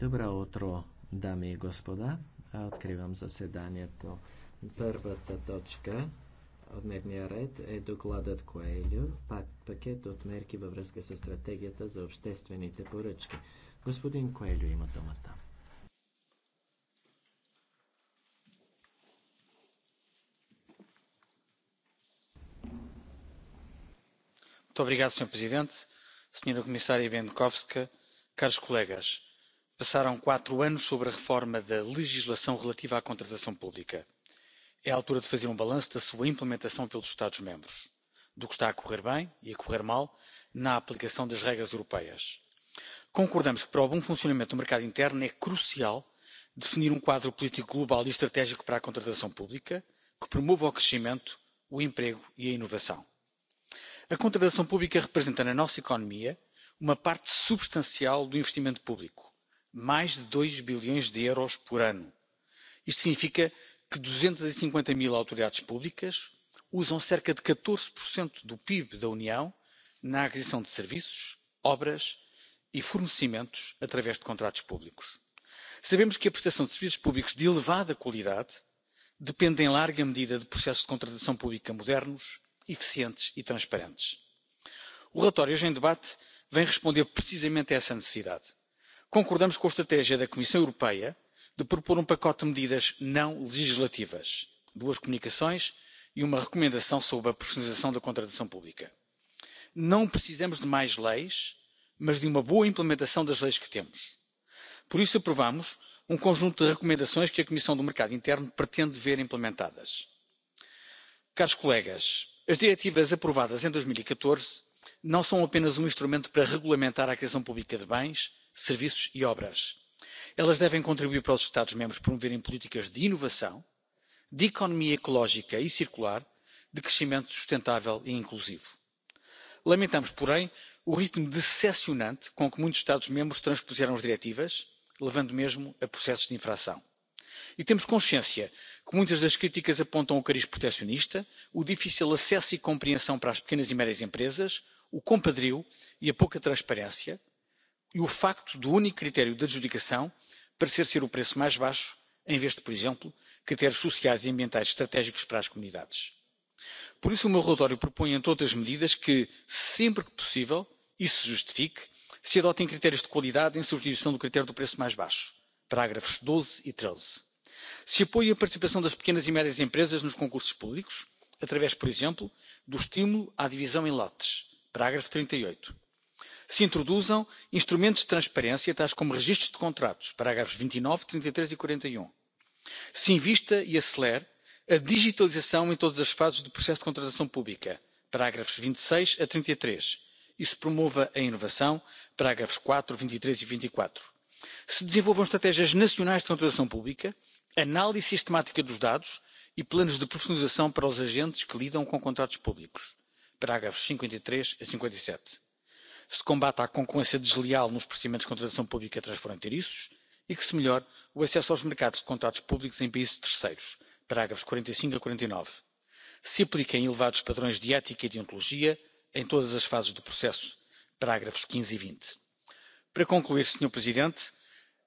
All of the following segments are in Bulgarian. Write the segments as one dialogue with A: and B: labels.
A: Добро утро, дами и господа. Откривам заседанието. Първата точка от дневния ред е докладът Коелю, пак пакет от мерки във връзка с стратегията за обществените поръчки. Господин Коелю има думата.
B: Добре, господин президент, снидох Sra. Comissária caros colegas passaram quatro anos sobre a reforma da legislação relativa à contratação pública. é a altura de fazer um balanço da sua implementação pelos estados membros do que está a correr bem e a correr mal na aplicação das regras europeias. concordamos que para o bom funcionamento do mercado interno é crucial definir um quadro político global e estratégico para a contratação pública que promova o crescimento o emprego e a inovação. a contratação pública representa na nossa economia uma parte substancial do investimento público, mais de 2 bilhões de euros por ano. Isto significa que 250 mil autoridades públicas usam cerca de 14% do PIB da União na aquisição de serviços, obras e fornecimentos através de contratos públicos. Sabemos que a prestação de serviços públicos de elevada qualidade depende em larga medida de processos de contratação pública modernos, eficientes e transparentes. O relatório hoje em debate vem responder precisamente a essa necessidade. concordamos com a estratégia da comissão europeia de propor um pacote de medidas não legislativas duas comunicações e uma recomendação sobre a personalização da contratação pública. não precisamos de mais leis mas de uma boa implementação das leis que temos. por isso aprovamos um conjunto de recomendações que a comissão do mercado interno pretende ver implementadas. caros colegas as diretivas aprovadas em dois mil e catorze não são apenas um instrumento para regulamentar a aquisição pública de bens, serviços e obras. Elas devem contribuir para os Estados-membros promoverem políticas de inovação, de economia ecológica e circular, de crescimento sustentável e inclusivo. Lamentamos, porém, o ritmo decepcionante com que muitos Estados-membros transpuseram as diretivas, levando mesmo a processos de infração. E temos consciência que muitas das críticas apontam o cariz protecionista, o difícil acesso e compreensão para as pequenas e médias empresas, o compadrio e a pouca transparência e o facto do único critério de adjudicação parecer ser o preço mais baixo em vez de por exemplo critérios sociais e ambientais estratégicos para as comunidades. por isso o meu relatório propõe entre outras medidas que sempre que possível e se justifique se adotem critérios de qualidade em substituição do critério do preço mais baixo parágrafos doze e. treze se apoie a participação das pequenas e médias empresas nos concursos públicos através por exemplo do estímulo à divisão em lotes parágrafo trinta e oito se introduzam instrumentos de transparência tais como registros de contratos parágrafos vinte e nove trinta e três e quarenta e um se invista e acelere a digitalização em todas as fases do processo de contratação pública parágrafos vinte e seis a trinta e três e se promova a inovação parágrafos quatro vinte e três e vinte e quatro se desenvolvam estratégias nacionais de contratação pública análise sistemática dos dados e planos de profissionalização para os agentes que lidam com contratos públicos parágrafos cinquenta e três a cinquenta e sete se combata a concorrência desleal nos procedimentos de contratação pública transfronteiriços e que se melhore o acesso aos mercados de contratos públicos em países terceiros parágrafos quarenta e cinco a quarenta e nove se apliquem elevados padrões de ética e de ontologia em todas as fases do processo parágrafos quinze e. vinte para concluir senhor presidente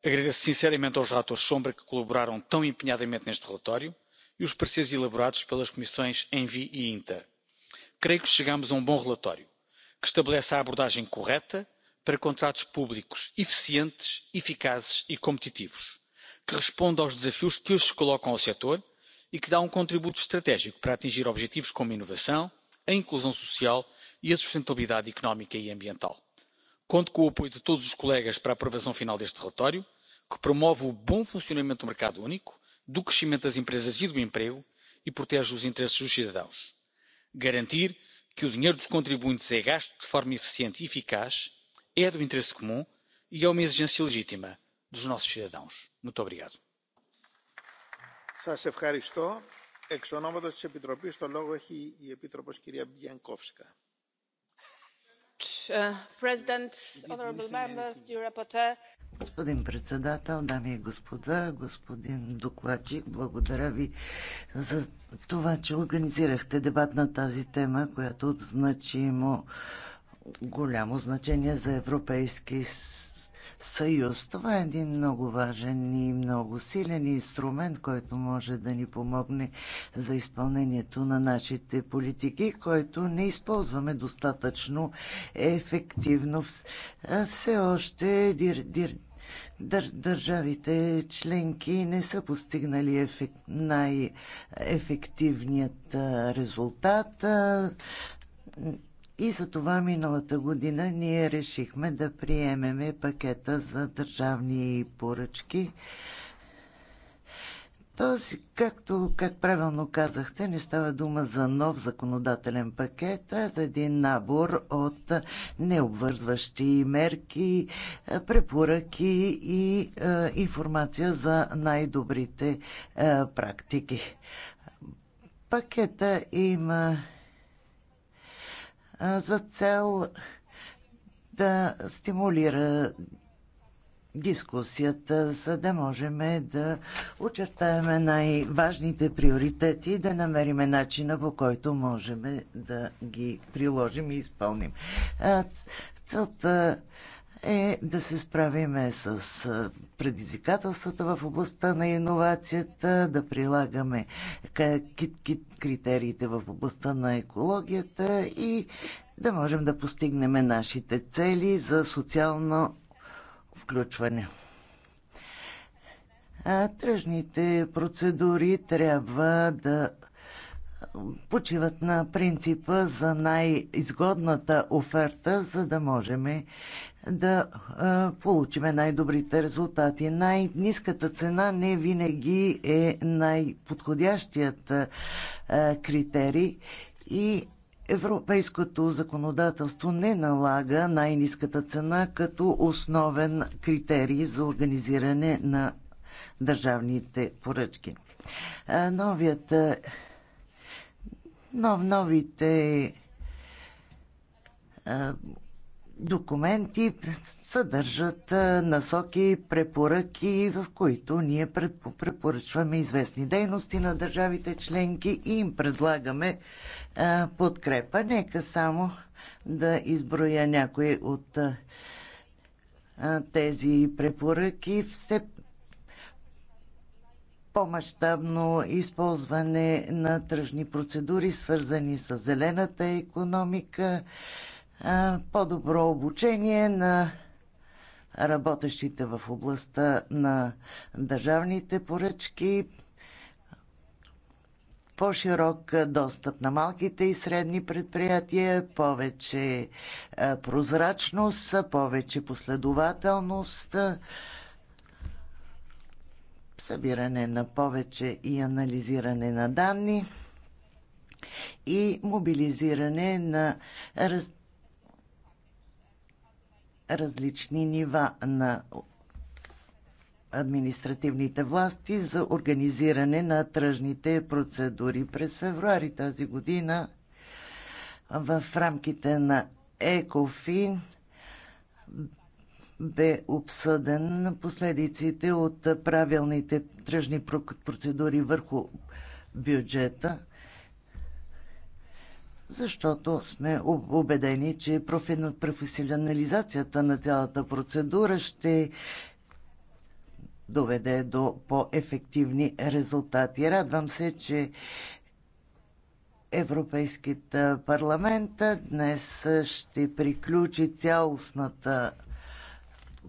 B: agradeço sinceramente aos relatores sombra que colaboraram tão empenhadamente neste relatório e os pareceres elaborados pelas comissões envi e inta creio que chegamos a um bom relatório que estabelece a abordagem correta para contratos públicos eficientes eficazes e competitivos que responde aos desafios que hoje se colocam ao setor e que dá um contributo estratégico para atingir objetivos como a inovação a inclusão social e a sustentabilidade económica e ambiental. conto com o apoio de todos os colegas para a aprovação final deste relatório que promove o bom funcionamento do mercado único do crescimento das empresas e do emprego e protege os interesses dos cidadãos garantir que o dinheiro dos contribuintes é gasto de forma eficiente e eficaz é do interesse comum e é uma exigência legítima dos nossos cidadãos. Muito obrigado.
C: Σας
D: ευχαριστώ. Εξ ονόματος της Επιτροπής το λόγο έχει η Επίτροπος κυρία Μπιανκόφσκα.
E: Uh,
F: господин председател, дами и господа, господин докладчик, благодаря ви за това, че организирахте дебат на тази тема, която от значимо голямо значение за Европейски съюз съюз. Това е един много важен и много силен инструмент, който може да ни помогне за изпълнението на нашите политики, който не използваме достатъчно ефективно. Все още дир, дир, дър, държавите членки не са постигнали ефек, най-ефективният резултат и за това миналата година ние решихме да приемеме пакета за държавни поръчки. Този, както как правилно казахте, не става дума за нов законодателен пакет, а за един набор от необвързващи мерки, препоръки и е, информация за най-добрите е, практики. Пакета има за цел да стимулира дискусията, за да можем да очертаем най-важните приоритети и да намериме начина по който можем да ги приложим и изпълним. Целта е да се справиме с предизвикателствата в областта на иновацията, да прилагаме критериите в областта на екологията и да можем да постигнем нашите цели за социално включване. А тръжните процедури трябва да почиват на принципа за най-изгодната оферта, за да можем да а, получиме най-добрите резултати. Най-низката цена не винаги е най-подходящият критерий и европейското законодателство не налага най-низката цена като основен критерий за организиране на държавните поръчки. А, новият нов, новите документи съдържат насоки, препоръки, в които ние препоръчваме известни дейности на държавите членки и им предлагаме подкрепа. Нека само да изброя някои от тези препоръки. Все по-масштабно използване на тръжни процедури, свързани с зелената економика, по-добро обучение на работещите в областта на държавните поръчки, по-широк достъп на малките и средни предприятия, повече прозрачност, повече последователност, събиране на повече и анализиране на данни и мобилизиране на раз различни нива на административните власти за организиране на тръжните процедури. През февруари тази година в рамките на ЕКОФИН бе обсъден последиците от правилните тръжни процедури върху бюджета защото сме убедени, че професионализацията на цялата процедура ще доведе до по-ефективни резултати. Радвам се, че Европейският парламент днес ще приключи цялостната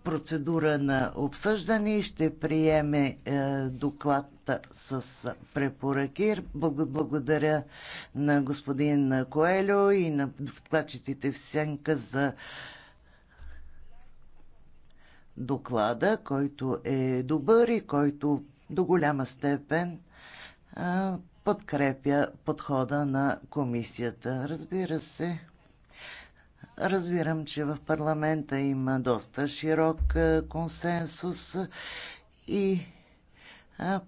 F: процедура на обсъждане и ще приеме е, доклада с препоръки. Благодаря на господин Коелю и на докладчиците в сенка за доклада, който е добър и който до голяма степен е, подкрепя подхода на комисията. Разбира се, Разбирам, че в парламента има доста широк консенсус и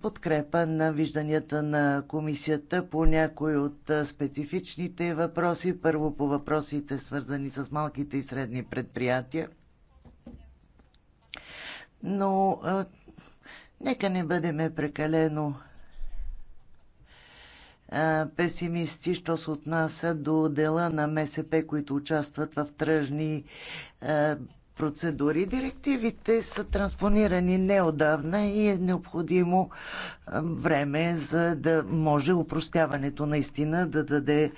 F: подкрепа на вижданията на комисията по някои от специфичните въпроси. Първо по въпросите свързани с малките и средни предприятия. Но нека не бъдеме прекалено песимисти, що се отнася до дела на МСП, които участват в тръжни процедури. Директивите са транспонирани неодавна и е необходимо време, за да може упростяването наистина да даде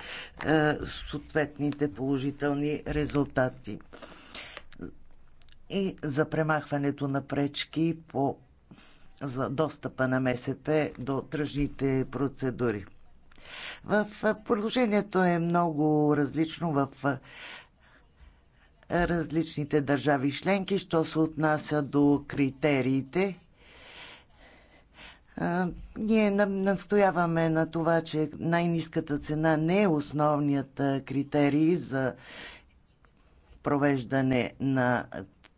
F: съответните положителни резултати. И за премахването на пречки по за достъпа на МСП до тръжните процедури. В продължението е много различно в различните държави членки, що се отнася до критериите. Ние настояваме на това, че най-низката цена не е основният критерий за провеждане на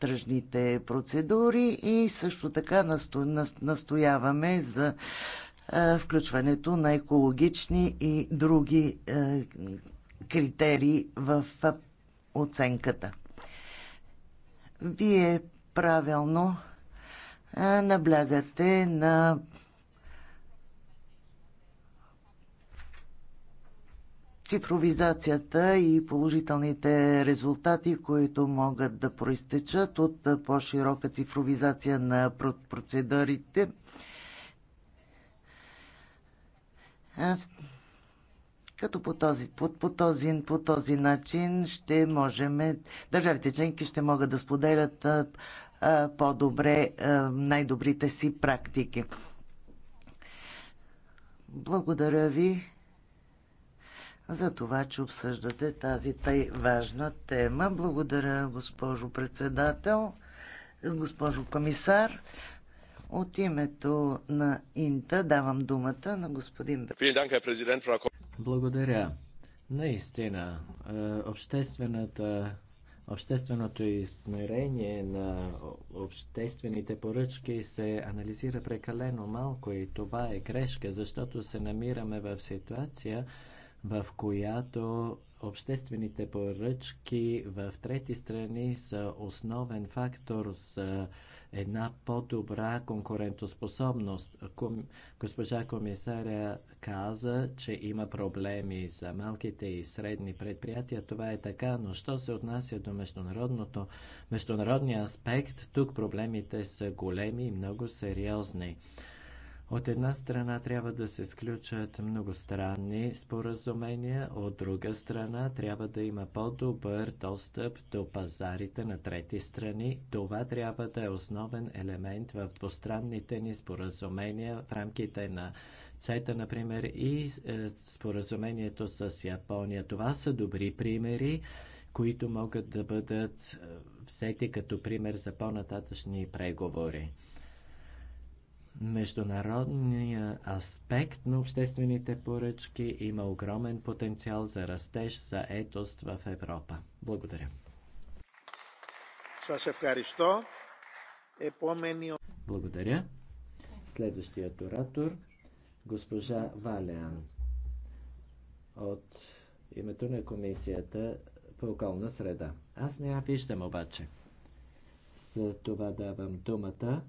F: тръжните процедури и също така настояваме за е, включването на екологични и други е, критерии в е, оценката. Вие правилно наблягате на цифровизацията и положителните резултати, които могат да проистечат от по-широка цифровизация на процедурите като по този, по, по, този, по този начин ще можем, държавите членки ще могат да споделят по-добре най-добрите си практики. Благодаря ви за това, че обсъждате тази тъй важна тема. Благодаря, госпожо председател, госпожо комисар. От името на Инта давам думата на господин
A: Благодаря. Наистина, е, обществената Общественото измерение на обществените поръчки се анализира прекалено малко и това е грешка, защото се намираме в ситуация, в която обществените поръчки в трети страни са основен фактор с една по-добра конкурентоспособност. Госпожа комисаря каза, че има проблеми за малките и средни предприятия. Това е така, но що се отнася до международното, международния аспект, тук проблемите са големи и много сериозни. От една страна трябва да се сключат многостранни споразумения, от друга страна трябва да има по-добър достъп до пазарите на трети страни. Това трябва да е основен елемент в двустранните ни споразумения в рамките на ЦЕТА, например, и е, споразумението с Япония. Това са добри примери, които могат да бъдат е, взети като пример за по-нататъчни преговори международния аспект на обществените поръчки има огромен потенциал за растеж, за етост в Европа. Благодаря. Благодаря. Следващият оратор госпожа Валеан от името на Комисията по околна среда. Аз не я виждам обаче. За това давам думата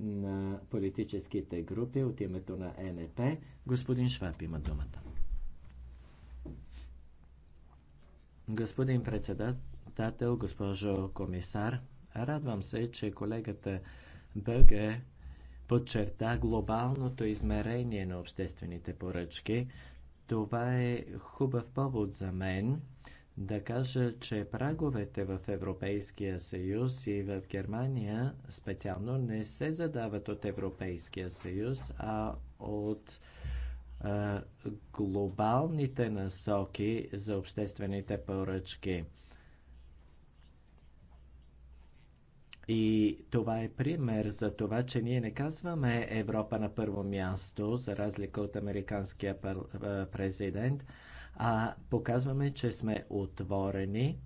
A: на политическите групи от името на НП. Господин Шваб има думата. Господин председател, госпожо комисар, радвам се, че колегата Бъге подчерта глобалното измерение на обществените поръчки. Това е хубав повод за мен да кажа, че праговете в Европейския съюз и в Германия специално не се задават от Европейския съюз, а от а, глобалните насоки за обществените поръчки. И това е пример за това, че ние не казваме Европа на първо място, за разлика от американския президент, а показваме, че сме отворени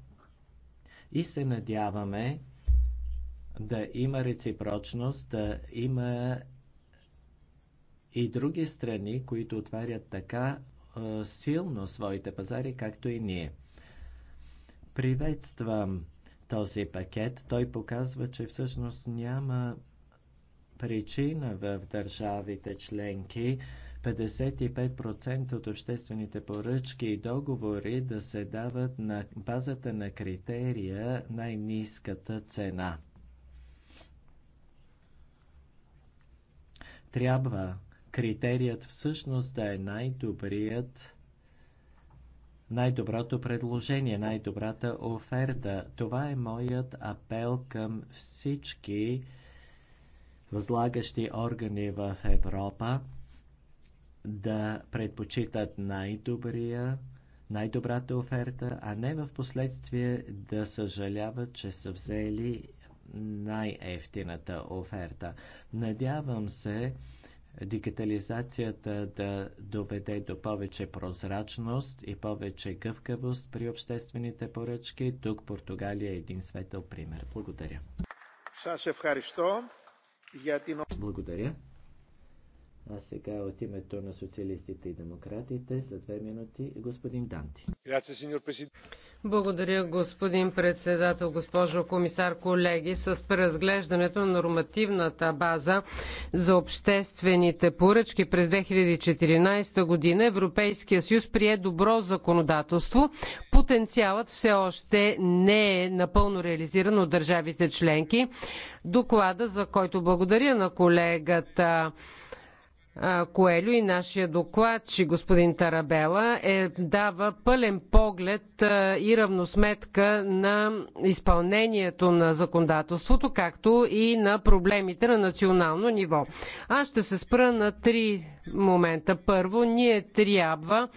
A: и се надяваме да има реципрочност, да има и други страни, които отварят така е, силно своите пазари, както и ние. Приветствам този пакет. Той показва, че всъщност няма причина в държавите членки 55% от обществените поръчки и договори да се дават на базата на критерия най низката цена. Трябва критерият всъщност да е най-добрият най-доброто предложение, най-добрата оферта. Това е моят апел към всички възлагащи органи в Европа да предпочитат най-добрия, най-добрата оферта, а не в последствие да съжаляват, че са взели най-ефтината оферта. Надявам се дигитализацията да доведе до повече прозрачност и повече гъвкавост при обществените поръчки. Тук Португалия е един светъл пример. Благодаря. Благодаря. А сега от името на социалистите и демократите за две минути господин Данти.
G: Благодаря, господин председател, госпожо комисар, колеги. С преразглеждането на нормативната база за обществените поръчки през 2014 година Европейския съюз прие добро законодателство. Потенциалът все още не е напълно реализиран от държавите членки. Доклада, за който благодаря на колегата Коелю и нашия че господин Тарабела е, дава пълен поглед и равносметка на изпълнението на законодателството, както и на проблемите на национално ниво. Аз ще се спра на три момента. Първо, ние трябва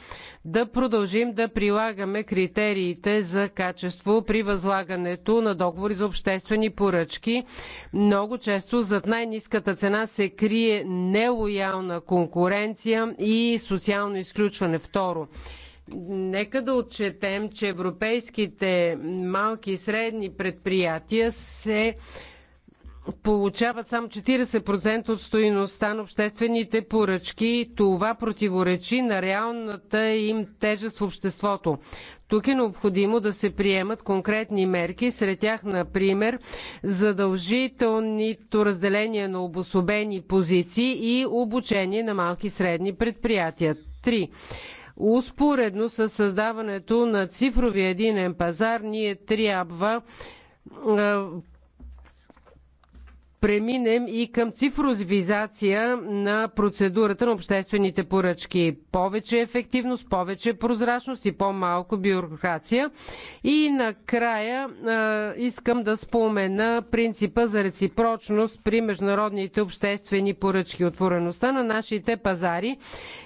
G: да продължим да прилагаме критериите за качество при възлагането на договори за обществени поръчки. Много често зад най-низката цена се крие нелоялна конкуренция и социално изключване. Второ, Нека да отчетем, че европейските малки и средни предприятия се получават само 40% от стоиността на обществените поръчки. Това противоречи на реалната им тежест в обществото. Тук е необходимо да се приемат конкретни мерки, сред тях, например, задължителното разделение на обособени позиции и обучение на малки и средни предприятия. 3. Успоредно с създаването на цифрови единен пазар, ние трябва преминем и към цифровизация на процедурата на обществените поръчки. Повече ефективност, повече прозрачност и по-малко бюрокрация. И накрая а, искам да спомена принципа за реципрочност при международните обществени поръчки. Отвореността на нашите пазари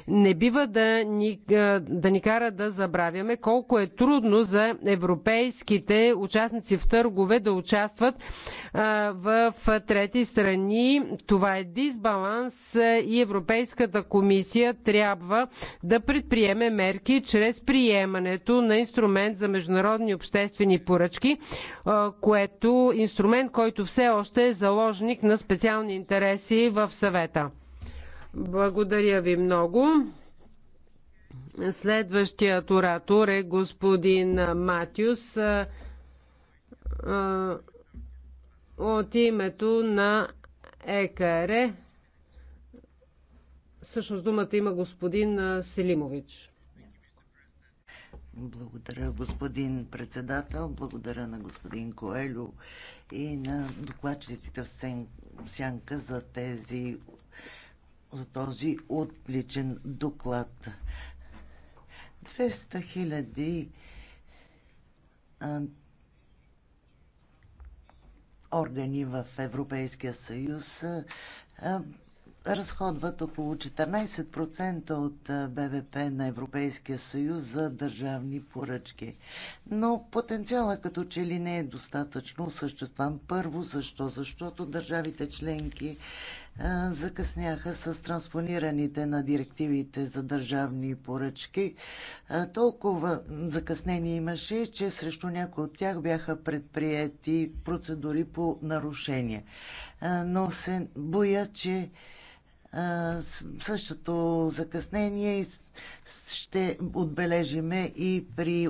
G: не бива да ни, да ни кара да забравяме колко е трудно за европейските участници в търгове да участват в трети страни. Това е дисбаланс и Европейската комисия трябва да предприеме мерки чрез приемането на инструмент за международни обществени поръчки, което инструмент, който все още е заложник на специални интереси в съвета. Благодаря ви много. Следващият оратор е господин Матиус. от името на ЕКР. Всъщност думата има господин Селимович.
F: Благодаря, господин председател. Благодаря на господин Коелю и на докладчиците в Сянка за тези за този отличен доклад. 200 хиляди органи в Европейския съюз а, разходват около 14% от БВП на Европейския съюз за държавни поръчки. Но потенциала като че ли не е достатъчно осъществан. Първо, защо? Защото държавите членки закъсняха с транспонираните на директивите за държавни поръчки. Толкова закъснение имаше, че срещу някои от тях бяха предприяти процедури по нарушение. Но се боя, че същото закъснение ще отбележиме и при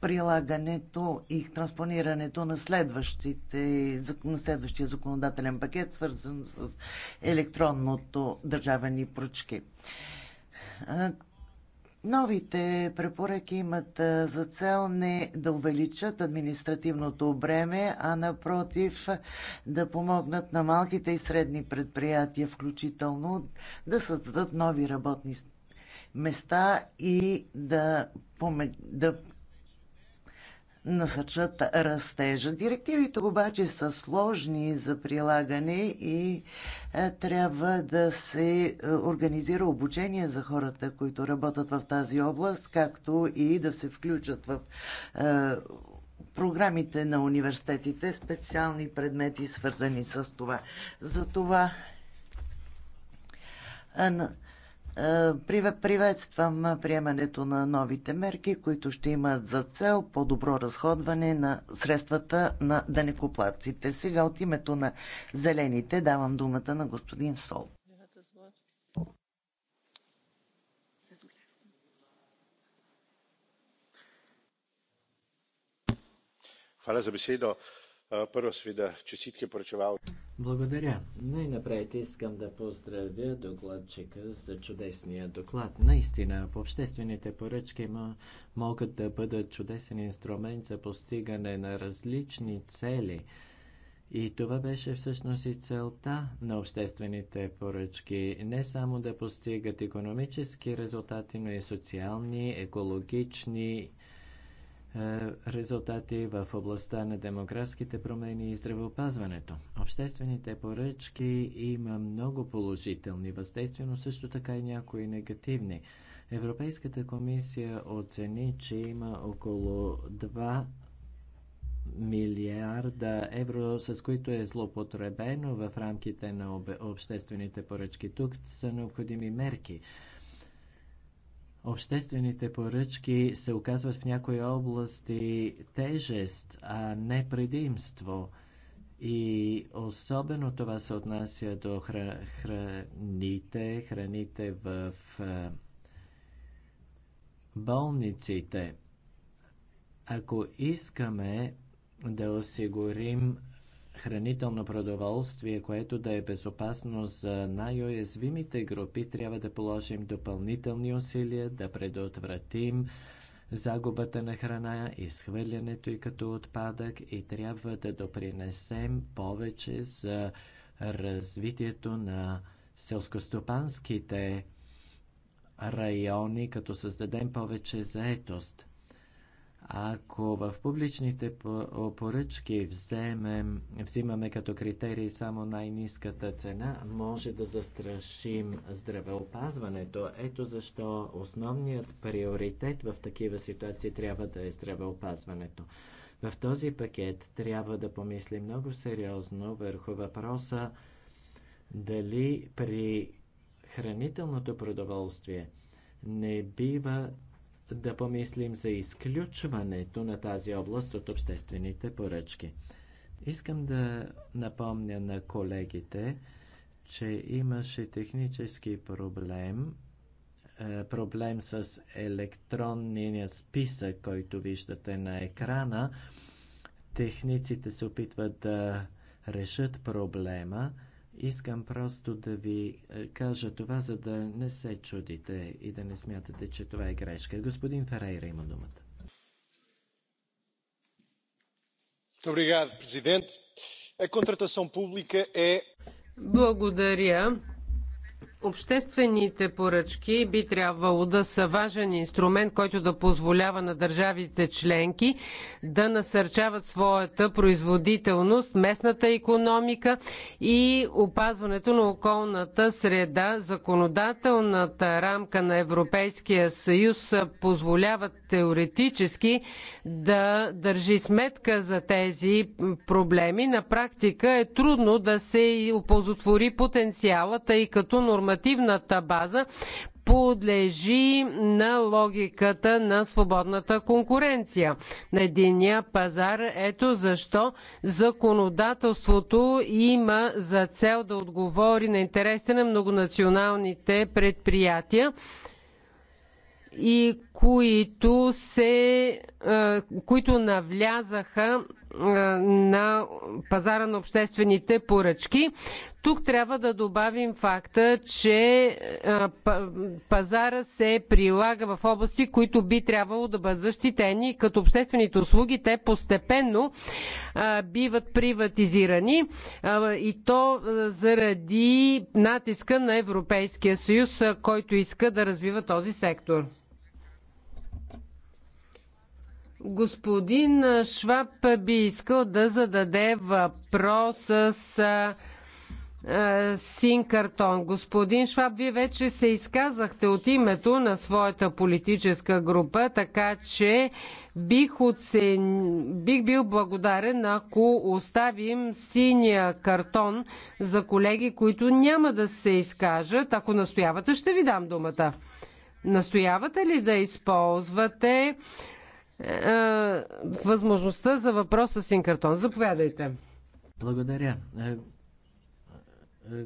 F: прилагането и транспонирането на, следващите, на следващия законодателен пакет, свързан с електронното и поръчки. Новите препоръки имат за цел не да увеличат административното бреме, а напротив да помогнат на малките и средни предприятия, включително да създадат нови работни места и да, да насърчат растежа. Директивите обаче са сложни за прилагане и е, трябва да се е, организира обучение за хората, които работят в тази област, както и да се включат в е, програмите на университетите специални предмети, свързани с това. За това е, приветствам приемането на новите мерки, които ще имат за цел по-добро разходване на средствата на данекоплаците. Сега от името на Зелените давам думата на господин Сол.
A: Hvala za besedo. Първо да честитки поръчавал. Благодаря. Най-напред искам да поздравя докладчика за чудесния доклад. Наистина, по обществените поръчки могат да бъдат чудесен инструмент за постигане на различни цели. И това беше всъщност и целта на обществените поръчки. Не само да постигат економически резултати, но и социални, екологични е, резултати в областта на демографските промени и здравеопазването. Обществените поръчки има много положителни въздействия, но също така и някои негативни. Европейската комисия оцени, че има около 2 милиарда евро, с които е злопотребено в рамките на обществените поръчки. Тук са необходими мерки обществените поръчки се оказват в някои области тежест, а не предимство. И особено това се отнася до храните, храните в болниците. Ако искаме да осигурим хранително продоволствие, което да е безопасно за най-уязвимите групи, трябва да положим допълнителни усилия да предотвратим загубата на храна, изхвърлянето и като отпадък и трябва да допринесем повече за развитието на селскостопанските райони, като създадем повече заетост. Ако в публичните поръчки вземем, взимаме като критерий само най-низката цена, може да застрашим здравеопазването. Ето защо основният приоритет в такива ситуации трябва да е здравеопазването. В този пакет трябва да помисли много сериозно върху въпроса дали при хранителното продоволствие не бива да помислим за изключването на тази област от обществените поръчки. Искам да напомня на колегите, че имаше технически проблем, е, проблем с електронния списък, който виждате на екрана. Техниците се опитват да решат проблема Искам просто да ви е, кажа това, за да не се чудите и да не смятате, че това е грешка. Господин Ферейра има думата.
D: Благодаря. президент. Е, е... контратасон публика
G: Благодаря. Обществените поръчки би трябвало да са важен инструмент, който да позволява на държавите членки да насърчават своята производителност, местната економика и опазването на околната среда. Законодателната рамка на Европейския съюз позволява теоретически да държи сметка за тези проблеми. На практика е трудно да се оползотвори потенциала, тъй като нормативната нормативната база подлежи на логиката на свободната конкуренция на единия пазар. Ето защо законодателството има за цел да отговори на интересите на многонационалните предприятия и които, се, е, които навлязаха е, на пазара на обществените поръчки. Тук трябва да добавим факта, че е, пазара се прилага в области, които би трябвало да бъдат защитени, като обществените услуги, те постепенно биват приватизирани и то заради натиска на Европейския съюз, който иска да развива този сектор. Господин Шваб би искал да зададе въпрос с син картон. Господин Шваб, вие вече се изказахте от името на своята политическа група, така че бих, оцен... бих бил благодарен, ако оставим синия картон за колеги, които няма да се изкажат. Ако настоявате, ще ви дам думата. Настоявате ли да използвате е, възможността за въпрос с Инкартон. Заповядайте. Благодаря.
A: Е, е,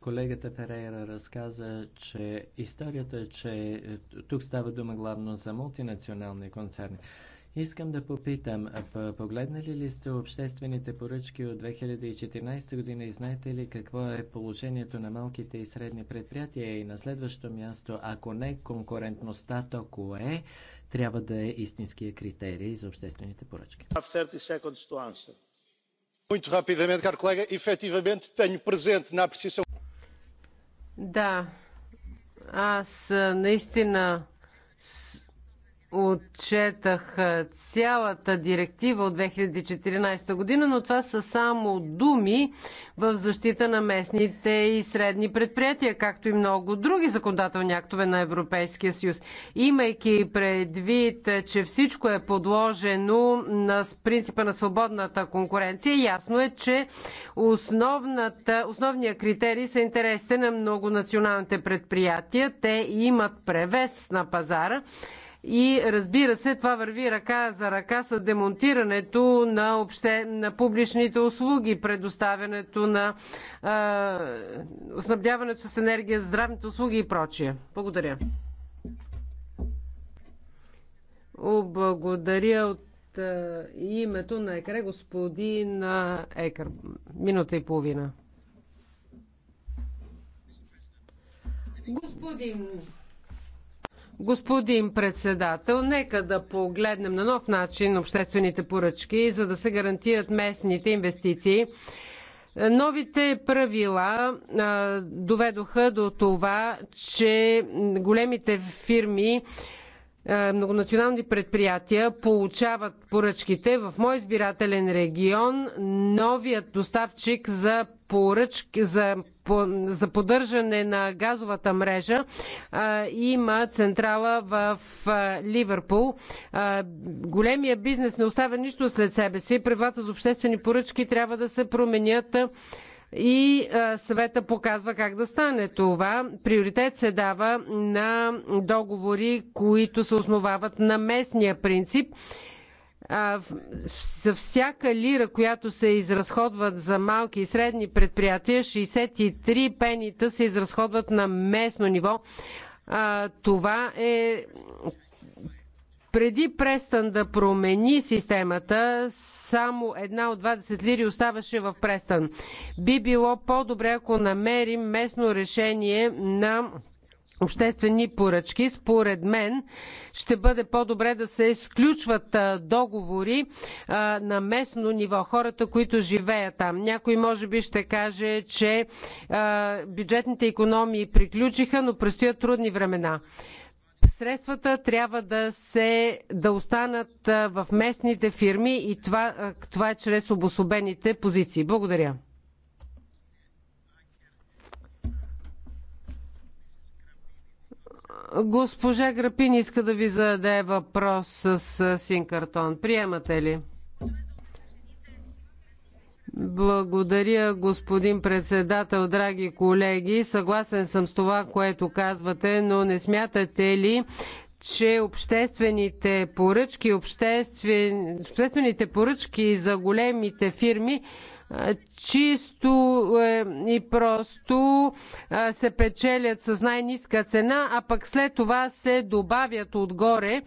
A: колегата Ферейра разказа, че историята, че тук става дума главно за мултинационални концерни. Искам да попитам, погледнали ли сте обществените поръчки от 2014 година и знаете ли какво е положението на малките и средни предприятия? И на следващо място, ако не конкурентността, то кое? трябва да е истинския критерий за обществените поръчки?
G: Да, аз наистина отчетах цялата директива от 2014 година, но това са само думи в защита на местните и средни предприятия, както и много други законодателни актове на Европейския съюз. Имайки предвид, че всичко е подложено на принципа на свободната конкуренция, ясно е, че основната, основният критерий са интересите на много националните предприятия. Те имат превес на пазара и разбира се, това върви ръка за ръка с демонтирането на, обще, на публичните услуги, предоставянето на е, снабдяването с енергия, здравните услуги и прочие. Благодаря. Благодаря от е, името на Екре, господин Екър. Минута и половина. Господин Господин председател, нека да погледнем на нов начин обществените поръчки, за да се гарантират местните инвестиции. Новите правила доведоха до това, че големите фирми е, многонационални предприятия получават поръчките. В мой избирателен регион новият доставчик за поръчки за, за поддържане на газовата мрежа а, е, има централа в а, е, Ливърпул. А, големия бизнес не оставя нищо след себе си. Правилата за обществени поръчки трябва да се променят. А, и съвета показва как да стане това. Приоритет се дава на договори, които се основават на местния принцип. За всяка лира, която се изразходват за малки и средни предприятия, 63 пенита се изразходват на местно ниво. Това е преди Престън да промени системата, само една от 20 лири оставаше в Престън. Би било по-добре, ако намерим местно решение на обществени поръчки. Според мен ще бъде по-добре да се изключват договори на местно ниво. Хората, които живеят там. Някой може би ще каже, че бюджетните економии приключиха, но предстоят трудни времена. Средствата трябва да се да останат в местните фирми и това, това е чрез обособените позиции. Благодаря. Госпожа Грапин иска да ви зададе въпрос с син картон. Приемате ли? Благодаря, господин председател, драги колеги. Съгласен съм с това, което казвате, но не смятате ли, че обществените поръчки, обществен... обществените поръчки за големите фирми чисто е, и просто се печелят с най-ниска цена, а пък след това се добавят отгоре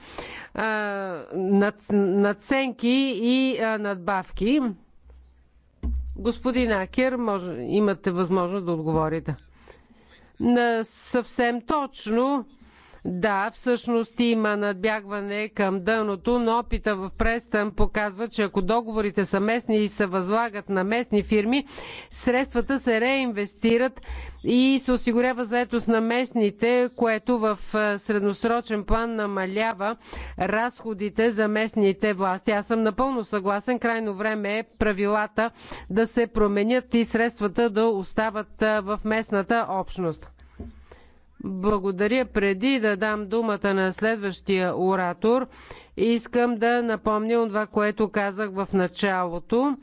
G: наценки и надбавки. Господин Акер, може, имате възможност да отговорите. На съвсем точно да, всъщност има надбягване към дъното, но опита в Престън показва, че ако договорите са местни и се възлагат на местни фирми, средствата се реинвестират и се осигурява заетост на местните, което в средносрочен план намалява разходите за местните власти. Аз съм напълно съгласен. Крайно време е правилата да се променят и средствата да остават в местната общност. Благодаря. Преди да дам думата на следващия оратор, искам да напомня това, което казах в началото.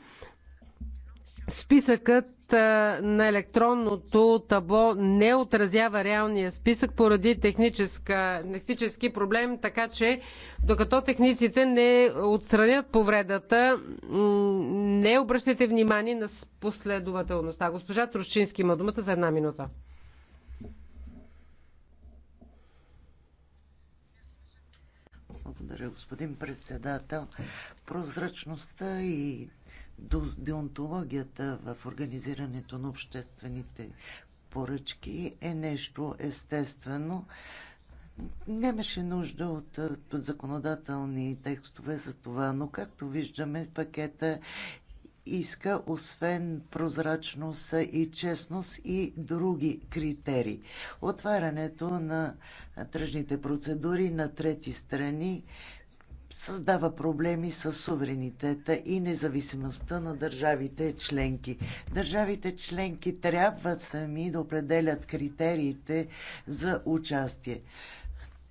G: Списъкът на електронното табло не отразява реалния списък поради технически проблем, така че докато техниците не отстранят повредата, не обръщайте внимание на последователността. Госпожа Трушчински има думата за една минута.
F: Благодаря, господин председател. Прозрачността и деонтологията в организирането на обществените поръчки е нещо естествено. Нямаше нужда от законодателни текстове за това, но както виждаме, пакета иска, освен прозрачност и честност и други критерии. Отварянето на тръжните процедури на трети страни създава проблеми с суверенитета и независимостта на държавите членки. Държавите членки трябва сами да определят критериите за участие.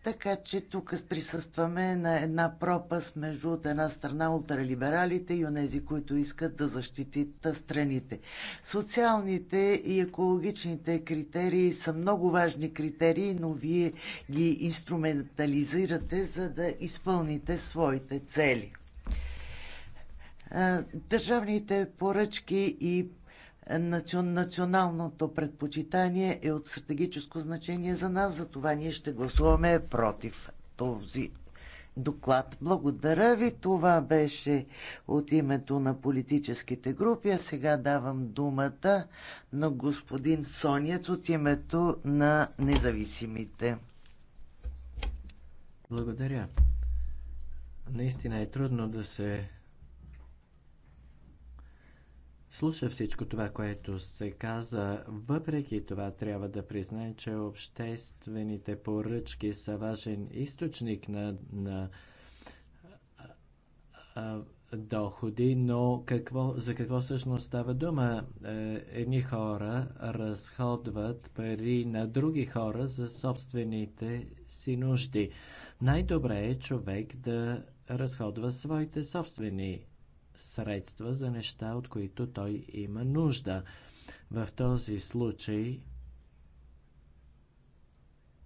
F: Така че тук присъстваме на една пропаст между от една страна ултралибералите и онези, които искат да защитят страните. Социалните и екологичните критерии са много важни критерии, но вие ги инструментализирате, за да изпълните своите цели. Е, държавните поръчки и националното предпочитание е от стратегическо значение за нас, затова ние ще гласуваме против този доклад. Благодаря ви. Това беше от името на политическите групи. А сега давам думата на господин Сонец от името на независимите.
A: Благодаря. Наистина е трудно да се слуша всичко това, което се каза. Въпреки това трябва да признае, че обществените поръчки са важен източник на, на а, доходи, но какво, за какво всъщност става дума? Е, едни хора разходват пари на други хора за собствените си нужди. Най-добре е човек да разходва своите собствени средства за неща, от които той има нужда. В този случай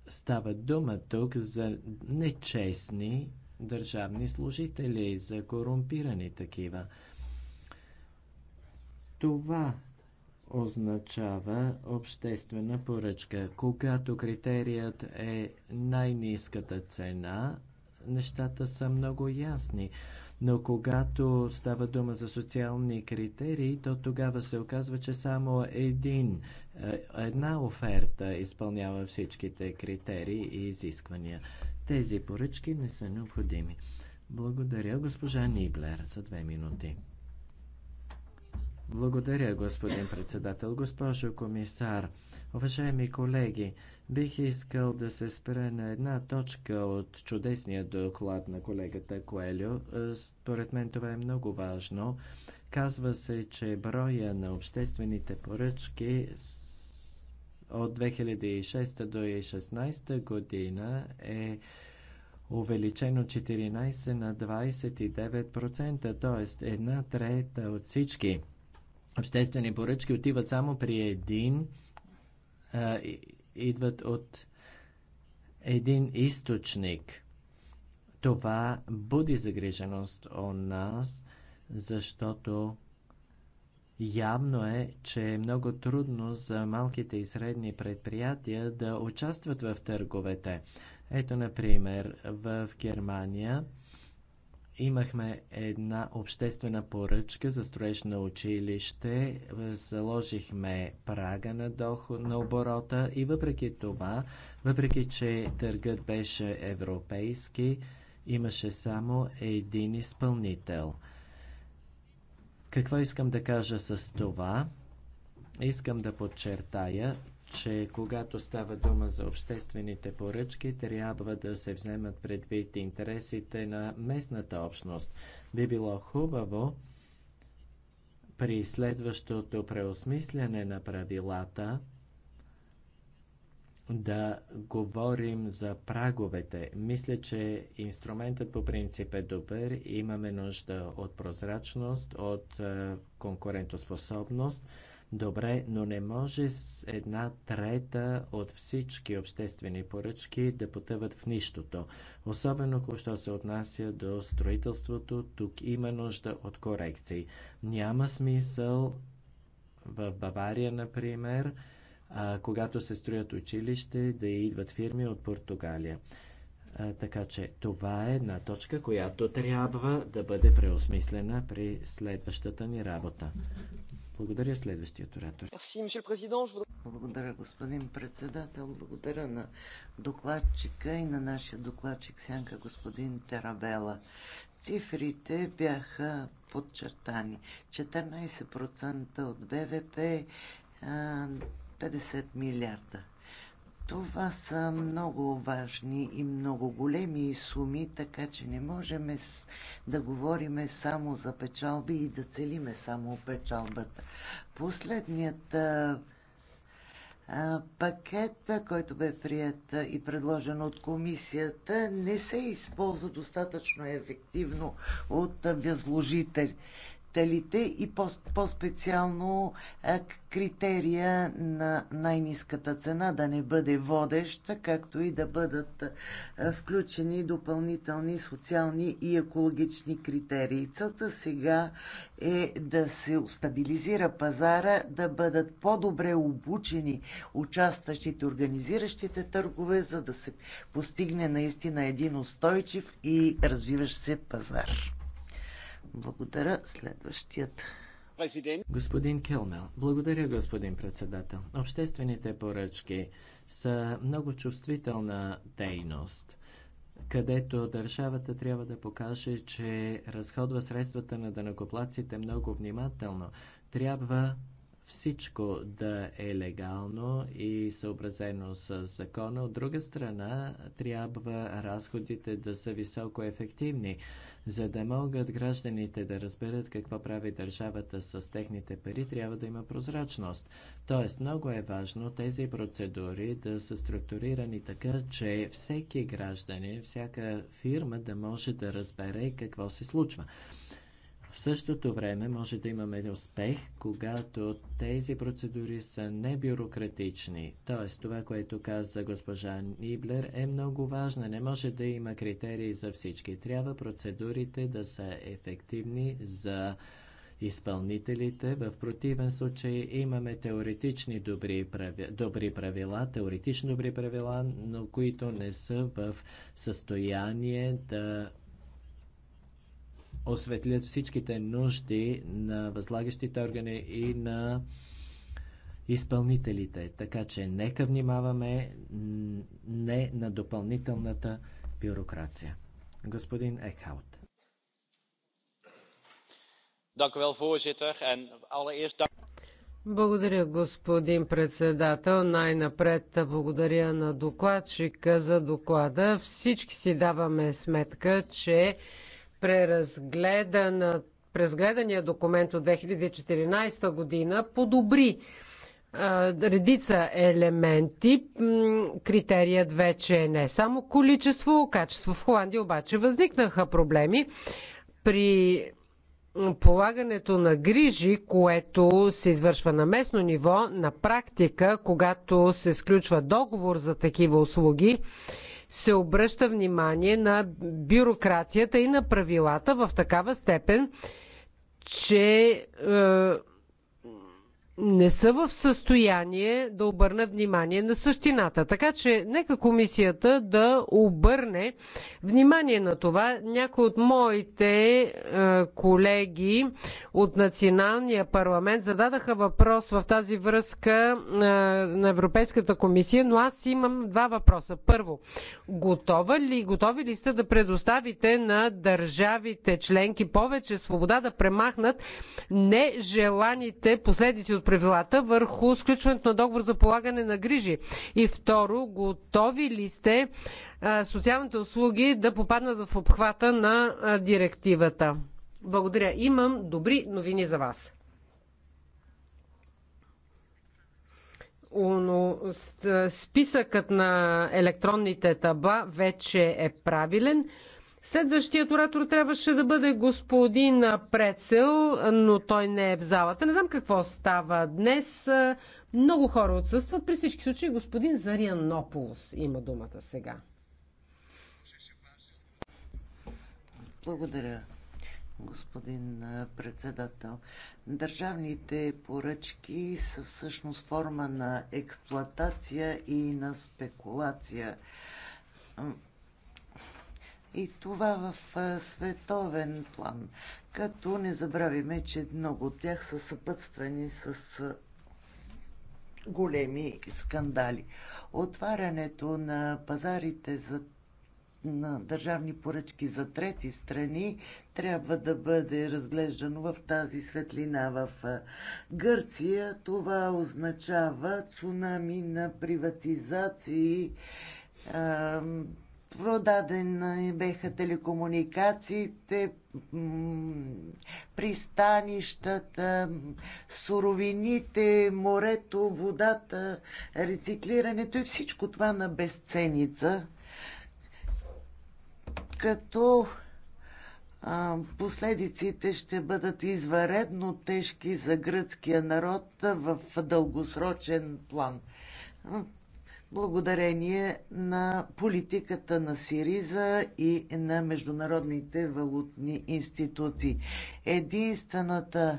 A: става дума тук за нечестни държавни служители, за корумпирани такива. Това означава обществена поръчка. Когато критерият е най-низката цена, нещата са много ясни но когато става дума за социални критерии, то тогава се оказва, че само един, е, една оферта изпълнява всичките критерии и изисквания. Тези поръчки не са необходими. Благодаря, госпожа Ниблер, за две минути. Благодаря, господин председател, госпожо комисар. Уважаеми колеги, бих искал да се спра на една точка от чудесния доклад на колегата Коелю. Е, според мен това е много важно. Казва се, че броя на обществените поръчки от 2006 до 2016 година е увеличено 14 на 29%, т.е. една трета от всички обществени поръчки отиват само при един а, идват от един източник. Това буди загриженост у нас, защото Явно е, че е много трудно за малките и средни предприятия да участват в търговете. Ето, например, в Германия Имахме една обществена поръчка за строеж на училище, заложихме прага на, доход, на оборота и въпреки това, въпреки че търгът беше европейски, имаше само един изпълнител. Какво искам да кажа с това? Искам да подчертая, че когато става дума за обществените поръчки, трябва да се вземат предвид интересите на местната общност. Би било хубаво при следващото преосмисляне на правилата да говорим за праговете. Мисля, че инструментът по принцип е добър. Имаме нужда от прозрачност, от е, конкурентоспособност. Добре, но не може с една трета от всички обществени поръчки да потъват в нищото. Особено, когато се отнася до строителството, тук има нужда от корекции. Няма смисъл в Бавария, например, а, когато се строят училище, да идват фирми от Португалия. А, така че това е една точка, която трябва да бъде преосмислена при следващата ни работа. Благодаря следващия оратор.
F: Благодаря, господин председател. Благодаря на докладчика и на нашия докладчик Сянка, господин Терабела. Цифрите бяха подчертани. 14% от БВП, 50 милиарда. Това са много важни и много големи суми, така че не можем да говорим само за печалби и да целиме само печалбата. Последният пакет, който бе прият и предложен от комисията, не се използва достатъчно ефективно от възложители показателите и по-специално е, критерия на най-низката цена да не бъде водеща, както и да бъдат е, включени допълнителни социални и екологични критерии. Целта сега е да се стабилизира пазара, да бъдат по-добре обучени участващите, организиращите търгове, за да се постигне наистина един устойчив и развиващ се пазар. Благодаря.
A: Следващият. Господин Келмел, благодаря, господин председател. Обществените поръчки са много чувствителна дейност, където държавата трябва да покаже, че разходва средствата на данакоплаците много внимателно. Трябва всичко да е легално и съобразено с закона. От друга страна, трябва разходите да са високо ефективни, за да могат гражданите да разберат какво прави държавата с техните пари, трябва да има прозрачност. Тоест, много е важно тези процедури да са структурирани така, че всеки гражданин, всяка фирма да може да разбере какво се случва. В същото време може да имаме успех, когато тези процедури са небюрократични. Тоест, това, което каза госпожа Ниблер, е много важно. Не може да има критерии за всички. Трябва процедурите да са ефективни за изпълнителите. В противен случай имаме теоретични добри правила, добри правила, теоретично добри правила, но които не са в състояние да осветлят всичките нужди на възлагащите органи и на изпълнителите. Така че нека внимаваме не на допълнителната бюрокрация. Господин Екхаут.
G: Благодаря, господин председател. Най-напред благодаря на докладчика за доклада. Всички си даваме сметка, че преразгледана Презгледания документ от 2014 година подобри редица елементи. Критерият вече е не само количество, качество. В Холандия обаче възникнаха проблеми при полагането на грижи, което се извършва на местно ниво, на практика, когато се сключва договор за такива услуги, се обръща внимание на бюрокрацията и на правилата в такава степен, че е, не са в състояние да обърнат внимание на същината. Така че нека комисията да обърне внимание на това. Някои от моите е, колеги от Националния парламент зададаха въпрос в тази връзка е, на Европейската комисия, но аз имам два въпроса. Първо, готова ли, готови ли сте да предоставите на държавите членки повече свобода да премахнат нежеланите последици от правилата върху сключването на договор за полагане на грижи? И второ, готови ли сте социалните услуги да попаднат в обхвата на директивата? Благодаря. Имам добри новини за вас. но списъкът на електронните таба вече е правилен. Следващият оратор трябваше да бъде господин Прецел, но той не е в залата. Не знам какво става днес. Много хора отсъстват. При всички случаи господин Зарианополос има думата сега.
F: Благодаря, господин председател. Държавните поръчки са всъщност форма на експлоатация и на спекулация и това в световен план. Като не забравиме, че много от тях са съпътствани с големи скандали. Отварянето на пазарите за на държавни поръчки за трети страни трябва да бъде разглеждано в тази светлина. В Гърция това означава цунами на приватизации, Продадени е, беха телекомуникациите, пристанищата, суровините, морето, водата, рециклирането и всичко това на безценица. Като последиците ще бъдат изваредно тежки за гръцкия народ в дългосрочен план благодарение на политиката на Сириза и на международните валутни институции. Единствената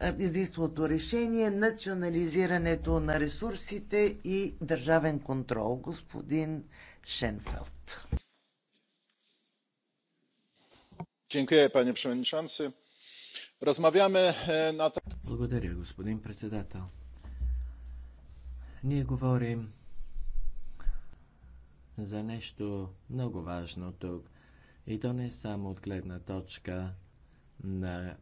F: единственото решение е национализирането на ресурсите и държавен контрол. Господин Шенфелд.
D: E,
A: Благодаря, господин председател. Ние говорим за нещо много важно тук. И то не е само от гледна точка на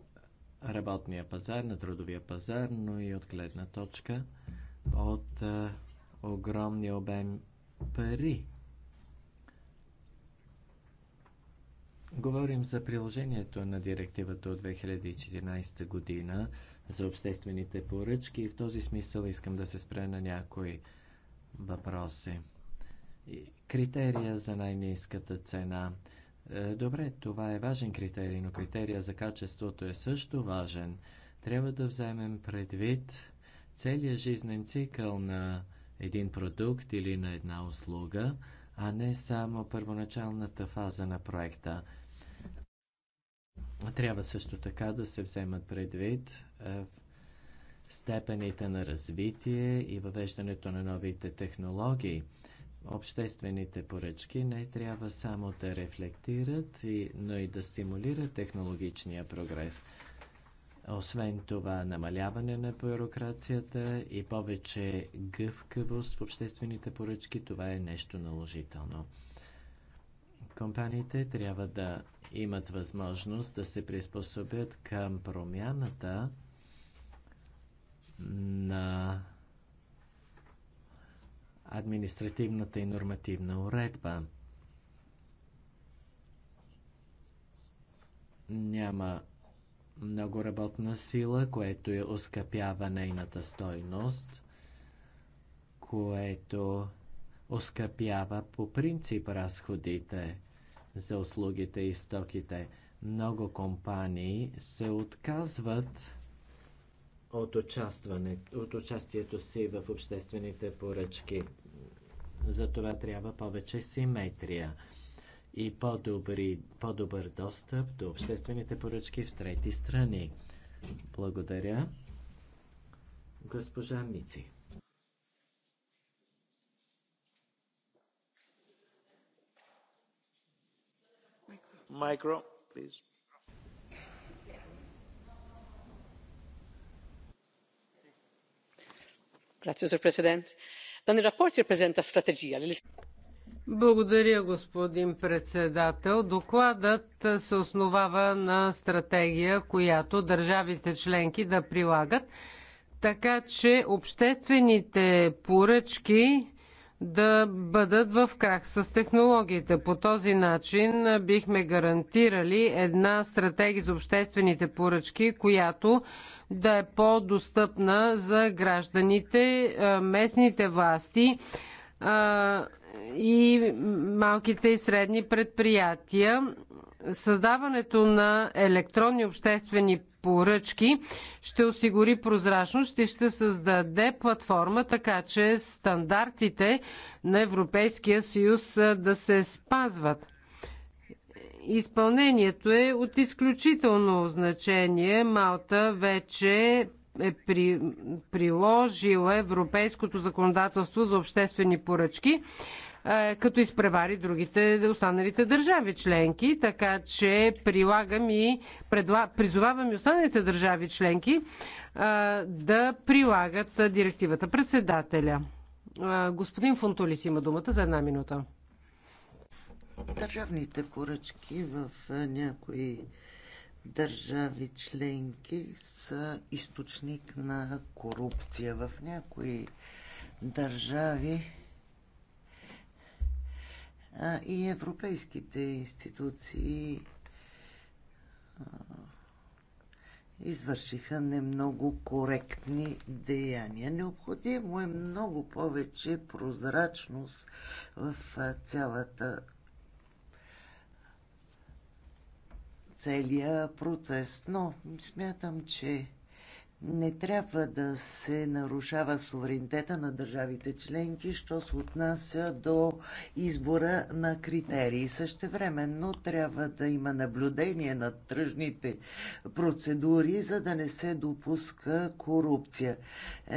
A: работния пазар, на трудовия пазар, но и от гледна точка от а, е, огромния обем пари. Говорим за приложението на директивата от 2014 година за обществените поръчки и в този смисъл искам да се спре на някои въпроси. Критерия за най-низката цена. Е, добре, това е важен критерий, но критерия за качеството е също важен. Трябва да вземем предвид целият жизнен цикъл на един продукт или на една услуга, а не само първоначалната фаза на проекта. Трябва също така да се вземат предвид е, степените на развитие и въвеждането на новите технологии. Обществените поръчки не трябва само да рефлектират, но и да стимулират технологичния прогрес. Освен това, намаляване на бюрокрацията и повече гъвкавост в обществените поръчки, това е нещо наложително. Компаниите трябва да имат възможност да се приспособят към промяната на административната и нормативна уредба. Няма много работна сила, което е оскъпява нейната стойност, което оскъпява по принцип разходите за услугите и стоките. Много компании се отказват от, от участието си в обществените поръчки. За това трябва повече симетрия и по-добри, по-добър достъп до обществените поръчки в трети страни. Благодаря. Госпожа Мици.
D: Micro, please.
G: Благодаря, господин председател. Докладът се основава на стратегия, която държавите членки да прилагат, така че обществените поръчки да бъдат в крах с технологиите. По този начин бихме гарантирали една стратегия за обществените поръчки, която да е по-достъпна за гражданите, местните власти и малките и средни предприятия. Създаването на електронни обществени поръчки ще осигури прозрачност и ще създаде платформа, така че стандартите на Европейския съюз да се спазват. Изпълнението е от изключително значение. Малта вече е при, приложила европейското законодателство за обществени поръчки, е, като изпревари другите останалите държави членки. Така че прилагам и предла, призовавам и останалите държави членки е, да прилагат директивата. Председателя. Е, господин Фонтолис има думата за една минута.
F: Държавните поръчки в някои държави членки са източник на корупция. В някои държави а, и европейските институции извършиха не много коректни деяния. Необходимо е много повече прозрачност в цялата целия процес. Но смятам, че не трябва да се нарушава суверенитета на държавите членки, що се отнася до избора на критерии. Същевременно трябва да има наблюдение на тръжните процедури, за да не се допуска корупция.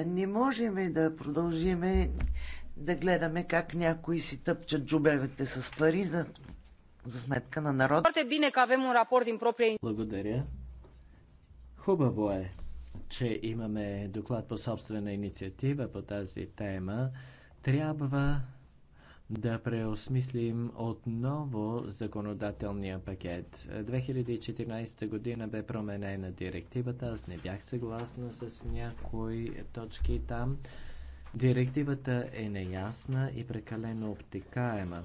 F: Не можем да продължиме да гледаме как някои си тъпчат джубевете с пари, за
A: за сметка на народа. Благодаря. Хубаво е, че имаме доклад по собствена инициатива по тази тема. Трябва да преосмислим отново законодателния пакет. 2014 година бе променена директивата. Аз не бях съгласна с някои точки там. Директивата е неясна и прекалено обтекаема.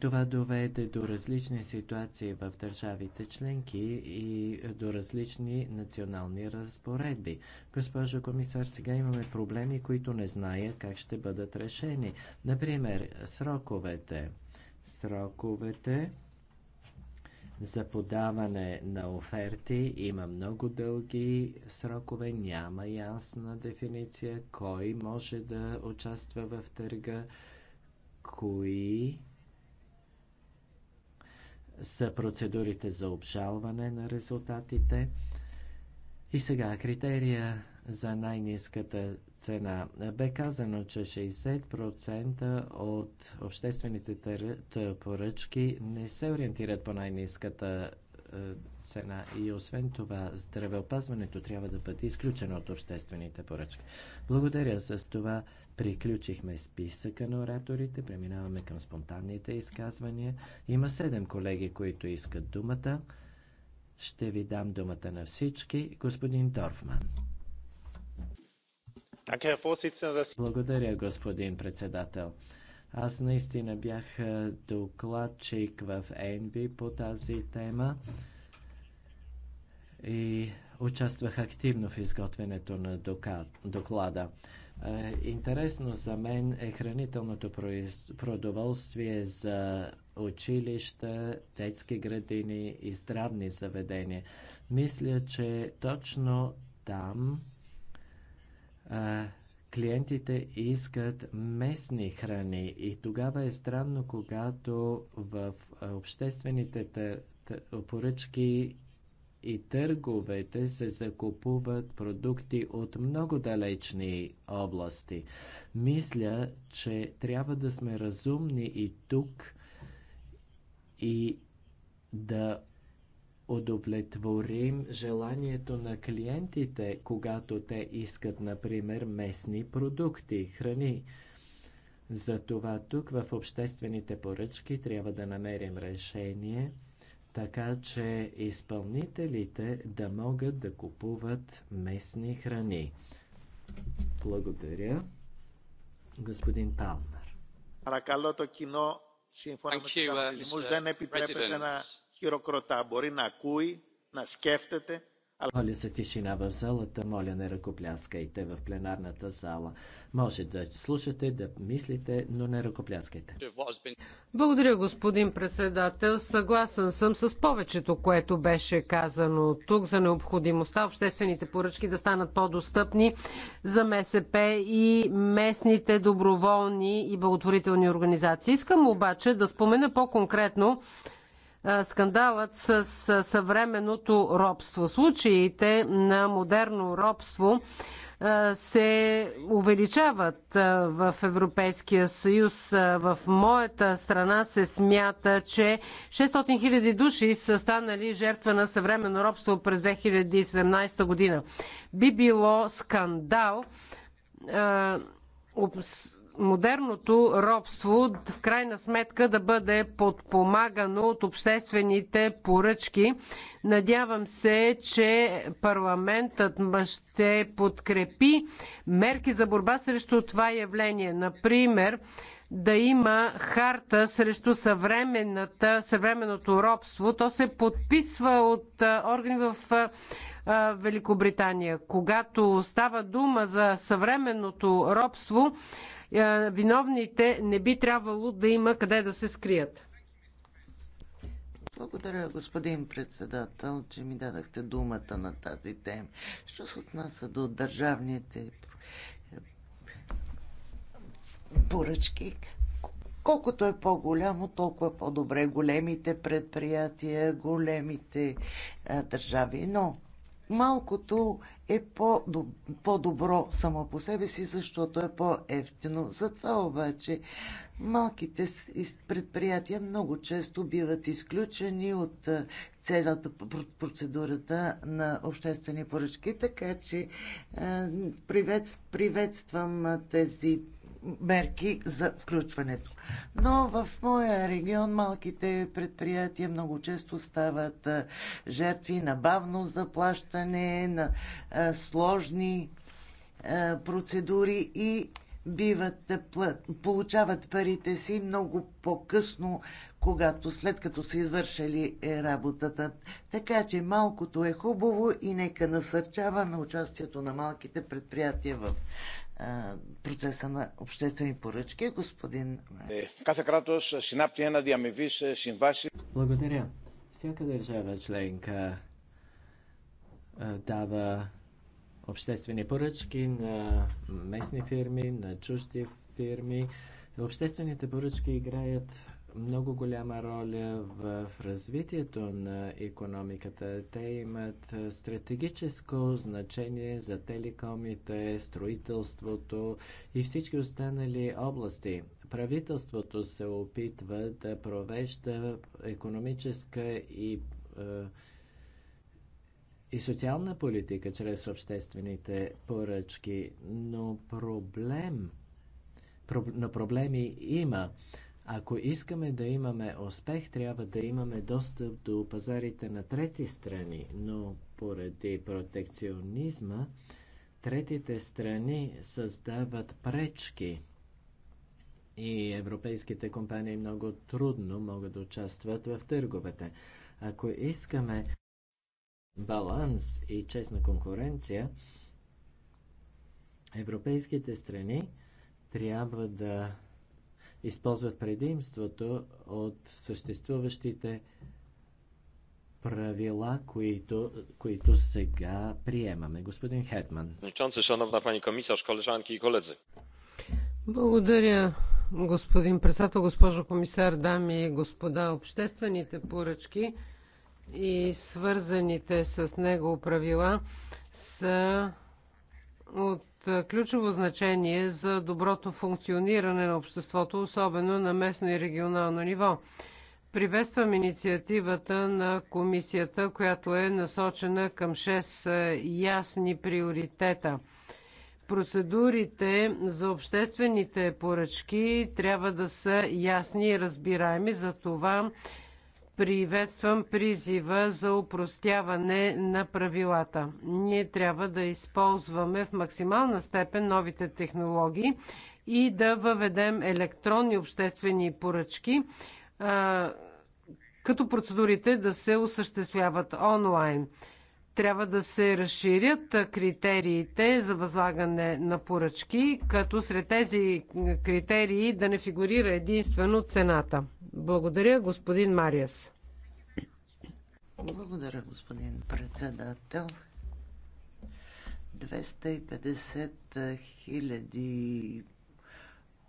A: Това доведе до различни ситуации в държавите членки и до различни национални разпоредби. Госпожо комисар, сега имаме проблеми, които не зная как ще бъдат решени. Например, сроковете. Сроковете за подаване на оферти има много дълги срокове, няма ясна дефиниция кой може да участва в търга, кои са процедурите за обжалване на резултатите. И сега критерия за най-низката цена. Бе казано, че 60% от обществените поръчки не се ориентират по най-низката е, цена. И освен това, здравеопазването трябва да бъде изключено от обществените поръчки. Благодаря. С това Приключихме списъка на ораторите, преминаваме към спонтанните изказвания. Има седем колеги, които искат думата. Ще ви дам думата на всички. Господин Дорфман. Благодаря, господин председател. Аз наистина бях докладчик в Енви по тази тема и участвах активно в изготвянето на доклада. Е, интересно за мен е хранителното продоволствие за училища, детски градини и здравни заведения. Мисля, че точно там а, е, клиентите искат местни храни и тогава е странно, когато в е, обществените поръчки и търговете се закупуват продукти от много далечни области. Мисля, че трябва да сме разумни и тук и да удовлетворим желанието на клиентите, когато те искат, например, местни продукти, храни. Затова тук в обществените поръчки трябва да намерим решение – така че изпълнителите да могат да купуват местни храни. Благодаря. Господин Палмер.
D: Паракало то кино, σύμφωνα με τους κανονισμούς, uh, δεν επιτρέπεται на χειροκροτά. Μπορεί να ακούει, να σκέφτεται,
A: моля за тишина в залата, моля не ръкопляскайте в пленарната зала. Може да слушате, да мислите, но не ръкопляскайте. Благодаря,
G: господин председател. Съгласен съм с повечето, което беше казано тук за необходимостта обществените поръчки да станат по-достъпни за МСП и местните доброволни и благотворителни организации. Искам обаче да спомена по-конкретно скандалът с съвременното робство. Случаите на модерно робство се увеличават в Европейския съюз. В моята страна се смята, че 600 000 души са станали жертва на съвременно робство през 2017 година. Би било скандал модерното робство в крайна сметка да бъде подпомагано от обществените поръчки. Надявам се, че парламентът ще подкрепи мерки за борба срещу това явление. Например, да има харта срещу съвременното робство. То се подписва от органи в Великобритания. Когато става дума за съвременното робство, е, виновните не би трябвало да има къде да се скрият.
F: Благодаря, господин председател, че ми дадахте думата на тази тема. Що се отнася до държавните поръчки, колкото е по-голямо, толкова по-добре големите предприятия, големите а, държави. Но Малкото е по-добро само по себе си, защото е по-ефтино. Затова обаче малките предприятия много често биват изключени от целата процедурата на обществени поръчки, така че приветствам тези мерки за включването. Но в моя регион малките предприятия много често стават жертви на бавно заплащане, на сложни процедури и биват, получават парите си много по-късно, когато след като са извършили е, работата. Така че малкото е хубаво и нека насърчаваме участието на малките предприятия в процеса на обществени поръчки. Господин... Е,
A: Благодаря. Всяка държава членка дава обществени поръчки на местни фирми, на чужди фирми. Обществените поръчки играят много голяма роля в развитието на економиката. Те имат стратегическо значение за телекомите, строителството и всички останали области. Правителството се опитва да провежда економическа и, и социална политика чрез обществените поръчки, но проблем но проблеми има. Ако искаме да имаме успех, трябва да имаме достъп до пазарите на трети страни, но поради протекционизма, третите страни създават пречки и европейските компании много трудно могат да участват в търговете. Ако искаме баланс и честна конкуренция, европейските страни трябва да използват предимството от съществуващите правила, които, които сега приемаме. Господин Хетман. Шановна
D: пани комисар, колежанки
A: и колеги.
G: Благодаря, господин председател, госпожо комисар, дами и господа. Обществените поръчки и свързаните с него правила са от от е, ключово значение за доброто функциониране на обществото, особено на местно и регионално ниво. Приветствам инициативата на комисията, която е насочена към 6 е, ясни приоритета. Процедурите за обществените поръчки трябва да са ясни и разбираеми, за това Приветствам призива за упростяване на правилата. Ние трябва да използваме в максимална степен новите технологии и да въведем електронни обществени поръчки, като процедурите да се осъществяват онлайн трябва да се разширят критериите за възлагане на поръчки, като сред тези критерии да не фигурира единствено цената. Благодаря,
F: господин Мариас. Благодаря, господин председател. 250 хиляди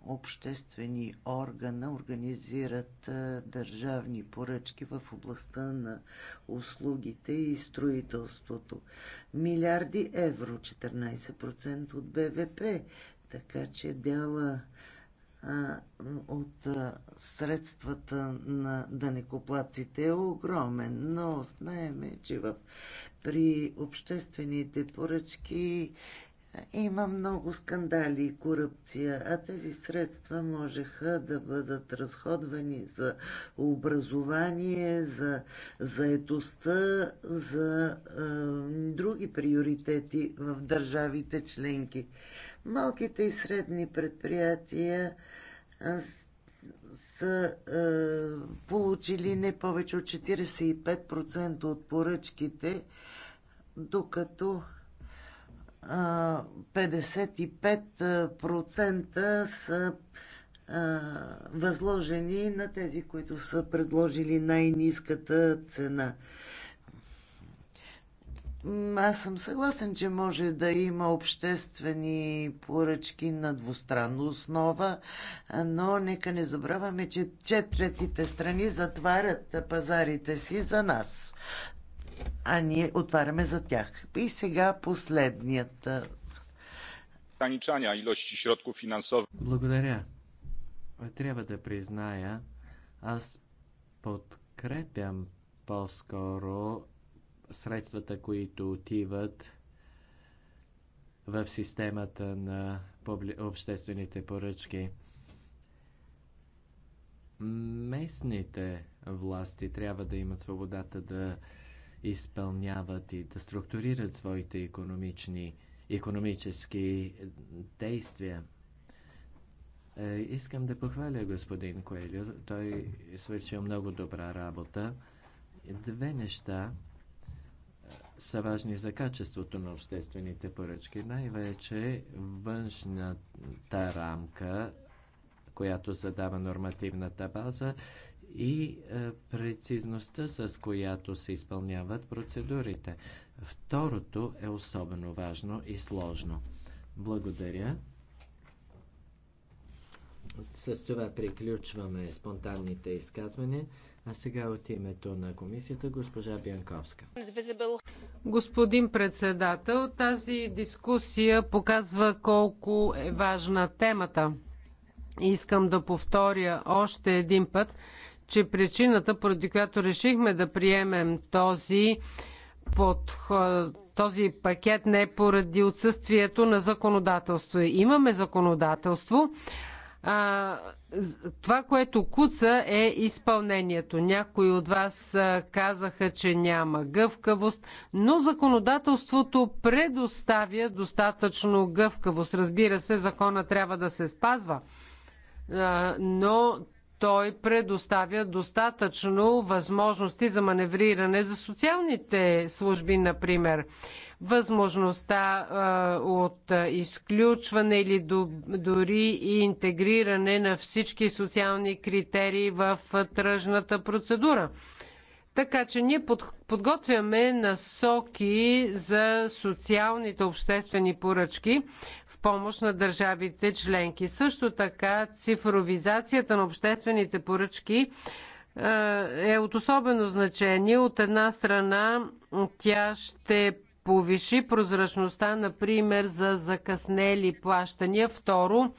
F: обществени органа организират държавни поръчки в областта на услугите и строителството. Милиарди евро, 14% от БВП, така че дела от средствата на данекоплаците е огромен, но знаеме, че в, при обществените поръчки има много скандали и корупция, а тези средства можеха да бъдат разходвани за образование, за заетостта, за е, други приоритети в държавите членки. Малките и средни предприятия са е, получили не повече от 45% от поръчките, докато 55% са възложени на тези, които са предложили най-низката цена. Аз съм съгласен, че може да има обществени поръчки на двустранна основа, но нека не забравяме, че четвъртите страни затварят пазарите си за нас а ние отваряме за тях. И сега последният. Благодаря.
A: Е, трябва да призная, аз подкрепям по-скоро средствата, които отиват в системата на обществените поръчки. Местните власти трябва да имат свободата да изпълняват и да структурират своите економични, економически действия. Е, искам да похваля господин Коелю. Той е свършил много добра работа. Две неща е, са важни за качеството на обществените поръчки. Най-вече външната рамка, която задава нормативната база и е, прецизността, с която се изпълняват процедурите. Второто е особено важно и сложно. Благодаря. С това приключваме спонтанните изказвания. А сега от името на комисията госпожа Бянковска.
G: Господин председател, тази дискусия показва колко е важна темата. Искам да повторя още един път, че причината, поради която решихме да приемем този подход, този пакет не е поради отсъствието на законодателство. Имаме законодателство. А, това, което куца е изпълнението. Някои от вас казаха, че няма гъвкавост, но законодателството предоставя достатъчно гъвкавост. Разбира се, закона трябва да се спазва, а, но той предоставя достатъчно възможности за маневриране за социалните служби, например. Възможността а, от изключване или до, дори и интегриране на всички социални критерии в тръжната процедура. Така че ние под, подготвяме насоки за социалните обществени поръчки, помощ на държавите членки. Също така цифровизацията на обществените поръчки е от особено значение. От една страна тя ще повиши прозрачността, например, за закъснели плащания. Второ,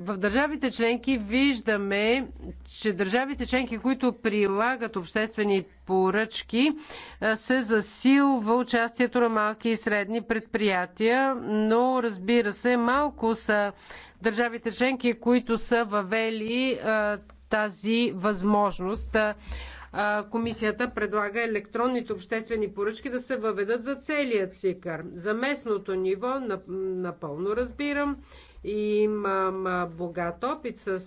G: в държавите членки виждаме, че държавите членки, които прилагат обществени поръчки, се засилва участието на малки и средни предприятия, но разбира се, малко са държавите членки, които са въвели а, тази възможност. А, комисията предлага електронните обществени поръчки да се въведат за целия цикър. За местното ниво напълно разбирам Имам богат опит с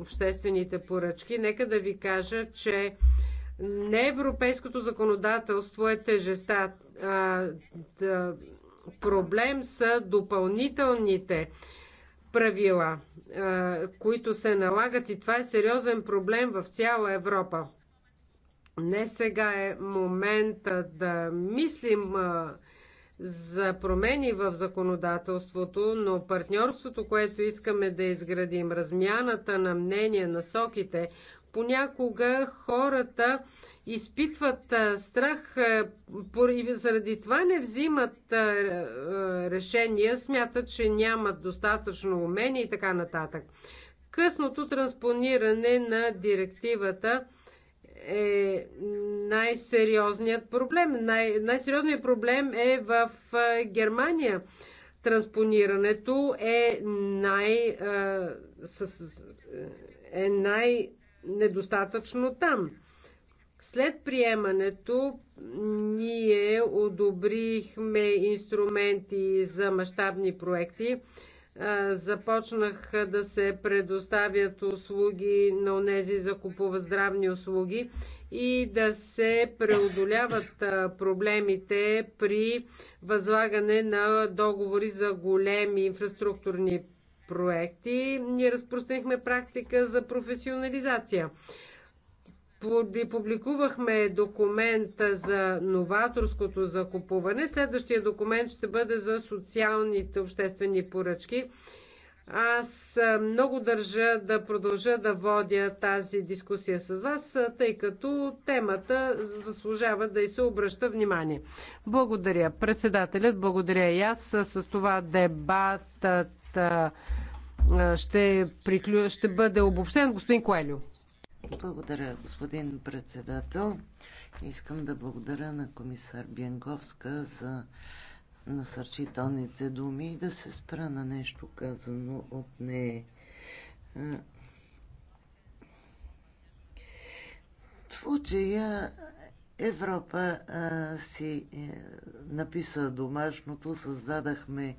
G: обществените поръчки. Нека да ви кажа, че не европейското законодателство е тежеста. Проблем са допълнителните правила, които се налагат и това е сериозен проблем в цяла Европа. Не сега е момента да мислим за промени в законодателството, но партньорството, което искаме да изградим, размяната на мнение, насоките, понякога хората изпитват страх, и заради това не взимат решения, смятат, че нямат достатъчно умения и така нататък. Късното транспониране на директивата – е най-сериозният проблем. Най- най-сериозният проблем е в Германия. Транспонирането е най- е най-недостатъчно там. След приемането ние одобрихме инструменти за мащабни проекти Започнах да се предоставят услуги на онези за купува здравни услуги и да се преодоляват проблемите при възлагане на договори за големи инфраструктурни проекти. Ние разпространихме практика за професионализация. Публикувахме документа за новаторското закупуване. Следващия документ ще бъде за социалните обществени поръчки. Аз много държа да продължа да водя тази дискусия с вас, тъй като темата заслужава да и се обръща внимание. Благодаря председателят, благодаря и аз. С това дебатът ще, приклю... ще бъде обобщен. Господин Коелю.
F: Благодаря, господин председател. Искам да благодаря на комисар Бянковска за насърчителните думи и да се спра на нещо казано от нея. В случая Европа а, си е, написа домашното, създадахме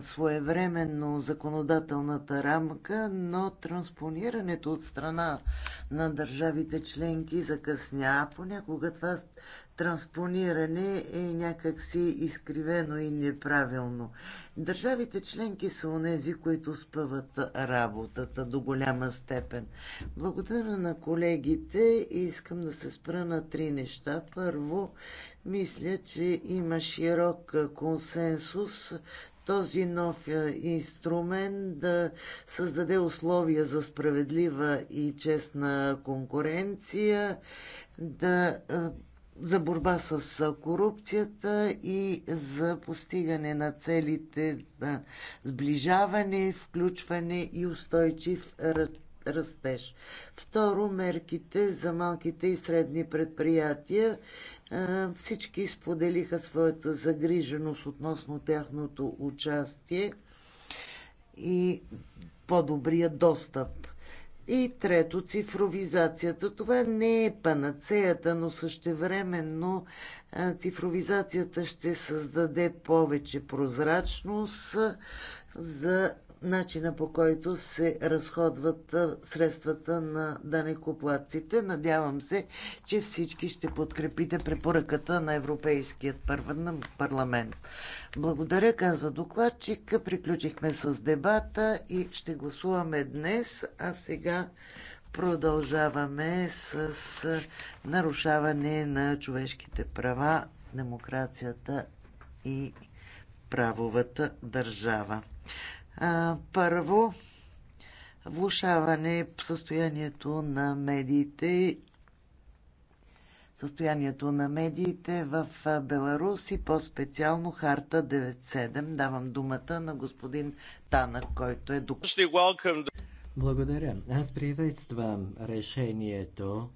F: своевременно законодателната рамка, но транспонирането от страна на държавите членки закъсня. Понякога това транспониране е някакси изкривено и неправилно. Държавите членки са онези, които спъват работата до голяма степен. Благодаря на колегите и искам да се спра на три неща. Първо, мисля, че има широк консенсус този нов е, инструмент да създаде условия за справедлива и честна конкуренция, да, е, за борба с корупцията и за постигане на целите за сближаване, включване и устойчив растеж. Второ, мерките за малките и средни предприятия всички споделиха своята загриженост относно тяхното участие и по-добрия достъп. И трето, цифровизацията. Това не е панацеята, но същевременно цифровизацията ще създаде повече прозрачност за начина по който се разходват средствата на данекоплаците. Надявам се, че всички ще подкрепите препоръката на Европейският парламент. Благодаря, казва докладчик. Приключихме с дебата и ще гласуваме днес, а сега продължаваме с нарушаване на човешките права, демокрацията и правовата държава. Първо, влушаване състоянието на медиите състоянието на медиите в Беларус и по-специално Харта 97. Давам думата на господин Танък, който е док...
A: Благодаря. Аз приветствам решението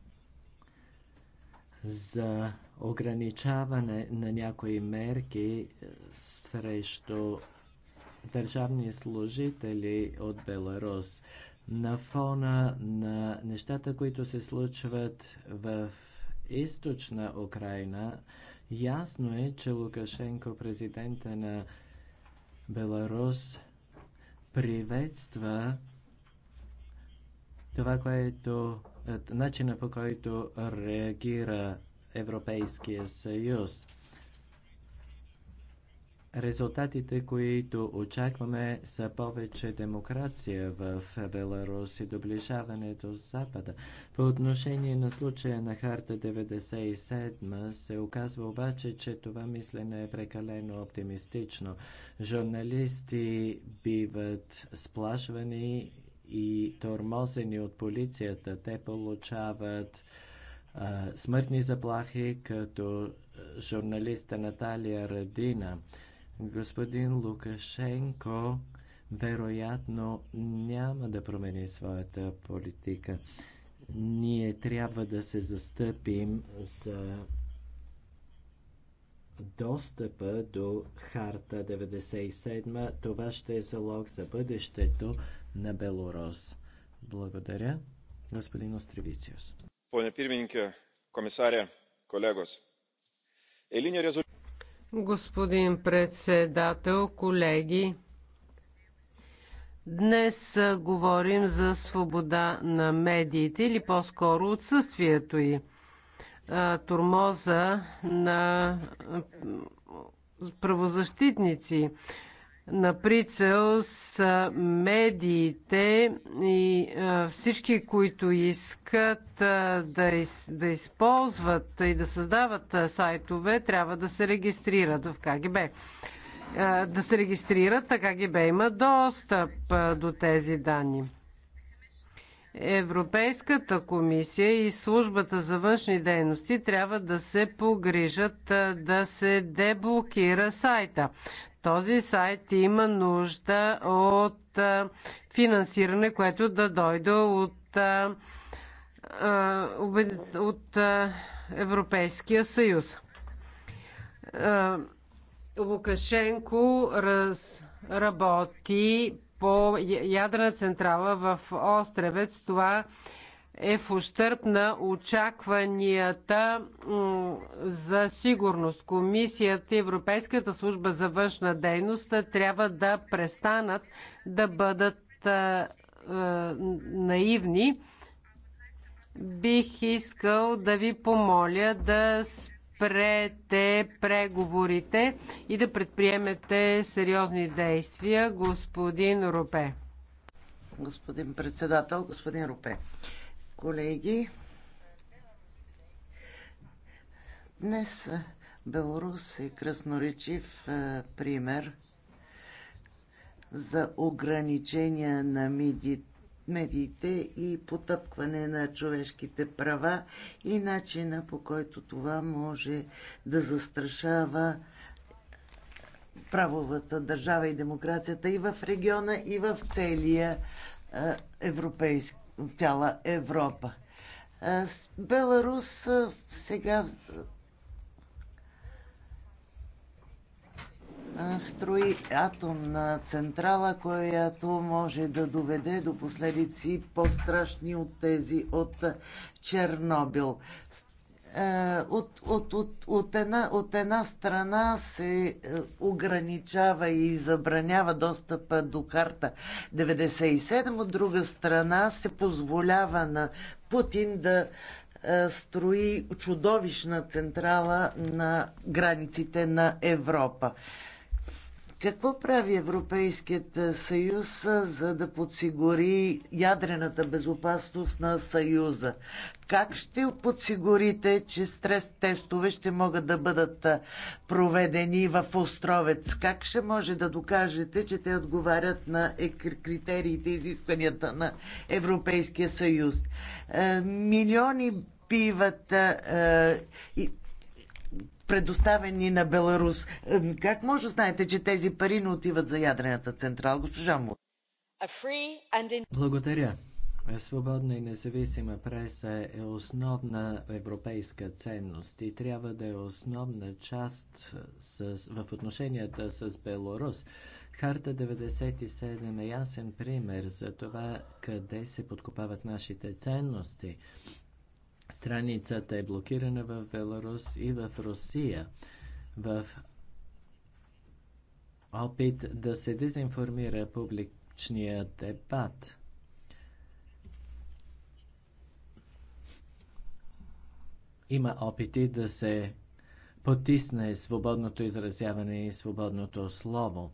A: за ограничаване на някои мерки срещу държавни служители от Беларус на фона на нещата, които се случват в източна Украина, ясно е, че Лукашенко, президента на Беларус, приветства това, което е, начина по който реагира Европейския съюз. Резултатите, които очакваме, са повече демокрация в Беларус и доближаване до Запада. По отношение на случая на Харта 97 се оказва обаче, че това мислене е прекалено оптимистично. Журналисти биват сплашвани и тормозени от полицията. Те получават а, смъртни заплахи, като журналиста Наталия Радина – Господин Лукашенко вероятно няма да промени своята политика. Ние трябва да се застъпим за достъпа до Харта 97. Това ще е залог за бъдещето на Белорус. Благодаря, господин Остревициус.
D: Поне пирминке, комисаря, колегос. Елиния
G: резултат. Господин председател, колеги, днес говорим за свобода на медиите или по-скоро отсъствието й. Турмоза на правозащитници, на прицел с медиите и всички, които искат да, из, да използват и да създават сайтове, трябва да се регистрират в КГБ. Да се регистрират, а КГБ има достъп до тези данни. Европейската комисия и службата за външни дейности трябва да се погрижат да се деблокира сайта. Този сайт има нужда от финансиране, което да дойде от, от Европейския съюз. Лукашенко раз, работи по ядрена централа в Остревец. Това е е в ущърп на очакванията за сигурност. Комисията и Европейската служба за външна дейност трябва да престанат да бъдат наивни. Бих искал да ви помоля да спрете преговорите и да предприемете сериозни действия, господин
F: Рупе. Господин председател, господин Рупе колеги. Днес Беларус е красноречив е, пример за ограничения на медиите и потъпкване на човешките права и начина по който това може да застрашава правовата държава и демокрацията и в региона, и в целия е, Европейски цяла Европа. Беларус сега строи атомна централа, която може да доведе до последици по-страшни от тези от Чернобил. Е, от, от, от, от, една, от една страна се е, ограничава и забранява достъпа до карта 97, от друга страна се позволява на Путин да е, строи чудовищна централа на границите на Европа. Какво прави Европейският съюз, за да подсигури ядрената безопасност на съюза? Как ще подсигурите, че стрес-тестове ще могат да бъдат проведени в Островец? Как ще може да докажете, че те отговарят на е, критериите и изискванията на Европейския съюз? Е, милиони биват предоставени на Беларус. Е, как може знаете, че тези пари не отиват за ядрената централ, госпожа
A: Му? Благодаря. Е, свободна и независима преса е основна европейска ценност и трябва да е основна част е, с, в отношенията с Беларус. Харта 97 е ясен пример за това къде се подкопават нашите ценности. Страницата е блокирана в Беларус и в Русия. В опит да се дезинформира публичния дебат. Има опити да се потисне свободното изразяване и свободното слово.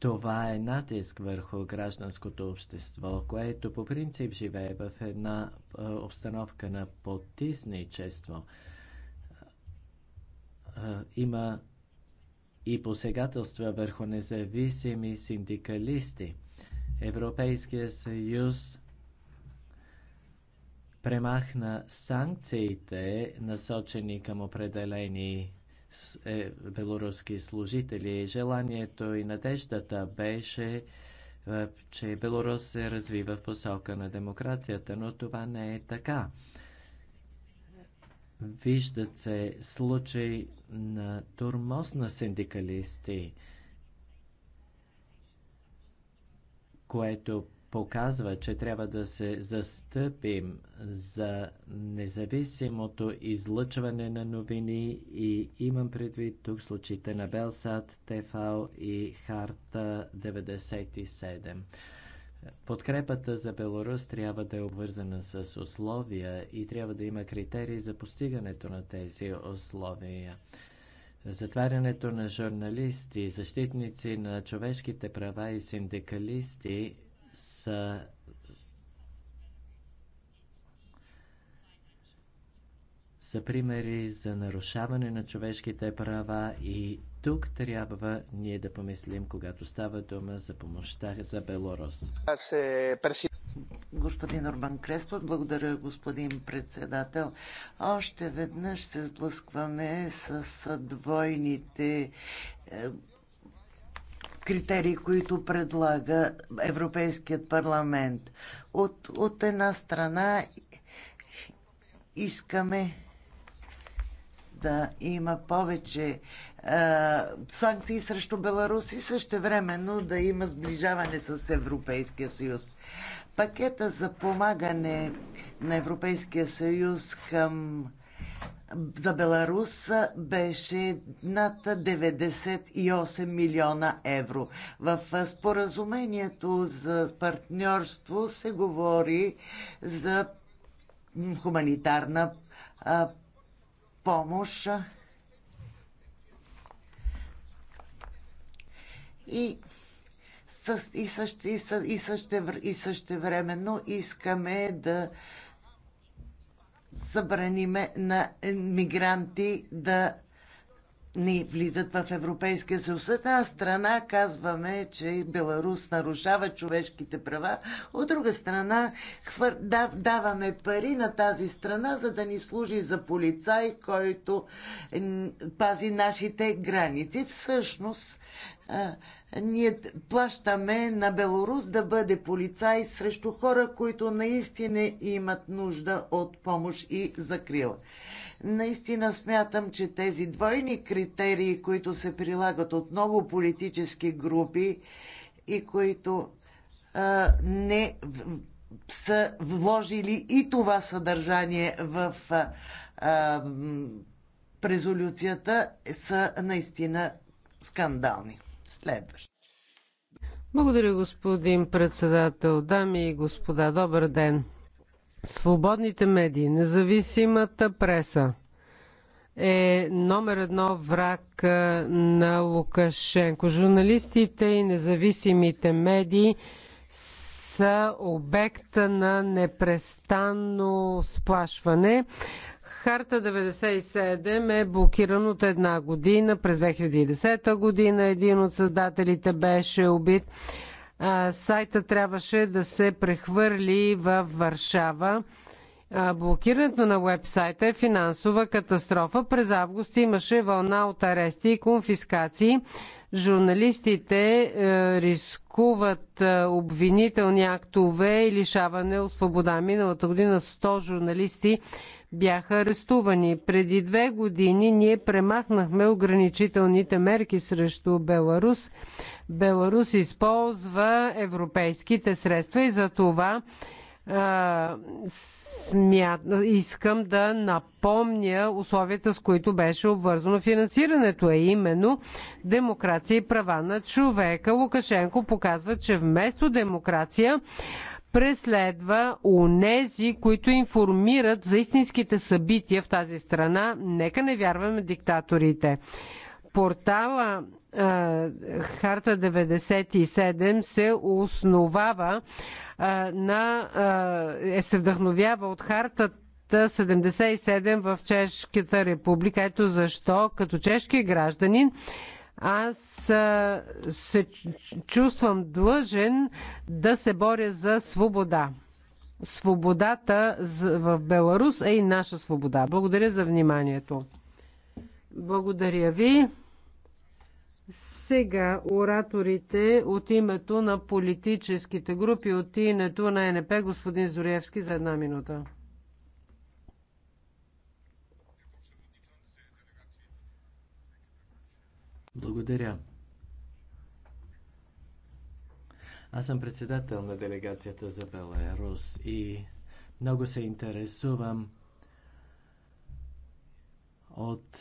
A: Това е натиск върху гражданското общество, което по принцип живее в една обстановка на потисничество. Има и посегателства върху независими синдикалисти. Европейския съюз премахна санкциите, насочени към определени е белоруски служители. Желанието и надеждата беше, е, че Белорус се развива в посока на демокрацията, но това не е така. Виждат се случаи на турмоз на синдикалисти, което показва, че трябва да се застъпим за независимото излъчване на новини и имам предвид тук случаите на Белсат, ТФАО и Харта 97. Подкрепата за Беларус трябва да е обвързана с условия и трябва да има критерии за постигането на тези условия. Затварянето на журналисти, защитници на човешките права и синдикалисти са са примери за нарушаване на човешките права и тук трябва ние да помислим, когато става дума за помощта за Белорус.
F: Господин Орбан Креспо, благодаря господин председател. Още веднъж се сблъскваме с двойните критерии, които предлага Европейският парламент. От, от една страна искаме да има повече а, санкции срещу Беларус и времено да има сближаване с Европейския съюз. Пакета за помагане на Европейския съюз към за Беларус беше над 98 милиона евро. В споразумението за партньорство се говори за хуманитарна помощ и и, също, и, също, и искаме да забраниме на мигранти да не влизат в Европейския съюз. От Една страна казваме, че Беларус нарушава човешките права, от друга страна хвър... даваме пари на тази страна, за да ни служи за полицай, който пази нашите граници. Всъщност ние плащаме на Беларус да бъде полицай срещу хора, които наистина имат нужда от помощ и закрила. Наистина смятам, че тези двойни критерии, които се прилагат от много политически групи и които а, не са вложили и това съдържание в а, а, резолюцията, са наистина скандални. Следващ.
G: Благодаря, господин председател. Дами и господа, добър ден. Свободните медии, независимата преса е номер едно враг на Лукашенко. Журналистите и независимите медии са обект на непрестанно сплашване. Харта 97 е блокиран от една година. През 2010 година един от създателите беше убит. Сайта трябваше да се прехвърли в Варшава. Блокирането на вебсайта е финансова катастрофа. През август имаше вълна от арести и конфискации. Журналистите е, рискуват е, обвинителни актове и лишаване от свобода. Миналата година 100 журналисти бяха арестувани. Преди две години ние премахнахме ограничителните мерки срещу Беларус. Беларус използва европейските средства и за това смя... искам да напомня условията, с които беше обвързано финансирането, е именно демокрация и права на човека. Лукашенко показва, че вместо демокрация преследва унези, които информират за истинските събития в тази страна. Нека не вярваме диктаторите. Портала Харта 97 се основава на. Е, се вдъхновява от Хартата 77 в Чешката република. Ето защо, като чешки гражданин, аз се чувствам длъжен да се боря за свобода. Свободата в Беларус е и наша свобода. Благодаря за вниманието. Благодаря ви. Сега ораторите от името на политическите групи, от името на НП, господин Зоревски за една минута.
A: Благодаря. Аз съм председател на делегацията за Беларус и много се интересувам от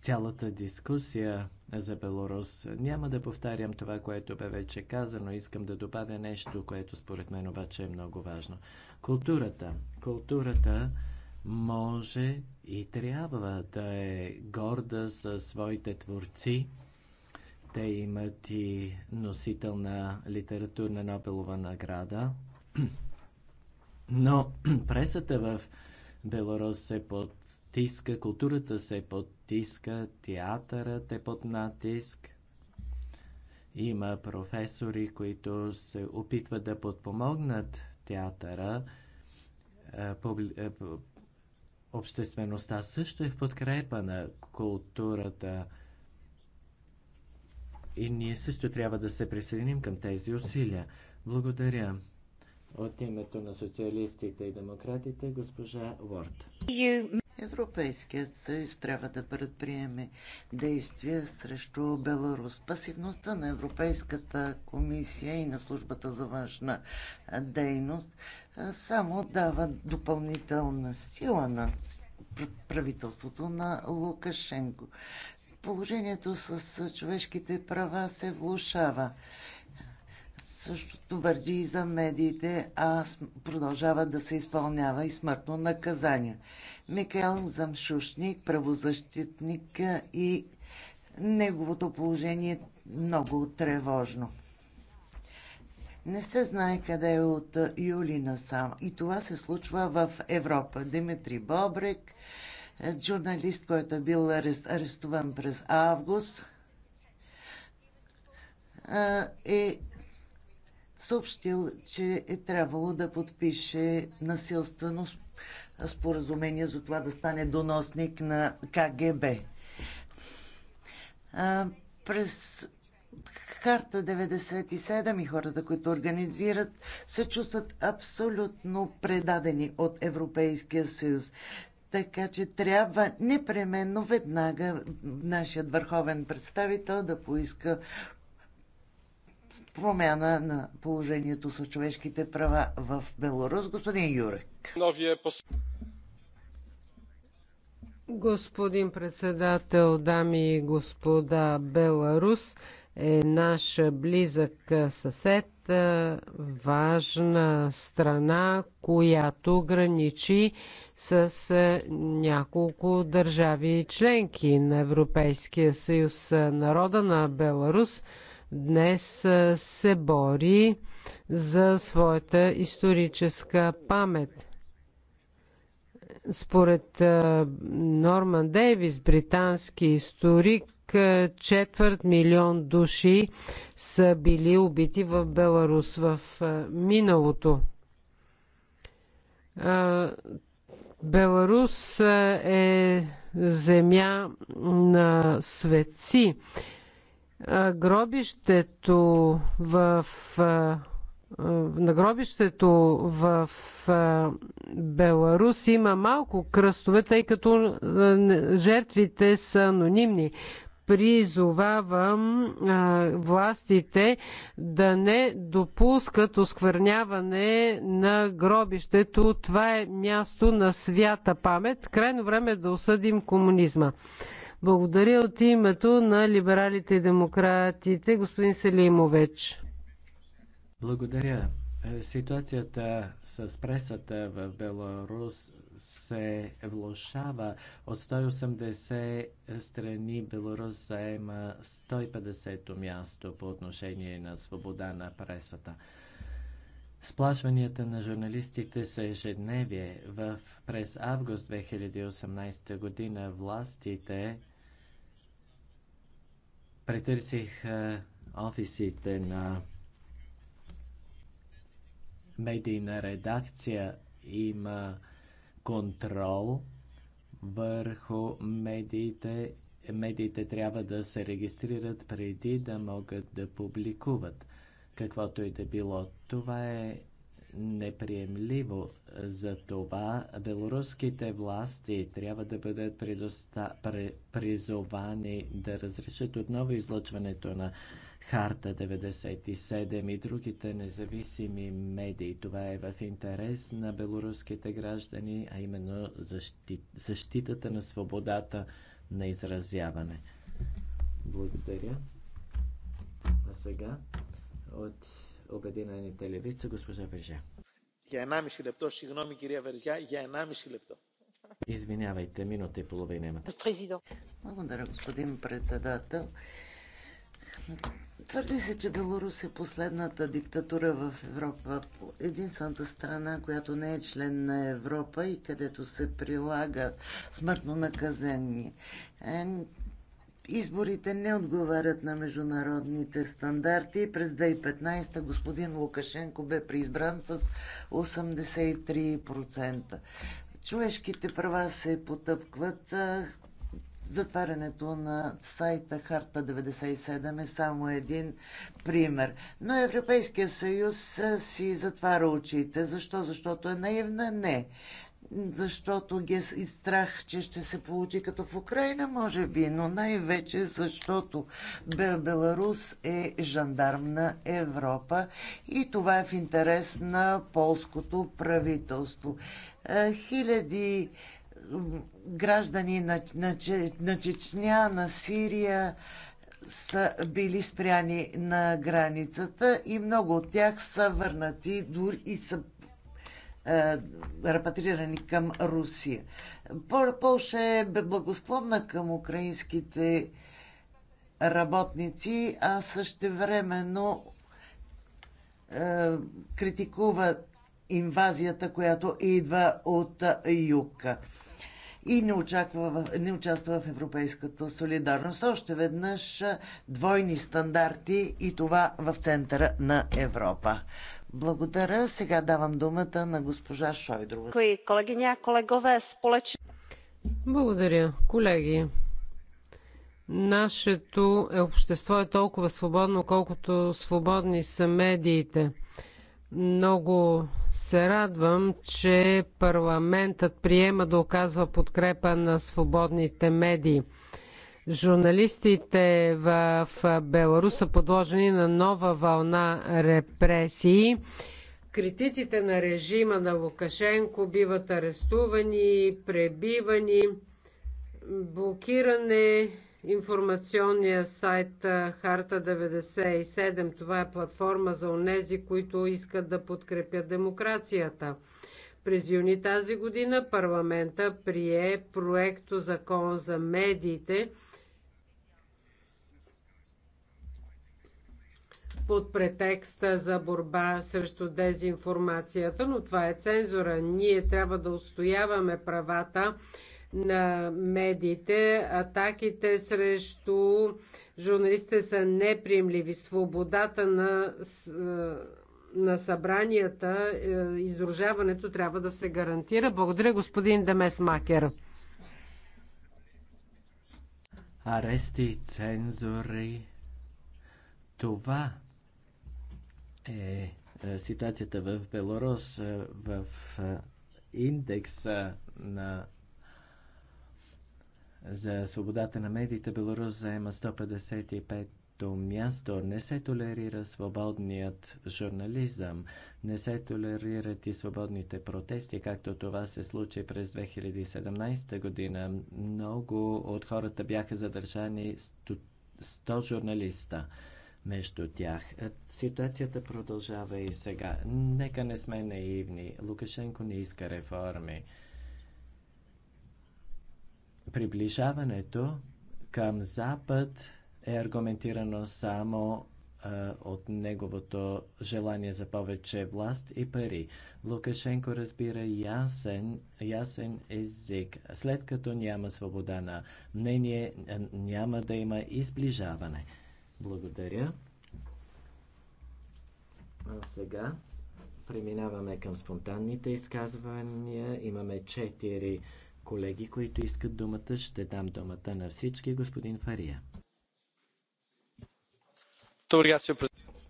A: цялата дискусия за Беларус. Няма да повтарям това, което бе вече казано. Искам да добавя нещо, което според мен обаче е много важно. Културата. Културата може и трябва да е горда със своите творци. Те имат и носител на литературна Нобелова награда. Но пресата в Беларус се подтиска, културата се подтиска, театърът е под натиск. Има професори, които се опитват да подпомогнат театъра Обществеността също е в подкрепа на културата и ние също трябва да се присъединим към тези усилия. Благодаря. От името на социалистите и демократите, госпожа Уорд. Европейският съюз трябва да предприеме действия
F: срещу Беларус. Пасивността на Европейската комисия и на службата за външна дейност само дава допълнителна сила на правителството на Лукашенко. Положението с човешките права се влушава. Същото върди и за медиите, а продължава да се изпълнява и смъртно наказание. Микел Замшушник, правозащитник и неговото положение много тревожно. Не се знае къде е от юли насам. И това се случва в Европа. Димитри Бобрек, журналист, който е бил арестуван през август, е съобщил, че е трябвало да подпише насилствено споразумение за това да стане доносник на КГБ. А, през Харта 97 и хората, които организират, се чувстват абсолютно предадени от Европейския съюз. Така че трябва непременно веднага нашият върховен представител да поиска промяна на положението с човешките права в Беларус. Господин Юрек.
G: Господин председател, дами и господа, Беларус е наш близък съсед, важна страна, която граничи с няколко държави членки на Европейския съюз. Народа на Беларус – днес се бори за своята историческа памет. Според Норман Дейвис, британски историк, четвърт милион души са били убити в Беларус в миналото. Беларус е земя на светци гробището в на гробището в Беларус има малко кръстове, тъй като жертвите са анонимни. Призовавам властите да не допускат оскверняване на гробището. Това е място на свята памет. Крайно време е да осъдим комунизма. Благодаря от името на либералите и демократите, господин Селимович.
A: Благодаря. Е, ситуацията с пресата в Беларус се влошава. От 180 страни Беларус заема 150-то място по отношение на свобода на пресата. Сплашванията на журналистите са ежедневие. В, през август 2018 година властите Претърсих е, офисите на медийна редакция. Има контрол върху медиите. Медиите трябва да се регистрират преди да могат да публикуват каквото и да било. Това е неприемливо. За това белоруските власти трябва да бъдат предоста... призовани да разрешат отново излъчването на Харта 97 и другите независими медии. Това е в интерес на белоруските граждани, а именно защит... защитата на свободата на изразяване. Благодаря. А сега от Обединените левица, госпожа Вержа.
D: Για 1,5 лепто, συγγνώμη κυρία Вержа, για 1,5 лепто.
A: Извинявайте, минута и половина имате. Благодаря, господин председател.
F: Твърди се, че Беларус е последната диктатура в Европа. Единствената страна, която не е член на Европа и където се прилага смъртно наказание. Е, изборите не отговарят на международните стандарти. През 2015 господин Лукашенко бе преизбран с 83%. Човешките права се потъпкват. Затварянето на сайта Харта 97 е само един пример. Но Европейския съюз си затваря очите. Защо? Защото е наивна? Не защото ги е и страх, че ще се получи като в Украина, може би, но най-вече защото Бел Беларус е жандарм на Европа и това е в интерес на полското правителство. Е, хиляди граждани на, на, на Чечня, на Сирия, са били спряни на границата и много от тях са върнати дори и са е, репатрирани към Русия. Полша е благосклонна към украинските работници, а също времено е, критикува инвазията, която идва от юг и не, очаква, не участва в европейската солидарност. Още веднъж е, двойни стандарти и това в центъра на Европа. Благодаря. Сега давам думата на госпожа Шойдрова.
E: Колегиня, колегове,
G: сполеч...
F: Благодаря, колеги. Нашето
G: е- общество е толкова свободно, колкото свободни са медиите. Много се радвам, че парламентът приема да оказва подкрепа на свободните медии. Журналистите в Беларус са подложени на нова вълна репресии. Критиците на режима на Лукашенко биват арестувани, пребивани, блокиране информационния сайт Харта 97. Това е платформа за онези, които искат да подкрепят демокрацията. През юни тази година парламента прие проекто закон за медиите – под претекста за борба срещу дезинформацията, но това е цензура. Ние трябва да устояваме правата на медиите. Атаките срещу журналистите са неприемливи. Свободата на, е, на събранията, е, издружаването трябва да се гарантира. Благодаря, господин Демес Макер.
A: Арести, цензури. Това е, е ситуацията в Беларус, е, в е, индекса на за свободата на медиите Беларус заема 155-то място. Не се толерира свободният журнализъм, не се толерират и свободните протести, както това се случи през 2017 година. Много от хората бяха задържани 100 журналиста между тях. Е, ситуацията продължава и сега. Нека не сме наивни. Лукашенко не иска реформи. Приближаването към Запад е аргументирано само е, от неговото желание за повече власт и пари. Лукашенко разбира ясен, ясен език. След като няма свобода на мнение, е, няма да има изближаване. Благодаря. А сега преминаваме към спонтанните изказвания. Имаме четири колеги, които искат думата. Ще дам думата на всички. Господин Фария.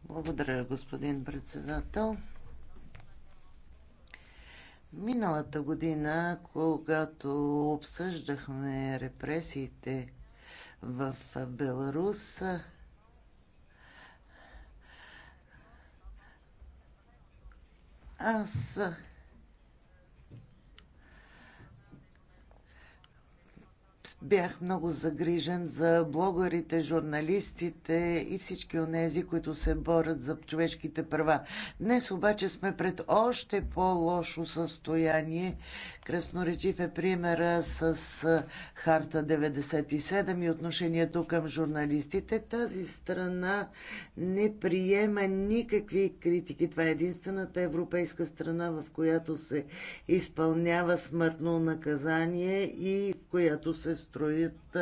F: Благодаря, господин председател. Миналата година, когато обсъждахме репресиите в Беларус, Аз бях много загрижен за блогърите, журналистите и всички онези, които се борят за човешките права. Днес обаче сме пред още по-лошо състояние, Красноречив е примера с Харта 97 и отношението към журналистите. Тази страна не приема никакви критики. Това е единствената европейска страна, в която се изпълнява смъртно наказание и в която се строят,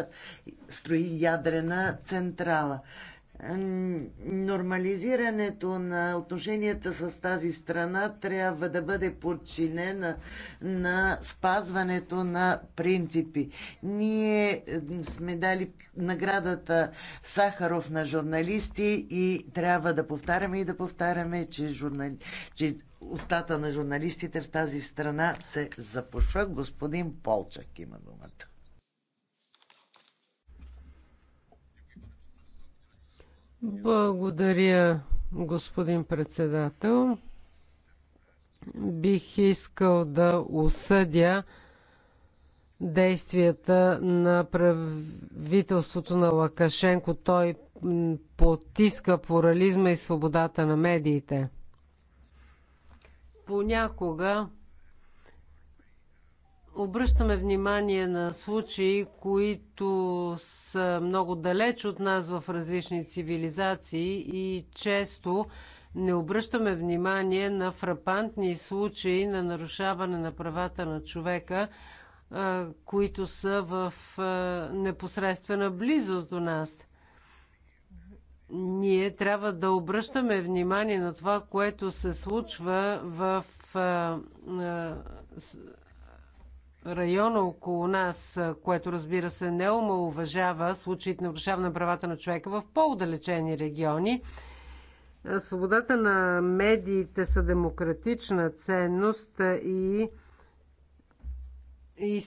F: строи ядрена централа нормализирането на отношенията с тази страна трябва да бъде подчинена на спазването на принципи. Ние сме дали наградата Сахаров на журналисти и трябва да повтаряме и да повтаряме, че, журнали... че устата на журналистите в тази страна се запушва. Господин Полчак има думата.
G: Благодаря, господин председател. Бих искал да осъдя действията на правителството на Лакашенко. Той потиска плурализма и свободата на медиите. Понякога обръщаме внимание на случаи, които са много далеч от нас в различни цивилизации и често не обръщаме внимание на фрапантни случаи на нарушаване на правата на човека, които са в непосредствена близост до нас. Ние трябва да обръщаме внимание на това, което се случва в района около нас, което разбира се не омалуважава случаите на нарушаване на правата на човека в по-удалечени региони. Свободата на медиите са демократична ценност и,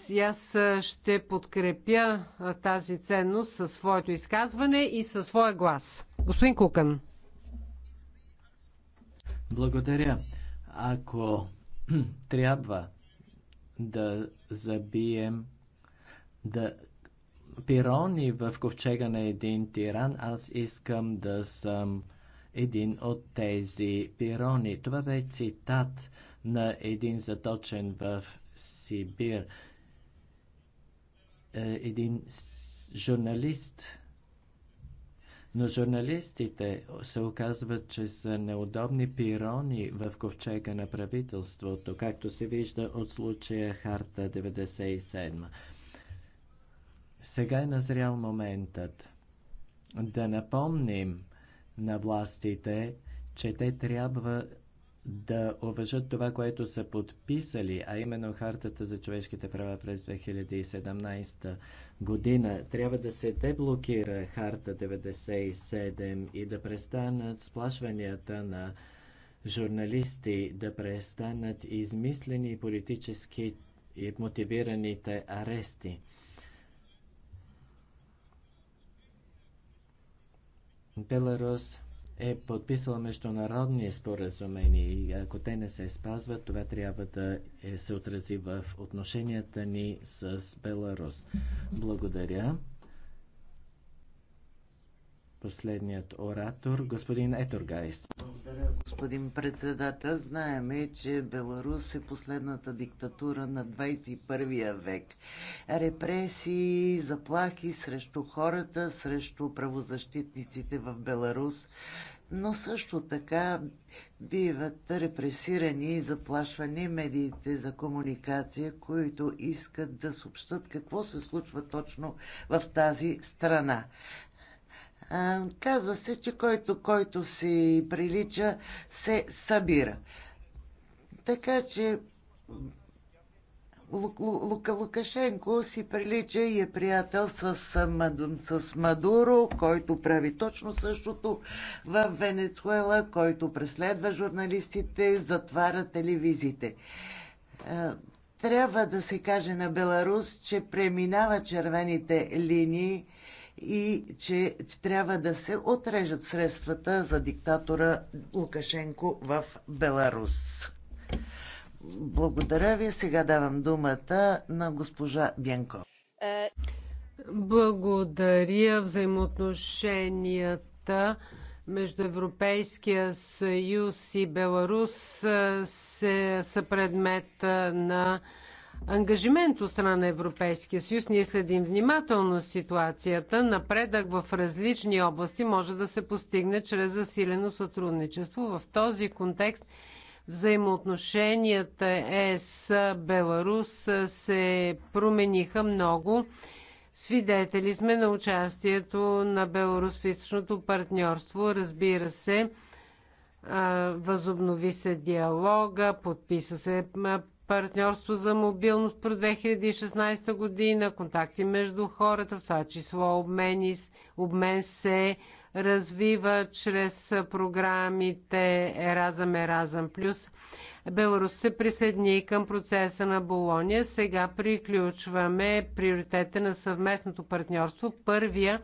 G: и аз ще подкрепя тази ценност със своето изказване и със своя глас. Господин Кукан.
A: Благодаря. Ако трябва да забием, да пирони в ковчега на един тиран, аз искам да съм един от тези пирони. Това бе цитат на един заточен в Сибир. Е, един журналист но журналистите се оказват, че са неудобни пирони в ковчега на правителството, както се вижда от случая Харта 97. Сега е назрял моментът да напомним на властите, че те трябва да уважат това, което са подписали, а именно Хартата за човешките права през 2017 година. Трябва да се деблокира Харта 97 и да престанат сплашванията на журналисти, да престанат измислени политически и мотивираните арести. Беларус е подписала международни споразумения и ако те не се спазват, това трябва да е, се отрази в отношенията ни с Беларус. Благодаря последният оратор, господин Етургайс.
F: Благодаря, господин председател. Знаеме, че Беларус е последната диктатура на 21 век. Репресии, заплахи срещу хората, срещу правозащитниците в Беларус, но също така биват репресирани и заплашвани медиите за комуникация, които искат да съобщат какво се случва точно в тази страна казва се, че който, който си прилича, се събира. Така че Лука Лукашенко си прилича и е приятел с, с Мадуро, който прави точно същото в Венецуела, който преследва журналистите, затваря телевизиите. Трябва да се каже на Беларус, че преминава червените линии и че трябва да се отрежат средствата за диктатора Лукашенко в Беларус. Благодаря ви. Сега давам думата на госпожа Бянко.
G: Благодаря взаимоотношенията между Европейския съюз и Беларус се, са предмет на ангажимент от страна на Европейския съюз. Ние следим внимателно ситуацията. Напредък в различни области може да се постигне чрез засилено сътрудничество. В този контекст взаимоотношенията е с беларус се промениха много. Свидетели сме на участието на Беларус в източното партньорство. Разбира се, възобнови се диалога, подписа се партньорство за мобилност през 2016 година, контакти между хората, в това число обмени, обмен се развива чрез програмите Еразъм Еразъм Плюс. Беларус се присъедини към процеса на Болония. Сега приключваме приоритета на съвместното партньорство. Първия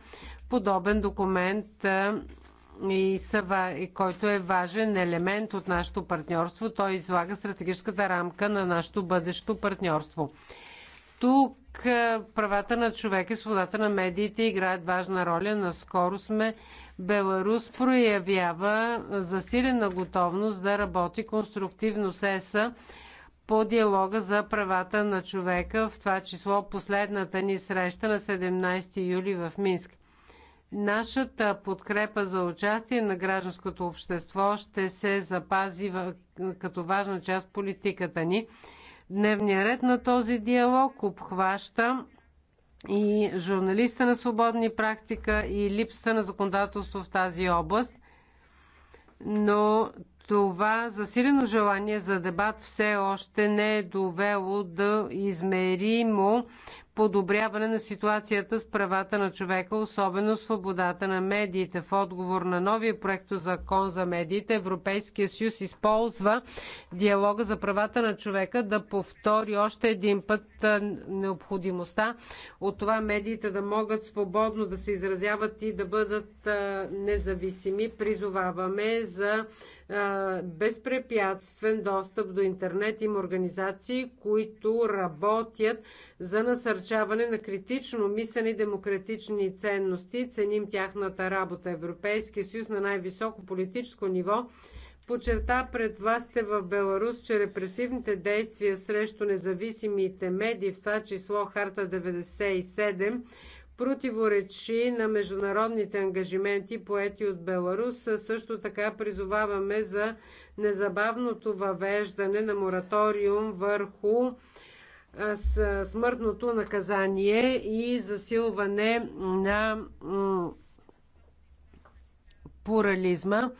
G: подобен документ и са, който е важен елемент от нашето партньорство. Той излага стратегическата рамка на нашето бъдещо партньорство. Тук е, правата на човека и свободата на медиите играят важна роля. Наскоро сме Беларус проявява засилена готовност да работи конструктивно с ЕСА по диалога за правата на човека, в това число последната ни среща на 17 юли в Минск. Нашата подкрепа за участие на гражданското общество ще се запази като важна част в политиката ни. Дневният ред на този диалог обхваща и журналиста на свободни практика и липсата на законодателство в тази област. Но това засилено желание за дебат все още не е довело до измеримо подобряване на ситуацията с правата на човека, особено свободата на медиите. В отговор на новия проект закон за медиите, Европейския съюз използва диалога за правата на човека да повтори още един път необходимостта от това медиите да могат свободно да се изразяват и да бъдат независими. Призоваваме за безпрепятствен достъп до интернет. Има организации, които работят за насърчаване на критично мислени демократични ценности. Ценим тяхната работа. Европейския съюз на най-високо политическо ниво подчерта пред властите в Беларус, че репресивните действия срещу независимите медии, в това число Харта 97, противоречи на международните ангажименти, поети от Беларус. Също така призоваваме за незабавното въвеждане на мораториум върху смъртното наказание и засилване на плурализма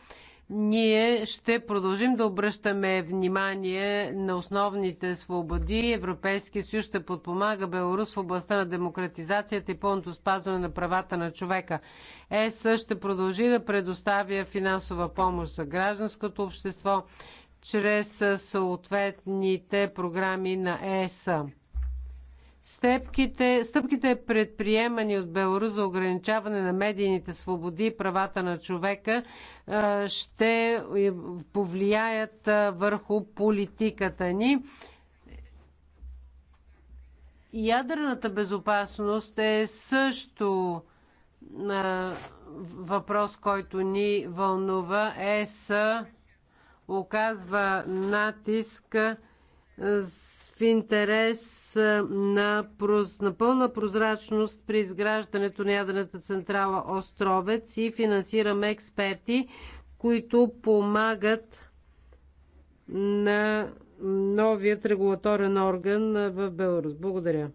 G: ние ще продължим да обръщаме внимание на основните свободи. Европейския съюз ще подпомага Беларус в областта на демократизацията и пълното спазване на правата на човека. ЕС ще продължи да предоставя финансова помощ за гражданското общество чрез съответните програми на ЕС. Степките, стъпките предприемани от Беларус за ограничаване на медийните свободи и правата на човека ще повлияят върху политиката ни. Ядрената безопасност е също въпрос, който ни вълнува. ЕС оказва натиск с интерес на, проз... на пълна прозрачност при изграждането на ядрената централа Островец и финансираме експерти, които помагат на новият регулаторен орган в Беларус. Благодаря.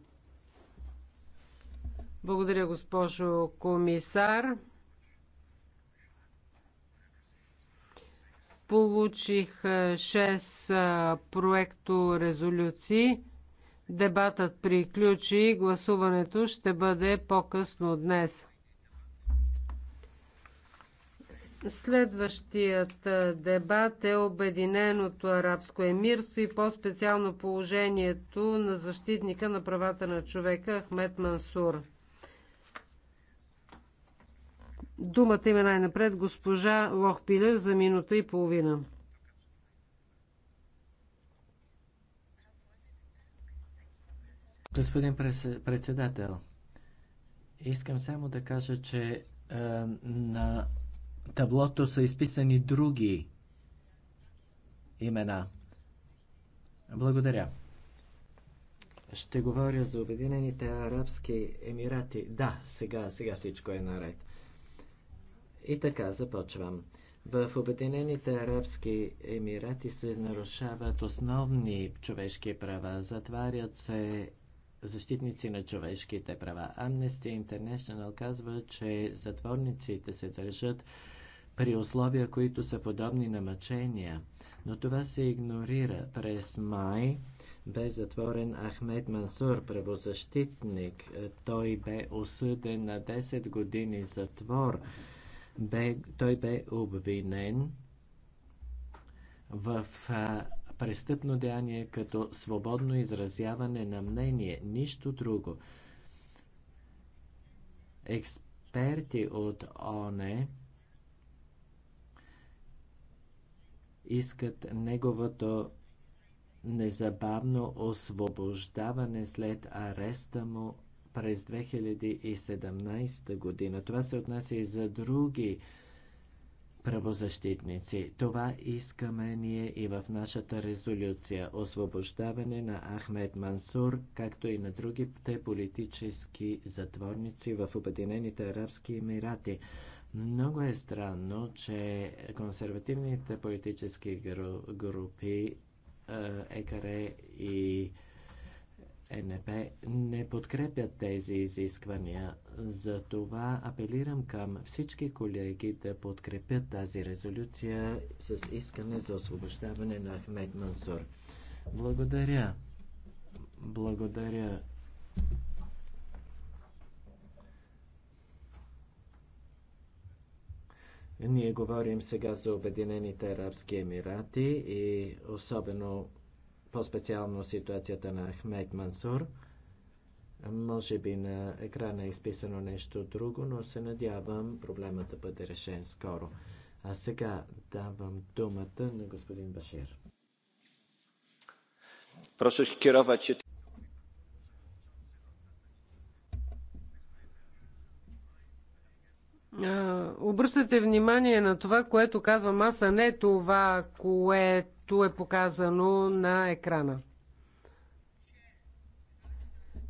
G: Благодаря, госпожо комисар. Получих 6 проекто резолюции. Дебатът приключи. Гласуването ще бъде по-късно днес. Следващият дебат е Обединеното арабско емирство и по-специално положението на защитника на правата на човека Ахмед Мансур. Думата има най-напред госпожа Лохпилер за минута и половина.
A: Господин председател, искам само да кажа, че е, на таблото са изписани други имена. Благодаря. Ще говоря за Обединените арабски емирати. Да, сега, сега всичко е наред. И така започвам. В Обединените арабски емирати се нарушават основни човешки права, затварят се защитници на човешките права. Amnesty International казва, че затворниците се държат при условия, които са подобни на мъчения. Но това се игнорира. През май бе затворен Ахмед Мансур, правозащитник. Той бе осъден на 10 години затвор бе, той бе обвинен в а, престъпно деяние като свободно изразяване на мнение, нищо друго. Експерти от ОНЕ искат неговото незабавно освобождаване след ареста му през 2017 година. Това се отнася и за други правозащитници. Това искаме ние и в нашата резолюция. Освобождаване на Ахмед Мансур, както и на другите политически затворници в Обединените арабски емирати. Много е странно, че консервативните политически групи е, ЕКР и ЕНП не подкрепят тези изисквания. Затова апелирам към всички колеги да подкрепят тази резолюция с искане за освобождаване на Ахмед Мансур. Благодаря. Благодаря. Ние говорим сега за Обединените арабски емирати и особено по-специално ситуацията на Ахмед Мансур. Може би на екрана е изписано нещо друго, но се надявам проблемът да бъде решен скоро. А сега давам думата на господин Башир.
D: Прошу się
G: обръщате внимание на това, което казвам маса, не това, което е показано на екрана.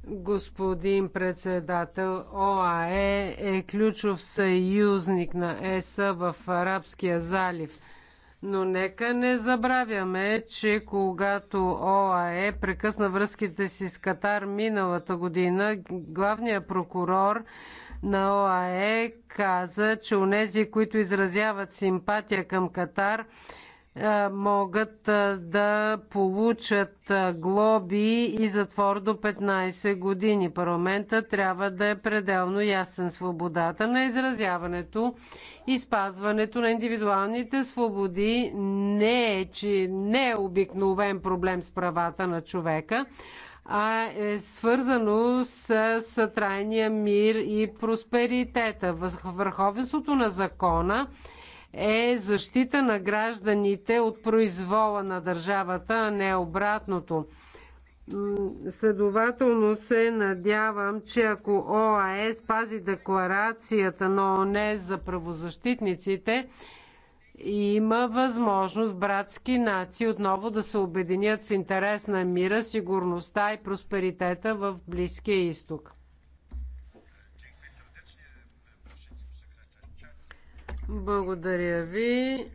G: Господин председател, ОАЕ е ключов съюзник на ЕСА в Арабския залив. Но нека не забравяме, че когато ОАЕ прекъсна връзките си с Катар миналата година, главният прокурор на ОАЕ каза, че онези, които изразяват симпатия към Катар, е, могат е, да получат е, глоби и затвор до 15 години. Парламента трябва да е пределно ясен. Свободата на изразяването и спазването на индивидуалните свободи не е, че не е обикновен проблем с правата на човека, а е свързано с, с трайния мир и просперитета. Върховенството на закона е защита на гражданите от произвола на държавата, а не обратното. Следователно се надявам, че ако ОАЕ спази декларацията на ОНЕ за правозащитниците, има възможност братски нации отново да се обединят в интерес на мира, сигурността и просперитета в Близкия изток. Благодаря ви.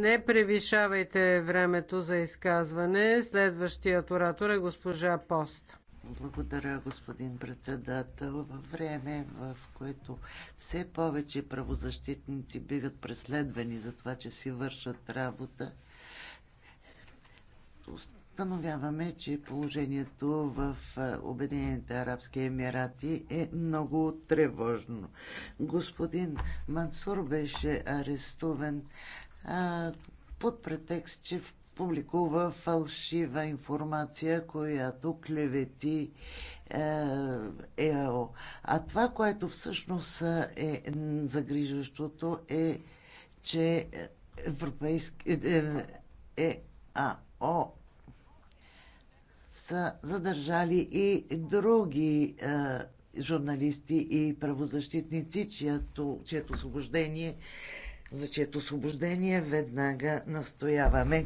G: Не превишавайте времето за изказване. Следващият оратор е госпожа Пост. Благодаря,
F: господин председател. Във време, в което все повече правозащитници биват преследвани за това, че си вършат работа, установяваме, че положението в Обединените арабски емирати е много тревожно. Господин Мансур беше арестуван а, под претекст, че в публикува фалшива информация, която клевети е, ЕАО. А това, което всъщност е загрижващото е, че европейски е, е, ЕАО са задържали и други е, журналисти и правозащитници, чието, чието освобождение за чието освобождение веднага настояваме.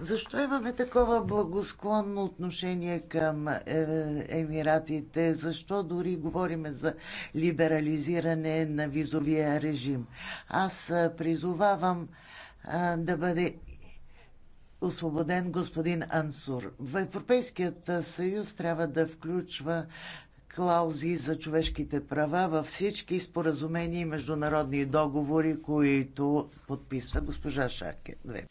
F: Защо имаме такова благосклонно отношение към е, Емиратите? Защо дори говориме за либерализиране на визовия режим? Аз е, призовавам е, да бъде освободен господин Ансур. В Европейският съюз трябва да включва клаузи за човешките права във всички споразумения и международни договори, които подписва госпожа Шаке. Две.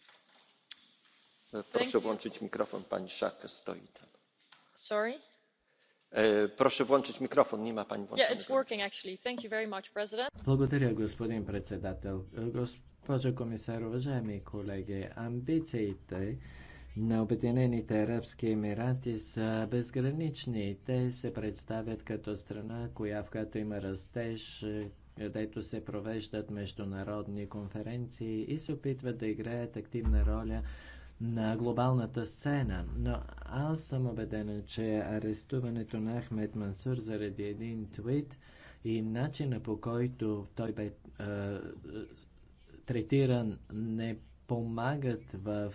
D: Proszę włączyć mikrofon, pani Szaka stoi tam. Sorry? Е, прошу влънчить микрофон, нима пани влънчить. Yeah, it's
H: working actually. Thank you very much, President.
A: Благодаря, господин председател. Госпожа комисар, уважаеми колеги, амбициите на Обединените арабски емирати са безгранични. Те се представят като страна, коя в която има растеж, където се провеждат международни конференции и се опитват да играят активна роля на глобалната сцена. Но аз съм убеден, че арестуването на Ахмед Мансур заради един твит и начина по който той бе е, третиран не помагат в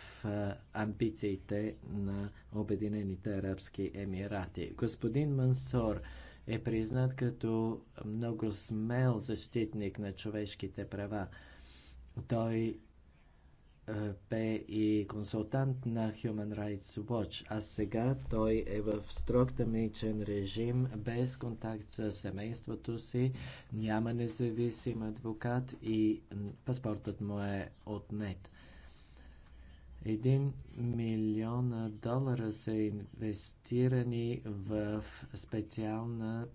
A: амбициите на Обединените арабски емирати. Господин Мансор е признат като много смел защитник на човешките права. Той бе и консултант на Human Rights Watch, а сега той е в строг тъмничен режим, без контакт с семейството си, няма независим адвокат и паспортът му е отнет. 1 милиона долара са инвестирани в специална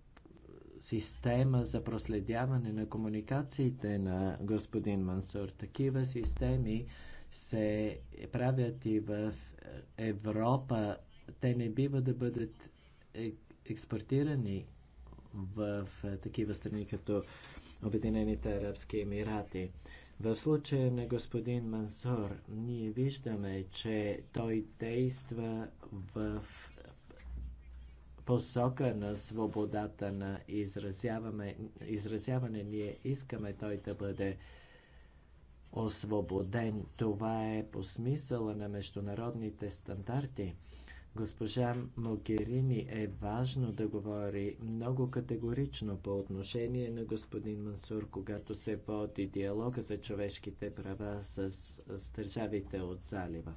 A: система за проследяване на комуникациите на господин Мансур. Такива системи се правят и в Европа. Те не бива да бъдат е, експортирани в такива страни като Обединените арабски емирати. В случая на господин Мансор, ние виждаме, че той действа в посока на свободата на изразяване. Ние искаме той да бъде освободен. Това е по смисъла на международните стандарти. Госпожа Могерини е важно да говори много категорично по отношение на господин Мансур, когато се води диалога за човешките права с, с държавите от залива.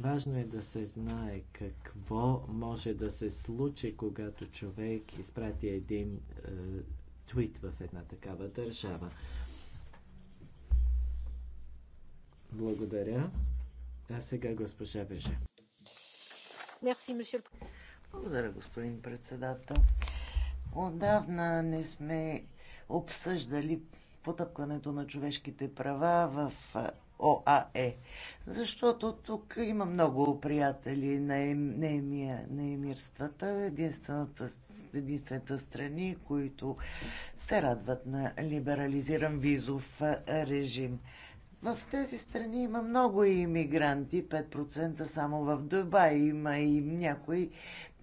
A: Важно е да се знае какво може да се случи, когато човек изпрати един е, твит в една такава държава. Благодаря. А сега госпожа Веже. Благодаря, господин председател.
F: Отдавна не сме обсъждали потъпкането на човешките права в ОАЕ. Защото тук има много приятели на, емир, на емирствата, единствената, единствената страни, които се радват на либерализиран визов режим. В тези страни има много иммигранти, 5% само в Дубай. Има и някои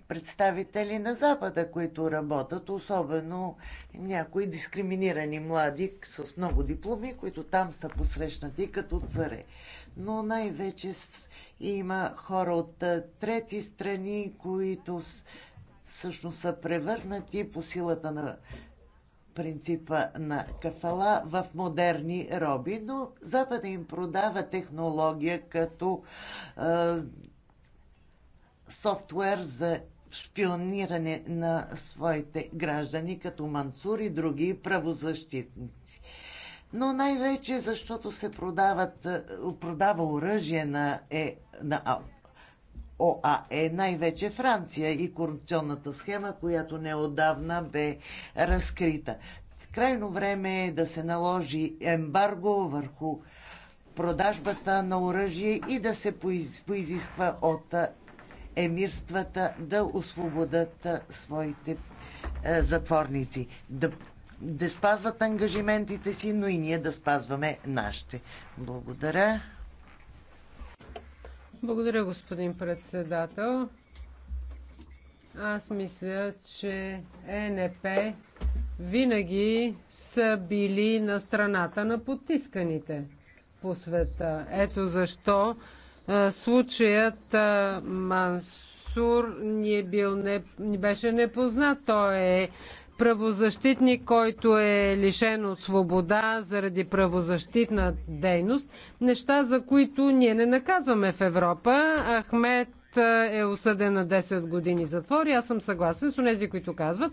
F: представители на Запада, които работят, особено някои дискриминирани млади с много дипломи, които там са посрещнати като царе. Но най-вече има хора от трети страни, които всъщност са превърнати по силата на принципа на кафала в модерни роби, но Запада им продава технология като е, софтуер за шпиониране на своите граждани, като Мансур и други правозащитници. Но най-вече защото се продават, продава оръжие на, е, на ОАЕ, най-вече Франция и корупционната схема, която неодавна бе разкрита. Крайно време е да се наложи ембарго върху продажбата на оръжие и да се поизисква от емирствата да освободат своите затворници. Да, да спазват ангажиментите си, но и ние да спазваме нашите. Благодаря.
G: Благодаря, господин председател. Аз мисля, че ЕНП винаги са били на страната на потисканите по света. Ето защо случаят Мансур ни, е бил не, ни беше непознат. Той е правозащитник, който е лишен от свобода заради правозащитна дейност, неща, за които ние не наказваме в Европа. Ахмед е осъден на 10 години затвор и аз съм съгласен с тези, които казват,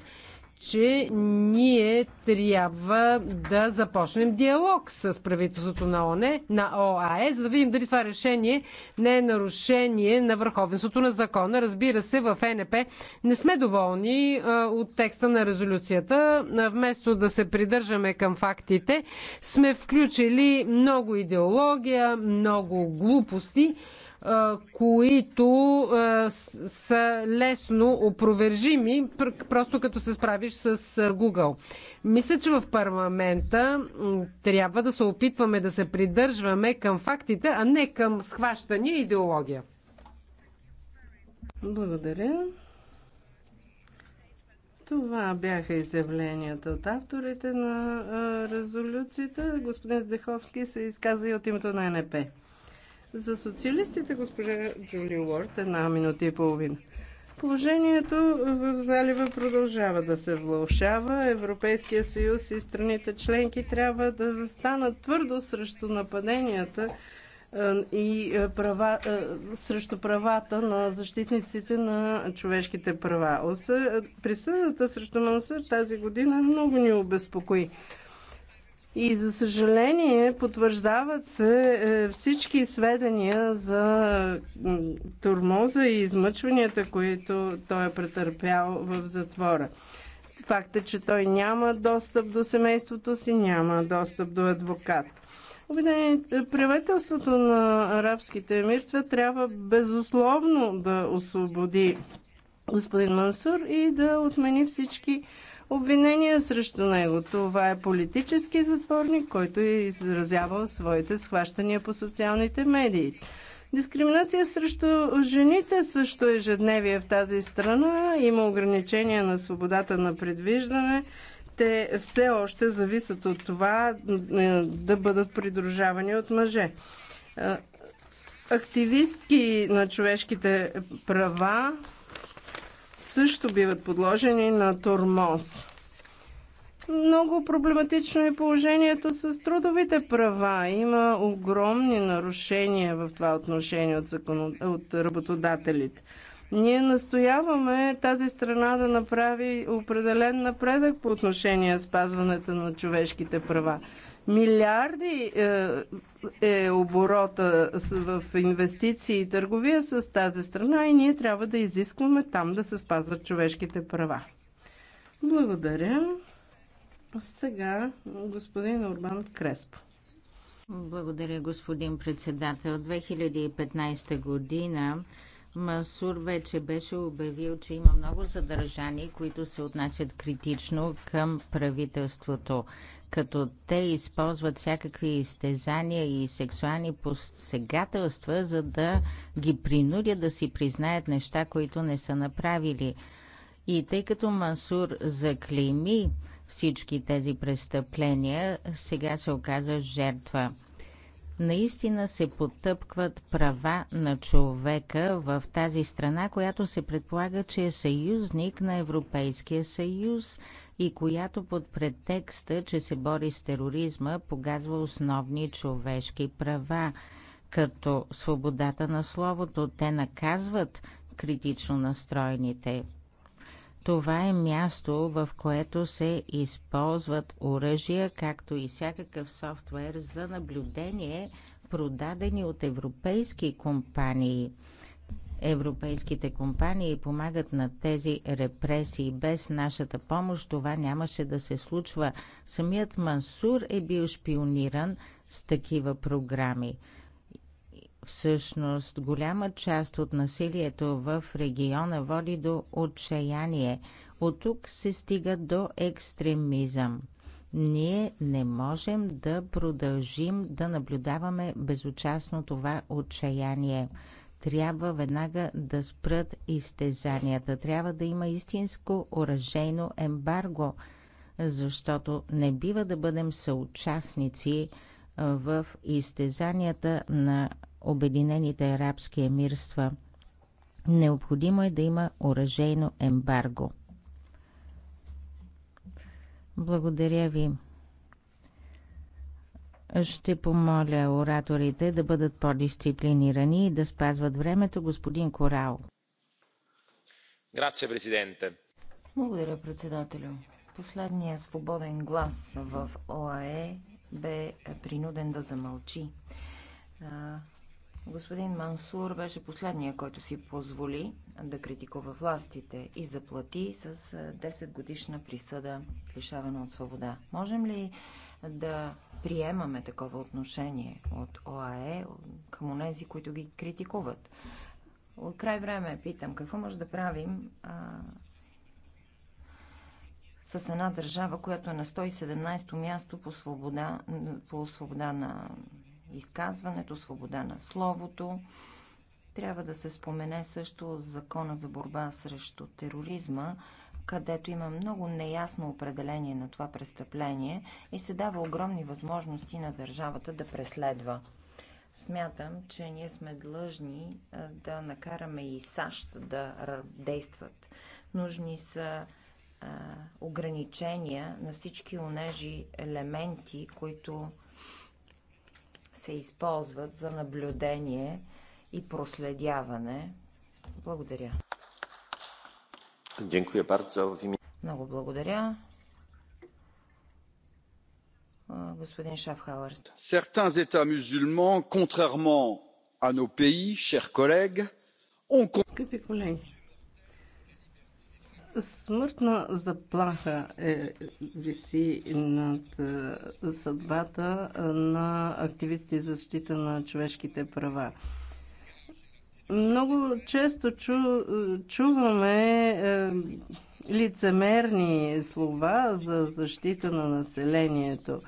G: че ние трябва да започнем диалог с правителството на ОНЕ, на ОАЕ, за да видим дали това решение не е нарушение на върховенството на закона. Разбира се, в ЕНП не сме доволни от текста на резолюцията. Вместо да се придържаме към фактите, сме включили много идеология, много глупости които са лесно опровержими, просто като се справиш с Google. Мисля, че в парламента трябва да се опитваме да се придържваме към фактите, а не към схващания и идеология.
I: Благодаря. Това бяха изявленията от авторите на резолюцията. Господин Здеховски се изказа и от името на НП. За социалистите госпожа Джули Уорд, една минута и половина. Положението в залива продължава да се влъшава. Европейския съюз и страните членки трябва да застанат твърдо срещу нападенията и права, срещу правата на защитниците на човешките права. Присъдата срещу Мансър тази година много ни обезпокои. И за съжаление потвърждават се е, всички сведения за турмоза и измъчванията, които той е претърпял в затвора. Факт е, че той няма достъп до семейството си, няма достъп до адвокат. Е, правителството на арабските емирства трябва безусловно да освободи господин Мансур и да отмени всички обвинения срещу него. Това е политически затворник, който е изразявал своите схващания по социалните медии. Дискриминация срещу жените също е ежедневие в тази страна. Има ограничения на свободата на предвиждане. Те все още зависят от това е, да бъдат придружавани от мъже. Е, активистки на човешките права също биват подложени на тормоз. Много проблематично е положението с трудовите права. Има огромни нарушения в това отношение от, закон... от работодателите. Ние настояваме тази страна да направи определен напредък по отношение спазването на човешките права. Милиарди е, е оборота в инвестиции и търговия с тази страна и ние трябва да изискваме там да се спазват човешките права. Благодаря. Сега господин Орбан Креспо.
J: Благодаря, господин председател. 2015 година Масур вече беше обявил, че има много задържани, които се отнасят критично към правителството като те използват всякакви изтезания и сексуални посегателства, за да ги принудят да си признаят неща, които не са направили. И тъй като Мансур заклейми всички тези престъпления, сега се оказа жертва. Наистина се потъпкват права на човека в тази страна, която се предполага, че е съюзник на Европейския съюз и която под претекста, че се бори с тероризма, погазва основни човешки права, като свободата на словото. Те наказват критично настроените. Това е място, в което се използват оръжия, както и всякакъв софтуер за наблюдение, продадени от европейски компании – европейските компании помагат на тези репресии. Без нашата помощ това нямаше да се случва. Самият Мансур е бил шпиониран с такива програми. Всъщност, голяма част от насилието в региона води до отчаяние. От тук се стига до екстремизъм. Ние не можем да продължим да наблюдаваме безучастно това отчаяние трябва веднага да спрат изтезанията. Трябва да има истинско оръжейно ембарго, защото не бива да бъдем съучастници в изтезанията на Обединените арабски емирства. Необходимо е да има оръжейно ембарго. Благодаря ви. Ще помоля ораторите да бъдат по-дисциплинирани и да спазват времето,
E: господин Корал.
K: Грация, президенте.
E: Благодаря, председателю. Последния свободен глас в ОАЕ бе принуден да замълчи. Господин Мансур беше последния, който си позволи да критикува властите и заплати с 10 годишна присъда, лишавана от свобода. Можем ли да приемаме такова отношение от ОАЕ към онези, които ги критикуват. От край време питам, какво може да правим а, с една държава, която е на 117-то място по свобода, по свобода на изказването, свобода на словото. Трябва да се спомене също закона за борба срещу тероризма, където има много неясно определение на това престъпление и се дава огромни възможности на държавата да преследва. Смятам, че ние сме длъжни е, да накараме и САЩ да действат. Нужни са а, е, ограничения на всички онежи елементи, които се използват за наблюдение и проследяване. Благодаря. Много благодаря. Господин Шафхауер.
B: Certains États musulmans, contrairement à nos pays, chers collègues,
I: ont... Скъпи колеги, смъртна заплаха е, виси над е, съдбата на активисти за защита на човешките права. Много често чу, чуваме е, лицемерни слова за защита на населението.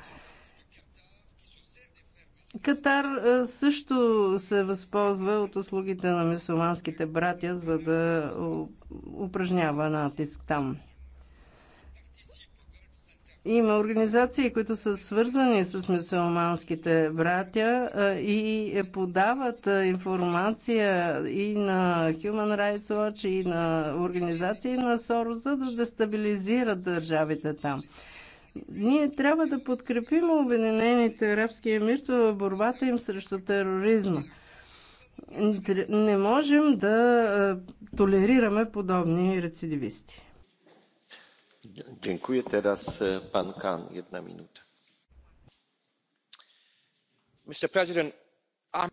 I: Катар е, също се възползва от услугите на мусулманските братя, за да упражнява натиск там. Има организации, които са свързани с мусулманските братя и подават информация и на Human Rights Watch, и на организации на Сорос, за да дестабилизират държавите там. Ние трябва да подкрепим Обединените арабски емирства в борбата им срещу тероризма. Не можем да толерираме подобни рецидивисти.
D: E,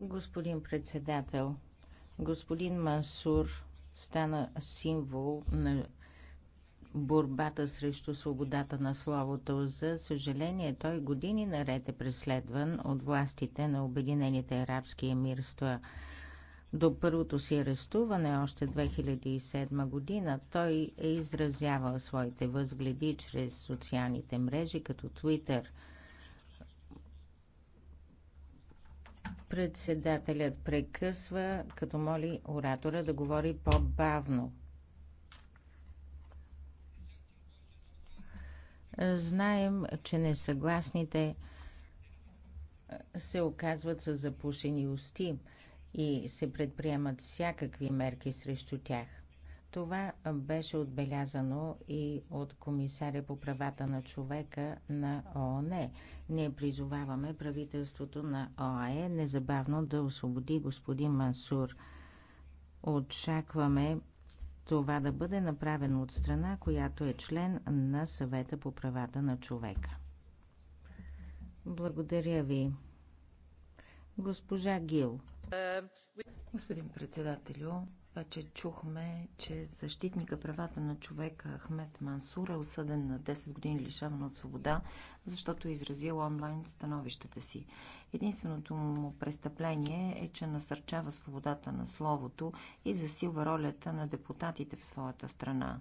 J: господин председател, господин Мансур стана символ на борбата срещу свободата на словото. За съжаление, той години наред е преследван от властите на Обединените арабски емирства – до първото си арестуване още 2007 година, той е изразявал своите възгледи чрез социалните мрежи като Twitter. Председателят прекъсва, като моли оратора да говори по-бавно. Знаем, че несъгласните се оказват с запушени усти и се предприемат всякакви мерки срещу тях. Това беше отбелязано и от комисаря по правата на човека на ООН. Ние призоваваме правителството на ОАЕ незабавно да освободи господин Мансур. Очакваме това да бъде направено от страна, която е член на съвета по правата на човека. Благодаря
C: ви.
E: Госпожа Гил. Господин председателю, вече чухме, че защитника правата на човека Ахмед Мансур е осъден на 10 години лишаван от свобода, защото е изразил онлайн становищата си. Единственото му престъпление е, че насърчава свободата на словото и засилва ролята на депутатите в своята страна.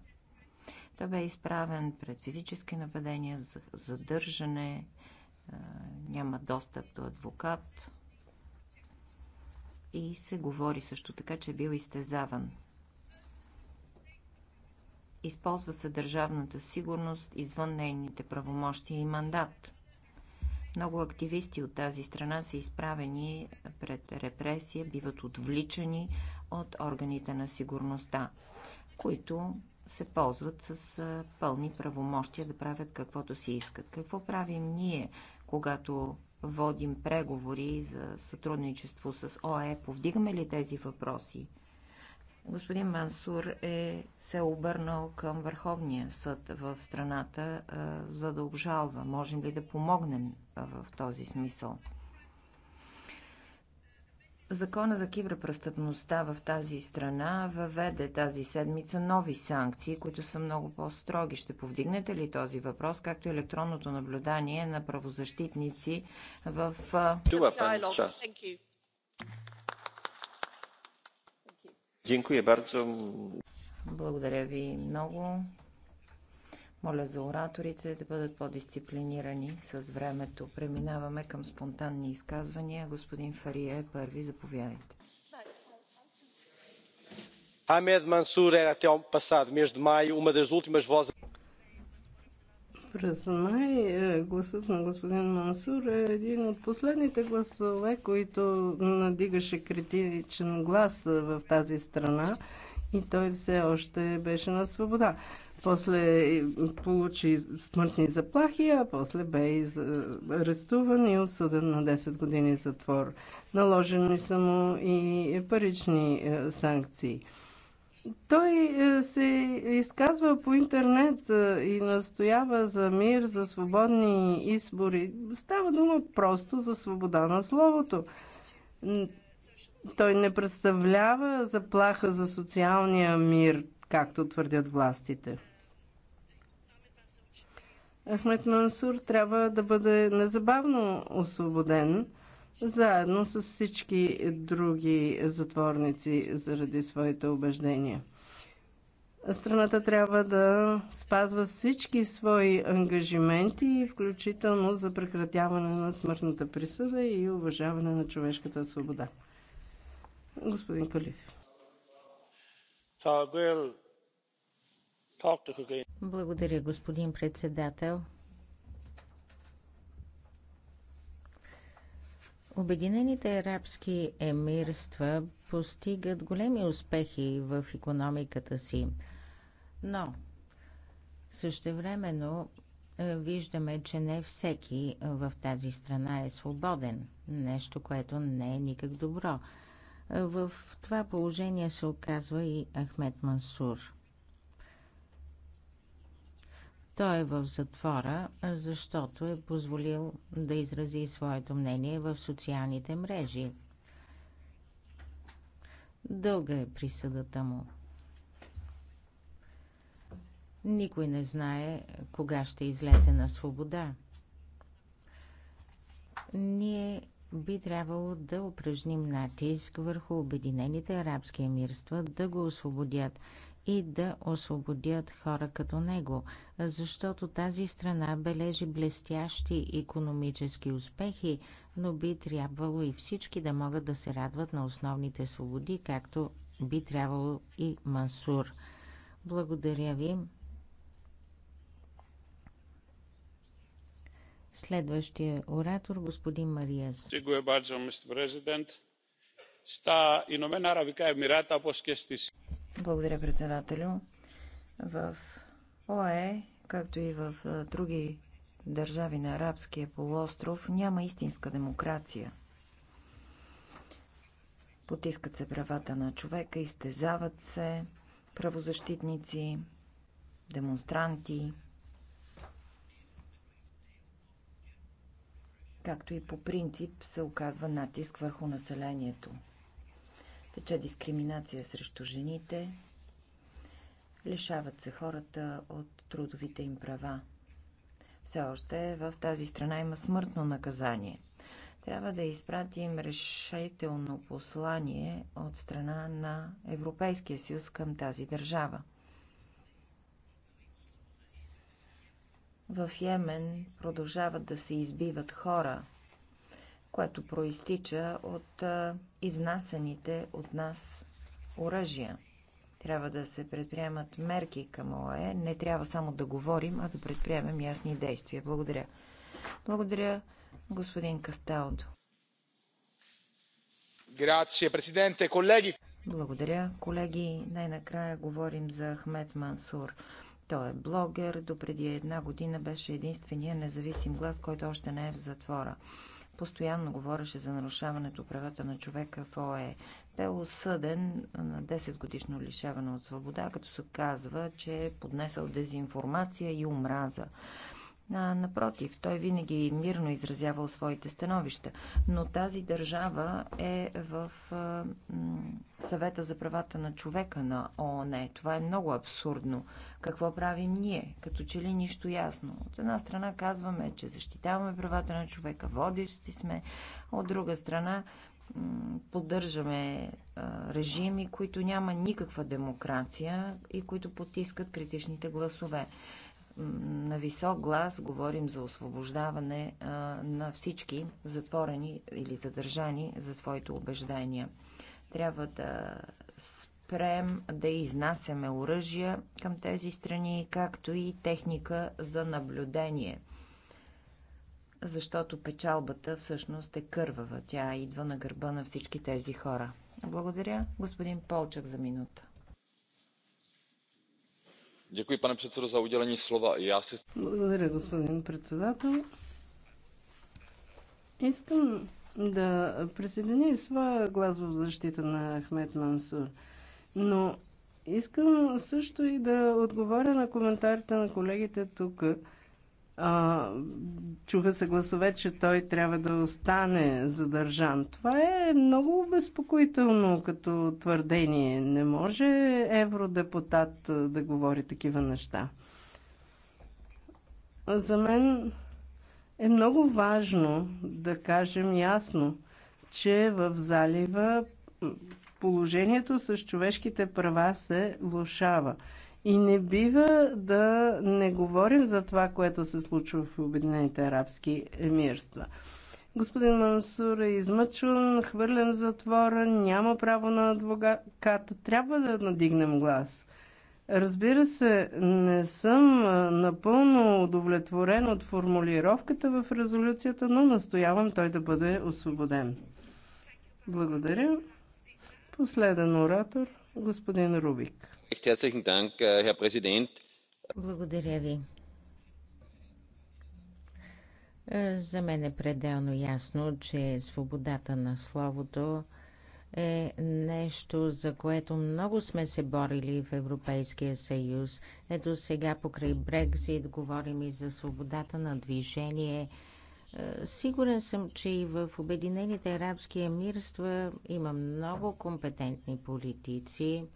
E: Той бе изправен пред физически нападения, задържане, няма достъп до адвокат, и се говори също така, че е бил изтезаван. Използва се държавната сигурност извън нейните правомощия и мандат. Много активисти от тази страна са изправени пред репресия, биват отвличани от органите на сигурността, които се ползват с пълни правомощия да правят каквото си искат. Какво правим ние, когато водим преговори за сътрудничество с ОЕ, повдигаме ли тези въпроси? Господин Мансур е се е обърнал към Върховния съд в страната, за да обжалва. Можем ли да помогнем в този смисъл? Закона за киберпрестъпността в тази страна въведе тази седмица нови санкции, които са много по-строги. Ще повдигнете ли този въпрос, както електронното наблюдание на правозащитници в... Е Благодаря ви много. Моля за ораторите да бъдат по-дисциплинирани с времето. Преминаваме към спонтанни изказвания. Господин Фария е първи. Заповядайте.
B: Амед Мансур е até пасад между май ума maio uma воза. últimas
I: През май е, гласът на господин Мансур е един от последните гласове, който надигаше критичен глас в тази страна и той все още беше на свобода. После получи смъртни заплахи, а после бе арестуван и осъден на 10 години затвор. Наложени са му и парични е, санкции. Той е, се изказва по интернет е, и настоява за мир, за свободни избори. Става дума просто за свобода на словото. Той не представлява заплаха за социалния мир, както твърдят властите. Ахмед Мансур трябва да бъде незабавно освободен, заедно с всички други затворници заради своите убеждения. Страната трябва да спазва всички свои ангажименти, включително за прекратяване на смъртната присъда и уважаване на човешката свобода. Господин Калиф.
H: Тагел
J: благодаря, господин председател. Обединените арабски емирства постигат големи успехи в економиката си, но същевременно е, виждаме, че не всеки в тази страна е свободен. Нещо, което не е никак добро. Е, в това положение се оказва и Ахмед Мансур – той е в затвора, защото е позволил да изрази своето мнение в социалните мрежи. Дълга е присъдата му. Никой не знае кога ще излезе на свобода. Ние би трябвало да упражним натиск върху Обединените арабски емирства да го освободят и да освободят хора като него, защото тази страна бележи блестящи економически успехи, но би трябвало и всички да могат да се радват на основните свободи, както би трябвало и Мансур. Благодаря ви. Следващия оратор, господин Мариас.
D: Дякую бардзо, мистер президент. Στα Ηνωμένα Αραβικά Εμμυράτα, по και
E: благодаря, председателю. В ОЕ, както и в други държави на арабския полуостров, няма истинска демокрация. Потискат се правата на човека, изтезават се правозащитници, демонстранти, както и по принцип се оказва натиск върху населението. Тече дискриминация срещу жените. Лишават се хората от трудовите им права. Все още в тази страна има смъртно наказание. Трябва да изпратим решително послание от страна на Европейския съюз към тази държава. В Йемен продължават да се избиват хора – което проистича от изнасените от нас оръжия. Трябва да се предприемат мерки към ОАЕ. Не трябва само да говорим, а да предприемем ясни действия. Благодаря. Благодаря, господин Касталдо.
K: Грация, президенте, колеги.
E: Благодаря, колеги. Най-накрая говорим за Ахмед Мансур. Той е блогер. Допреди една година беше единствения независим глас, който още не е в затвора постоянно говореше за нарушаването правата на човека в ОЕ. Бе осъден на 10 годишно лишаване от свобода, като се казва, че е поднесъл дезинформация и омраза. А, напротив, той винаги мирно изразявал своите становища, но тази държава е в а, съвета за правата на човека на ООН. Това е много абсурдно. Какво правим ние? Като че ли нищо ясно. От една страна казваме, че защитаваме правата на човека, водещи сме, от друга страна поддържаме режими, които няма никаква демокрация и които потискат критичните гласове на висок глас говорим за освобождаване на всички затворени или задържани за своите убеждения. Трябва да спрем да изнасяме оръжия към тези страни, както и техника за наблюдение. Защото печалбата всъщност е кървава. Тя идва на гърба на всички тези хора. Благодаря, господин Полчак, за минута pane předsedající
I: Благодаря, господин председател. Искам да присъединя своя глас в защита на Ахмед Мансур. Но искам също и да отговоря на коментарите на колегите тук. А, чуха се гласове, че той трябва да остане задържан. Това е много обезпокоително като твърдение. Не може евродепутат да говори такива неща. За мен е много важно да кажем ясно, че в залива положението с човешките права се влушава. И не бива да не говорим за това, което се случва в Обединените арабски емирства. Господин Мансур е измъчен, хвърлен в затвора, няма право на адвоката. Трябва да надигнем глас. Разбира се, не съм напълно удовлетворен от формулировката в резолюцията, но настоявам той да бъде освободен. Благодаря. Последен оратор,
J: господин Рубик.
I: Äh,
J: Благодаря ви. Е, за мен е пределно ясно, че свободата на словото е нещо, за което много сме се борили в Европейския съюз. Ето сега покрай Брекзит говорим и за свободата на движение. Е, сигурен съм, че и в Обединените арабски емирства има много компетентни политици –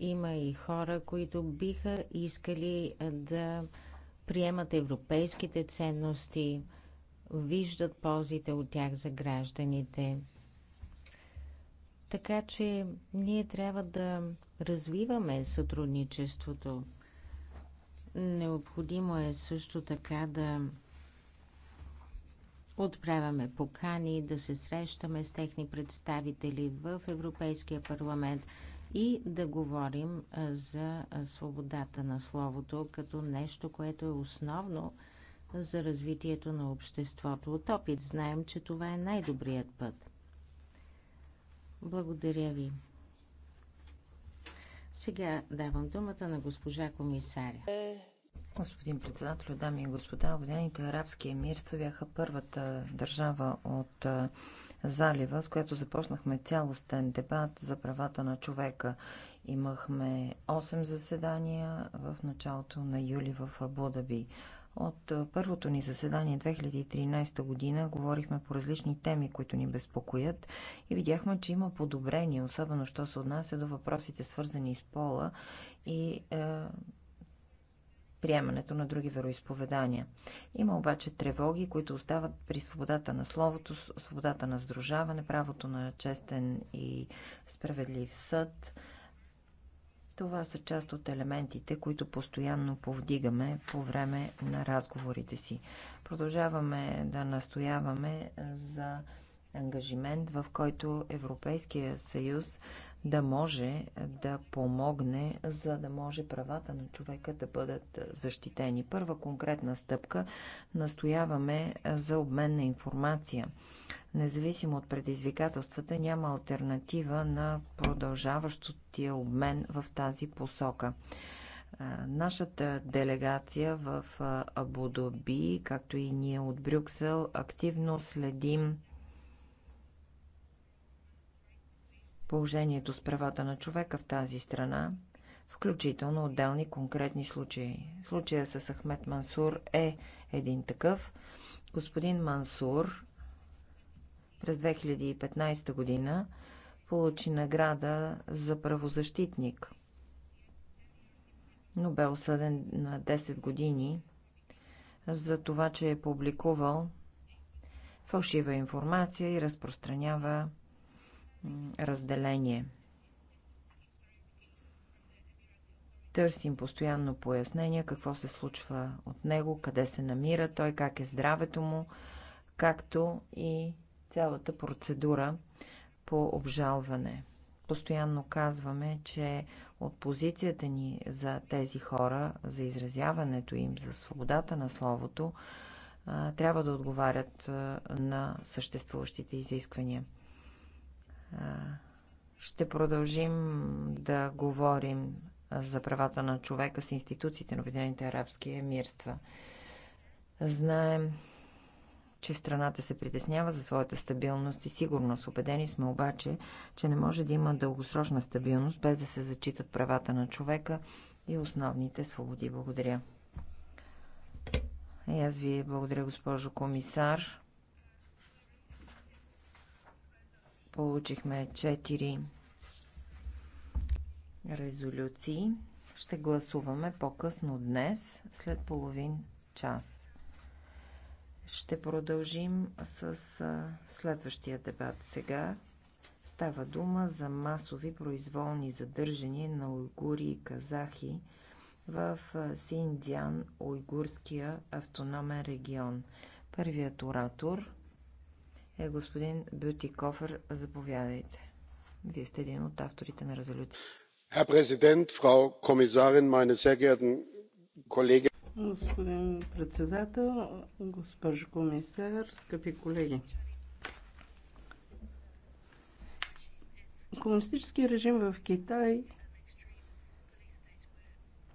J: има и хора, които биха искали да приемат европейските ценности, виждат ползите от тях за гражданите. Така че ние трябва да развиваме сътрудничеството. Необходимо е също така да отправяме покани, да се срещаме с техни представители в Европейския парламент – и да говорим за свободата на словото като нещо, което е основно за развитието на обществото. От опит знаем, че това е най-добрият път. Благодаря ви.
E: Сега давам думата на госпожа комисаря. Господин председател, дами и господа, Обединените арабски емирства бяха първата държава от залива, с която започнахме цялостен дебат за правата на човека. Имахме 8 заседания в началото на юли в Абудаби. От първото ни заседание 2013 година говорихме по различни теми, които ни безпокоят и видяхме, че има подобрение, особено що се отнася до въпросите свързани с пола и е, приемането на други вероисповедания. Има обаче тревоги, които остават при свободата на словото, свободата на сдружаване, правото на честен и справедлив съд. Това са част от елементите, които постоянно повдигаме по време на разговорите си. Продължаваме да настояваме за ангажимент, в който Европейския съюз да може да помогне, за да може правата на човека да бъдат защитени. Първа конкретна стъпка настояваме за обмен на информация. Независимо от предизвикателствата, няма альтернатива на продължаващия обмен в тази посока. Нашата делегация в Абудоби, както и ние от Брюксел, активно следим положението с правата на човека в тази страна, включително отделни конкретни случаи. Случая с Ахмед Мансур е един такъв. Господин Мансур през 2015 година получи награда за правозащитник, но бе осъден на 10 години за това, че е публикувал фалшива информация и разпространява разделение. Търсим постоянно пояснение какво се случва от него, къде се намира той, как е здравето му, както и цялата процедура по обжалване. Постоянно казваме, че от позицията ни за тези хора, за изразяването им, за свободата на словото, трябва да отговарят на съществуващите изисквания. Ще продължим да говорим за правата на човека с институциите на Обединените арабски емирства. Знаем, че страната се притеснява за своята стабилност и сигурност. Обедени сме обаче, че не може да има дългосрочна стабилност без да се зачитат правата на човека и основните свободи. Благодаря. И аз ви благодаря, госпожо комисар. Получихме 4 резолюции. Ще гласуваме по-късно днес, след половин час. Ще продължим с следващия дебат сега. Става дума за масови произволни задържания на уйгури и казахи в Синдзян, уйгурския автономен регион. Първият оратор е господин Бюти Кофер. Заповядайте. Вие сте един от авторите на резолюция.
I: Господин председател, госпожо комисар, скъпи колеги. Комунистическия режим в Китай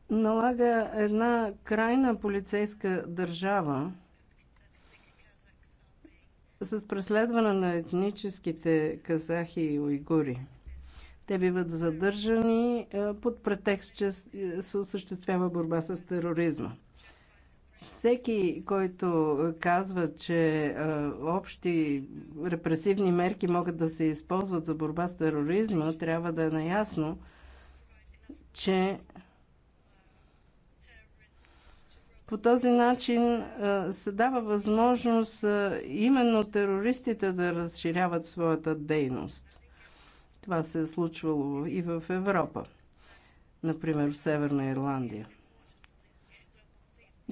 I: налага една крайна полицейска държава, с преследване на етническите казахи и уйгури. Те биват задържани под претекст, че е, се осъществява борба с тероризма. Всеки, който казва, че общи репресивни мерки могат да се използват за борба с тероризма, трябва да е наясно, че по този начин се дава възможност именно терористите да разширяват своята дейност. Това се е случвало и в Европа, например в Северна Ирландия.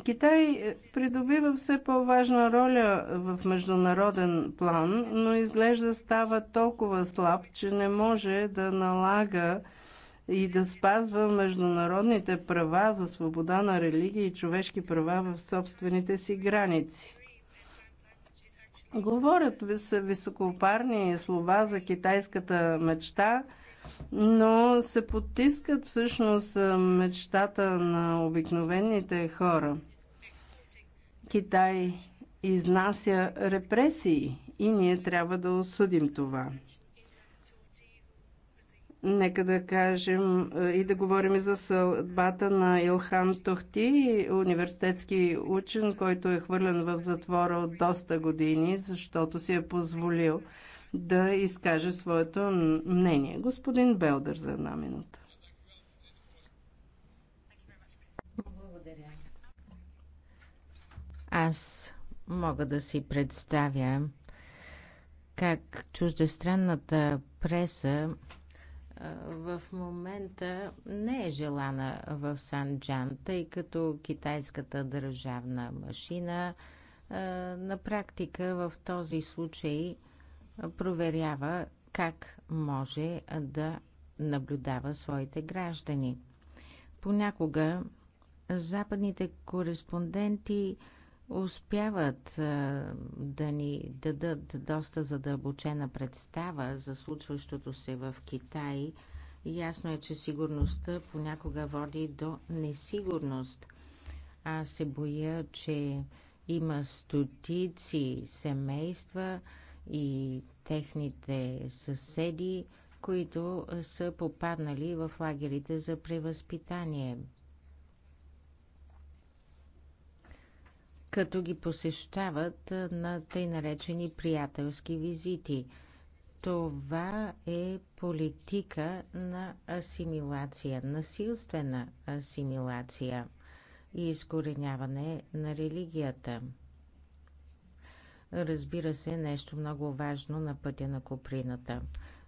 I: Китай е, придобива все по-важна роля в международен план, но изглежда става толкова слаб, че не може да налага и да спазва международните права за свобода на религия и човешки права в собствените си граници. Говорят с високопарни слова за китайската мечта, но се потискат всъщност мечтата на обикновените хора. Китай изнася репресии и ние трябва да осъдим това. Нека да кажем е, и да говорим за съдбата на Илхан Тохти, университетски учен, който е хвърлен в затвора от доста години, защото си е позволил да изкаже своето мнение. Господин Белдър за една
J: минута. Аз мога да си представя как чуждестранната преса в момента не е желана в Санджан, тъй като китайската държавна машина на практика в този случай проверява как може да наблюдава своите граждани. Понякога западните кореспонденти успяват да ни дадат доста задълбочена представа за случващото се в Китай. Ясно е, че сигурността понякога води до несигурност. Аз се боя, че има стотици семейства и техните съседи, които са попаднали в лагерите за превъзпитание – като ги посещават на тъй наречени приятелски визити. Това е политика на асимилация, насилствена асимилация и изкореняване на религията. Разбира се, нещо много важно на пътя на Коприната.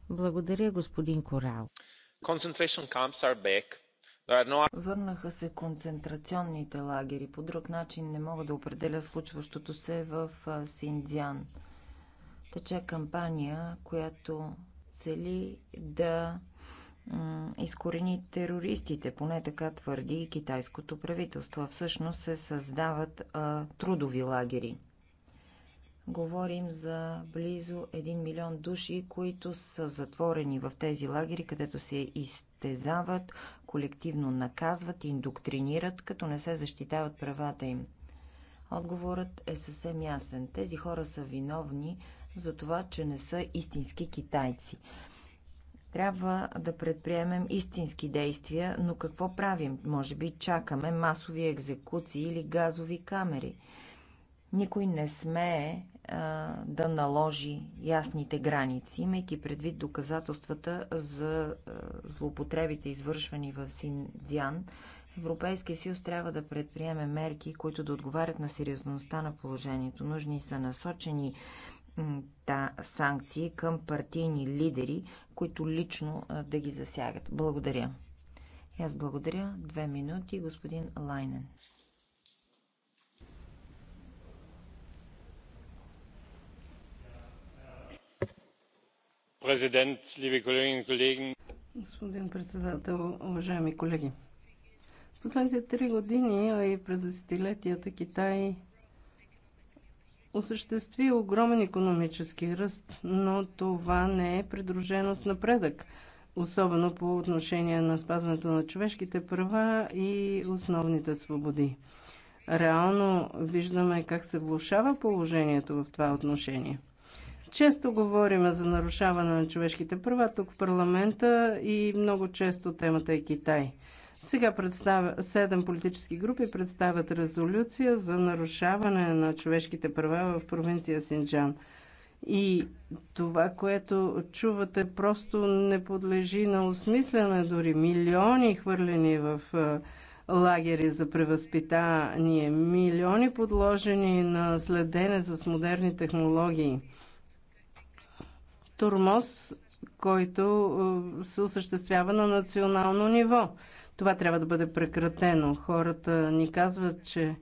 J: Благодаря, господин Корал.
K: Concentration
H: camps са
E: Върнаха се концентрационните лагери. По друг начин не мога да определя случващото се в Синдзян. Тече кампания, която цели да изкорени терористите, поне така твърди и китайското правителство. Всъщност се създават а, трудови лагери говорим за близо 1 милион души, които са затворени в тези лагери, където се изтезават, колективно наказват, индоктринират, като не се защитават правата им. Отговорът е съвсем ясен. Тези хора са виновни за това, че не са истински китайци. Трябва да предприемем истински действия, но какво правим? Може би чакаме масови екзекуции или газови камери. Никой не смее да наложи ясните граници, имайки предвид доказателствата за злоупотребите, извършвани в Синдзян, Европейския съюз трябва да предприеме мерки, които да отговарят на сериозността на положението. Нужни са насочени да, санкции към партийни лидери, които лично да ги засягат. Благодаря. И аз благодаря. Две минути, господин Лайнен.
I: Господин председател, уважаеми колеги! в Последните три години, а и през десетилетията, Китай осъществи огромен економически ръст, но това не е придружено с напредък, особено по отношение на спазването на човешките права и основните свободи. Реално виждаме как се влушава положението в това отношение – често говорим за нарушаване на човешките права тук в парламента и много често темата е Китай. Сега седем политически групи представят резолюция за нарушаване на човешките права в провинция Синджан. И това, което чувате, просто не подлежи на осмислене дори. Милиони хвърлени в лагери за превъзпитание, милиони подложени на следене с модерни технологии – тормоз, който е, се осъществява на национално ниво. Това трябва да бъде прекратено. Хората ни казват, че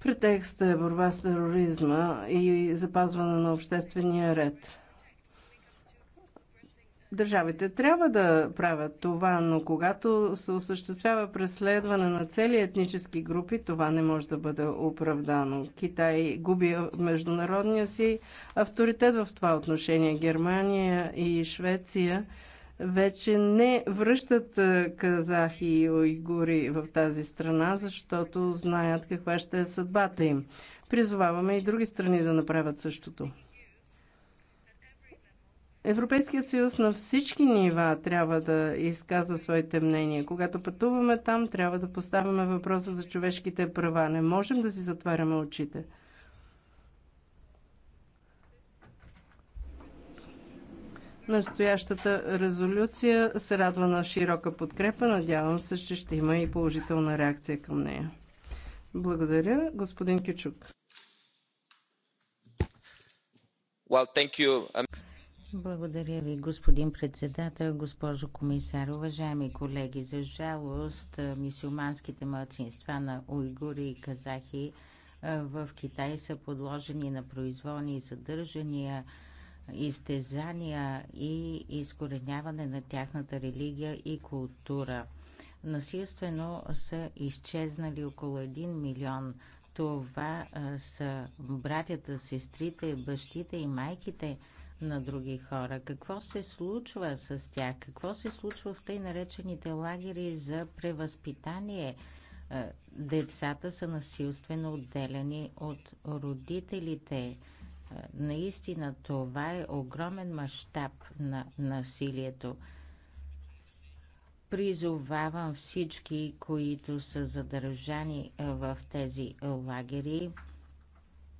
I: претекстът е борба с тероризма и запазване на обществения ред. Държавите трябва да правят това, но когато се осъществява преследване на цели етнически групи, това не може да бъде оправдано. Китай губи международния си авторитет в това отношение. Германия и Швеция вече не връщат е, казахи и уйгури в тази страна, защото знаят каква ще е съдбата им. Призоваваме и други страни да направят същото. Европейският съюз на всички нива трябва да изказва своите мнения. Когато пътуваме там, трябва да поставяме въпроса за човешките права. Не можем да си затваряме очите. Настоящата резолюция се радва на широка подкрепа. Надявам се, че ще има и положителна реакция към нея.
J: Благодаря, господин Кючук.
K: Well, thank you.
J: Благодаря ви, господин председател, госпожо комисар. Уважаеми колеги, за жалост, мисюлманските младсинства на уйгури и казахи в Китай са подложени на произволни задържания, изтезания и изкореняване на тяхната религия и култура. Насилствено са изчезнали около 1 милион. Това са братята, сестрите, бащите и майките – на други хора. Какво се случва с тях? Какво се случва в тъй наречените лагери за превъзпитание? Е, децата са насилствено отделени от родителите. Е, наистина това е огромен мащаб на насилието. Призовавам всички, които са задържани е, в тези лагери,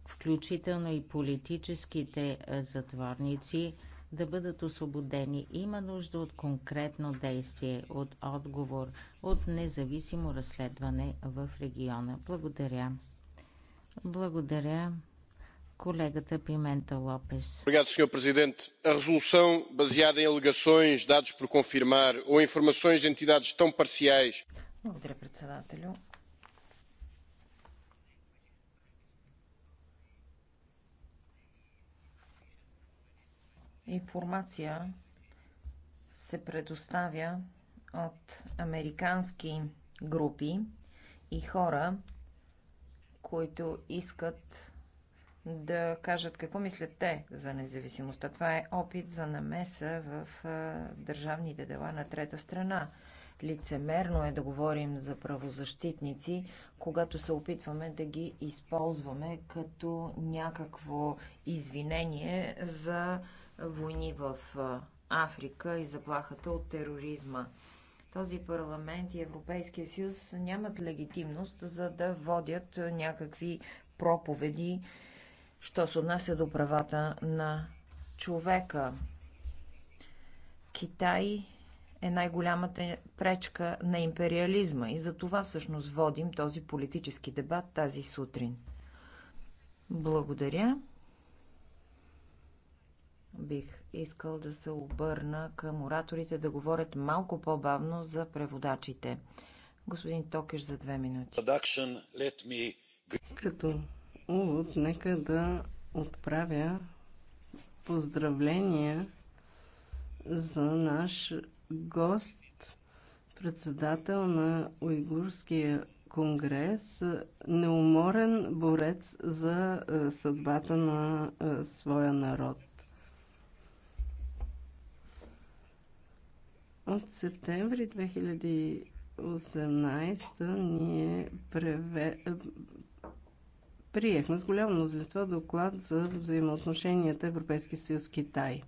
J: включително и политическите затворници, да бъдат освободени. Има нужда от конкретно действие, от отговор, от независимо разследване в региона. Благодаря. Благодаря колегата Пимента Лопес.
D: Obrigado, Sr. Presidente. A resolução, baseada em alegações, dados por confirmar ou informações de entidades tão parciais.
E: Благодаря, председателю. информация се предоставя от американски групи и хора, които искат да кажат какво мислят те за независимостта. Това е опит за намеса в държавните дела на трета страна. Лицемерно е да говорим за правозащитници, когато се опитваме да ги използваме като някакво извинение за войни в Африка и заплахата от тероризма. Този парламент и Европейския съюз нямат легитимност за да водят някакви проповеди, що се отнася до правата на човека. Китай е най-голямата пречка на империализма и за това всъщност водим този политически дебат тази сутрин. Благодаря бих искал да се обърна към ораторите да говорят малко по-бавно за преводачите. Господин Токеш за две минути. Като увод, нека да отправя
I: поздравления за наш гост, председател на Уйгурския конгрес, неуморен борец за е, съдбата на е, своя народ. От септември 2018 ние преве... Е, приехме с голямо мнозинство доклад за взаимоотношенията Европейски съюз Китай.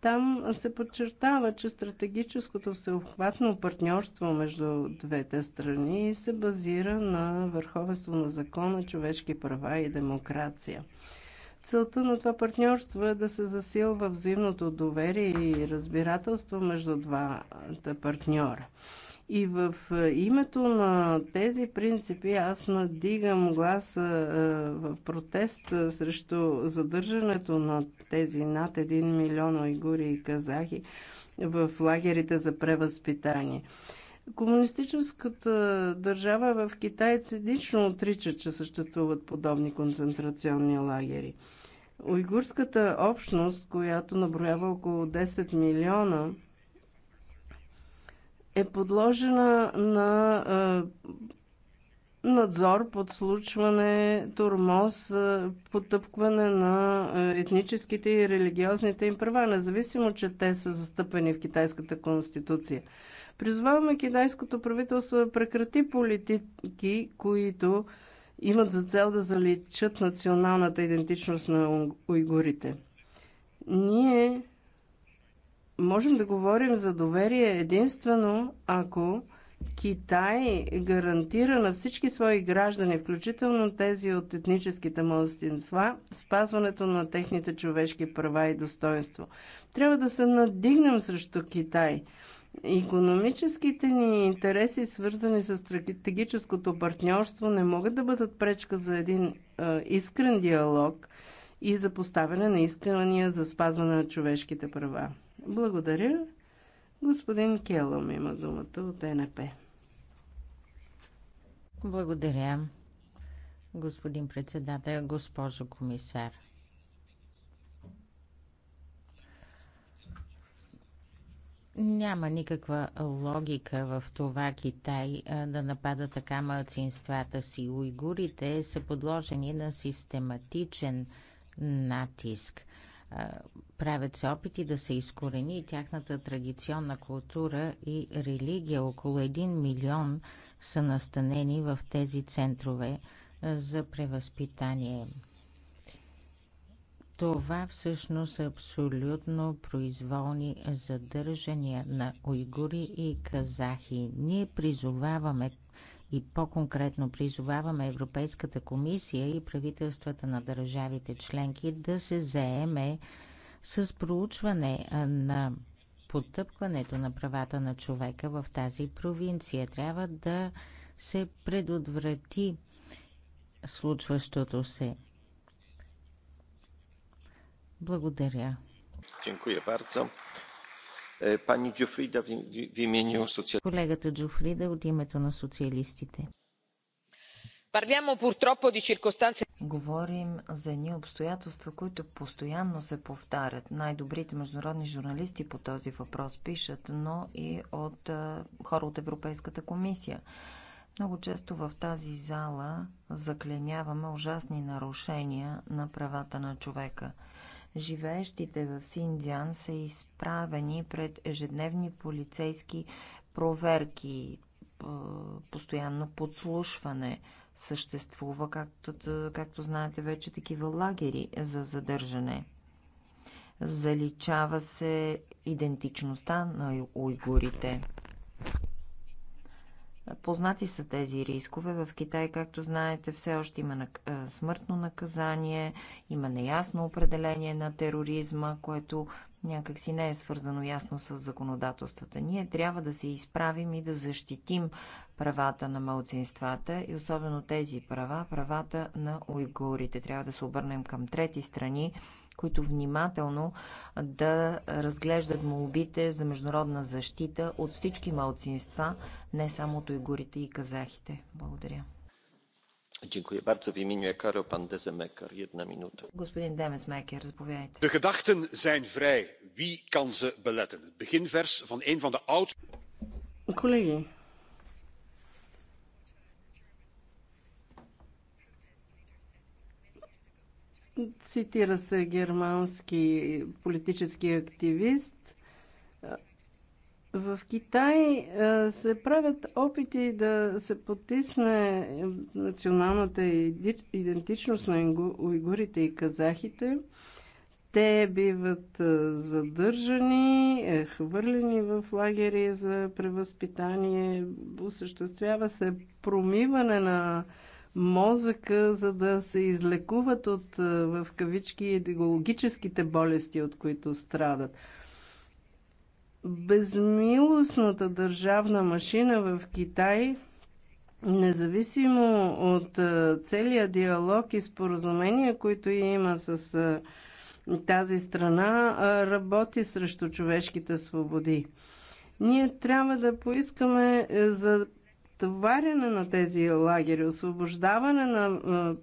I: Там се подчертава, че стратегическото всеобхватно партньорство между двете страни се базира на върховенство на закона, човешки права и демокрация. Целта на това партньорство е да се засилва взаимното доверие и разбирателство между двата партньора. И в е, името на тези принципи аз надигам гласа е, в протест е, срещу задържането на тези над 1 милион уйгури и казахи в лагерите за превъзпитание. Комунистическата държава в Китай цинично отрича, че съществуват подобни концентрационни лагери. Уйгурската общност, която наброява около 10 милиона, е подложена на надзор, подслучване, тормоз, потъпкване на етническите и религиозните им права, независимо, че те са застъпени в китайската конституция. Призваваме китайското правителство да прекрати политики, които имат за цел да заличат националната идентичност на уйгурите. Ние можем да говорим за доверие единствено ако Китай гарантира на всички свои граждани, включително тези от етническите малцинства, спазването на техните човешки права и достоинство. Трябва да се надигнем срещу Китай. Економическите ни интереси, свързани с стратегическото партньорство, не могат да бъдат пречка за един а, искрен диалог и за поставяне на искания за спазване на човешките права. Благодаря. Господин Келъм
J: има думата от НП. Благодаря, господин председател, госпожо комисар. Няма никаква логика в това Китай да напада така мълцинствата си. Уйгурите са подложени на систематичен натиск. Правят се опити да се изкорени тяхната традиционна култура и религия. Около 1 милион са настанени в тези центрове за превъзпитание. Това всъщност са абсолютно произволни задържания на уйгури и казахи. Ние призоваваме и по-конкретно призоваваме Европейската комисия и правителствата на държавите членки да се заеме с проучване на потъпването на правата на човека в тази провинция. Трябва да се предотврати случващото се. Благодаря.
D: Пани Джуфрида в имени социалистите.
J: Колегата Джуфрида от името на социалистите.
E: Говорим за едни обстоятелства, които постоянно се повтарят. Най-добрите международни журналисти по този въпрос пишат, но и от хора от Европейската комисия. Много често в тази зала заклемяваме ужасни нарушения на правата на човека живеещите в Синдзян са изправени пред ежедневни полицейски проверки, постоянно подслушване. Съществува, както, както знаете вече, такива лагери за задържане. Заличава се идентичността на уйгурите. Познати са тези рискове. В Китай, както знаете, все още има смъртно наказание, има неясно определение на тероризма, което някакси не е свързано ясно с законодателствата. Ние трябва да се изправим и да защитим правата на малцинствата и особено тези права, правата на уйгурите. Трябва да се обърнем към трети страни, които внимателно да разглеждат молбите за международна защита от всички малцинства, не само от уйгурите и казахите. Благодаря. Господин Демесмекер, заповядайте.
D: De
B: gedachten zijn vrij. Wie kan ze beletten? Het beginvers van een van de oudste.
I: Колеги, Цитира се германски политически активист. В Китай се правят опити да се потисне националната идентичност на уйгурите и казахите. Те биват задържани, е, хвърлени в лагери за превъзпитание, осъществява се промиване на мозъка, за да се излекуват от, е, в кавички, идеологическите болести, от които страдат. Безмилостната държавна машина в Китай независимо от е, целия диалог и споразумения, които има с е, тази страна, работи срещу човешките свободи. Ние трябва да поискаме за разтоваряне на тези лагери, освобождаване на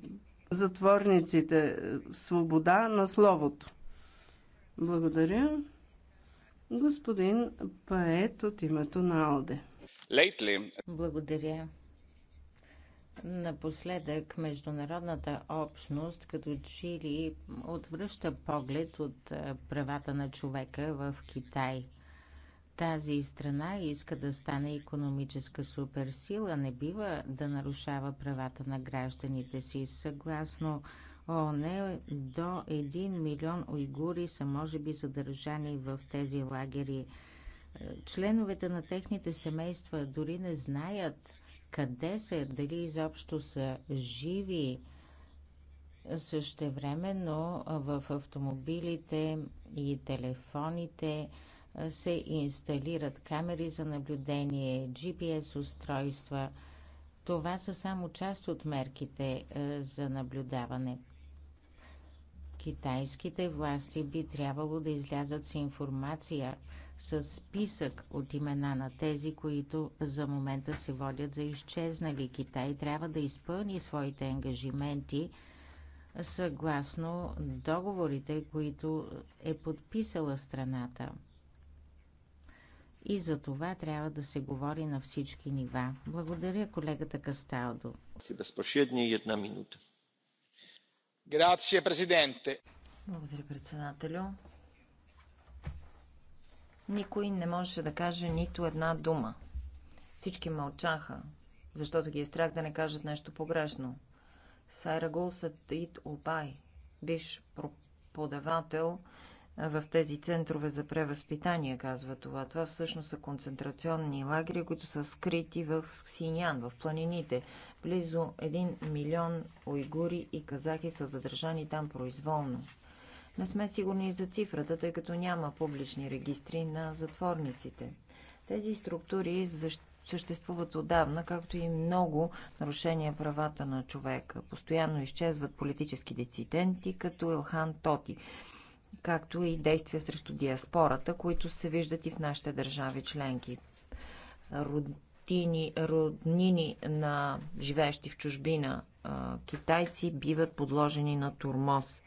I: затворниците, е, свобода на словото. Благодаря. Господин Пает от името на Алде.
D: Lately.
J: Благодаря. Напоследък международната общност като Чили отвръща поглед от правата на човека в Китай – тази страна иска да стане економическа суперсила, не бива да нарушава правата на гражданите си. Съгласно ООН, до 1 милион уйгури са може би задържани в тези лагери. Членовете на техните семейства дори не знаят къде са, дали изобщо са живи. Същевременно в автомобилите и телефоните – се инсталират камери за наблюдение, GPS устройства. Това са само част от мерките е, за наблюдаване. Китайските власти би трябвало да излязат с информация с списък от имена на тези, които за момента се водят за изчезнали. Китай трябва да изпълни своите ангажименти съгласно договорите, които е подписала страната и за това трябва да се говори на всички нива. Благодаря колегата Касталдо.
D: Безпощедния една минута. Грация, президенте.
E: Благодаря, председателю. Никой не можеше да каже нито една дума. Всички мълчаха, защото ги е страх да не кажат нещо погрешно. Сайрагул Сатид Обай, бивш преподавател в тези центрове за превъзпитание, казва това. Това всъщност са концентрационни лагери, които са скрити в Синян, в планините. Близо 1 милион уйгури и казахи са задържани там произволно. Не сме сигурни за цифрата, тъй като няма публични регистри на затворниците. Тези структури съществуват отдавна, както и много нарушения правата на човека. Постоянно изчезват политически дециденти, като елхан Тоти както и действия срещу диаспората, които се виждат и в нашите държави членки. Родини, роднини на живеещи в чужбина китайци биват подложени на турмоз.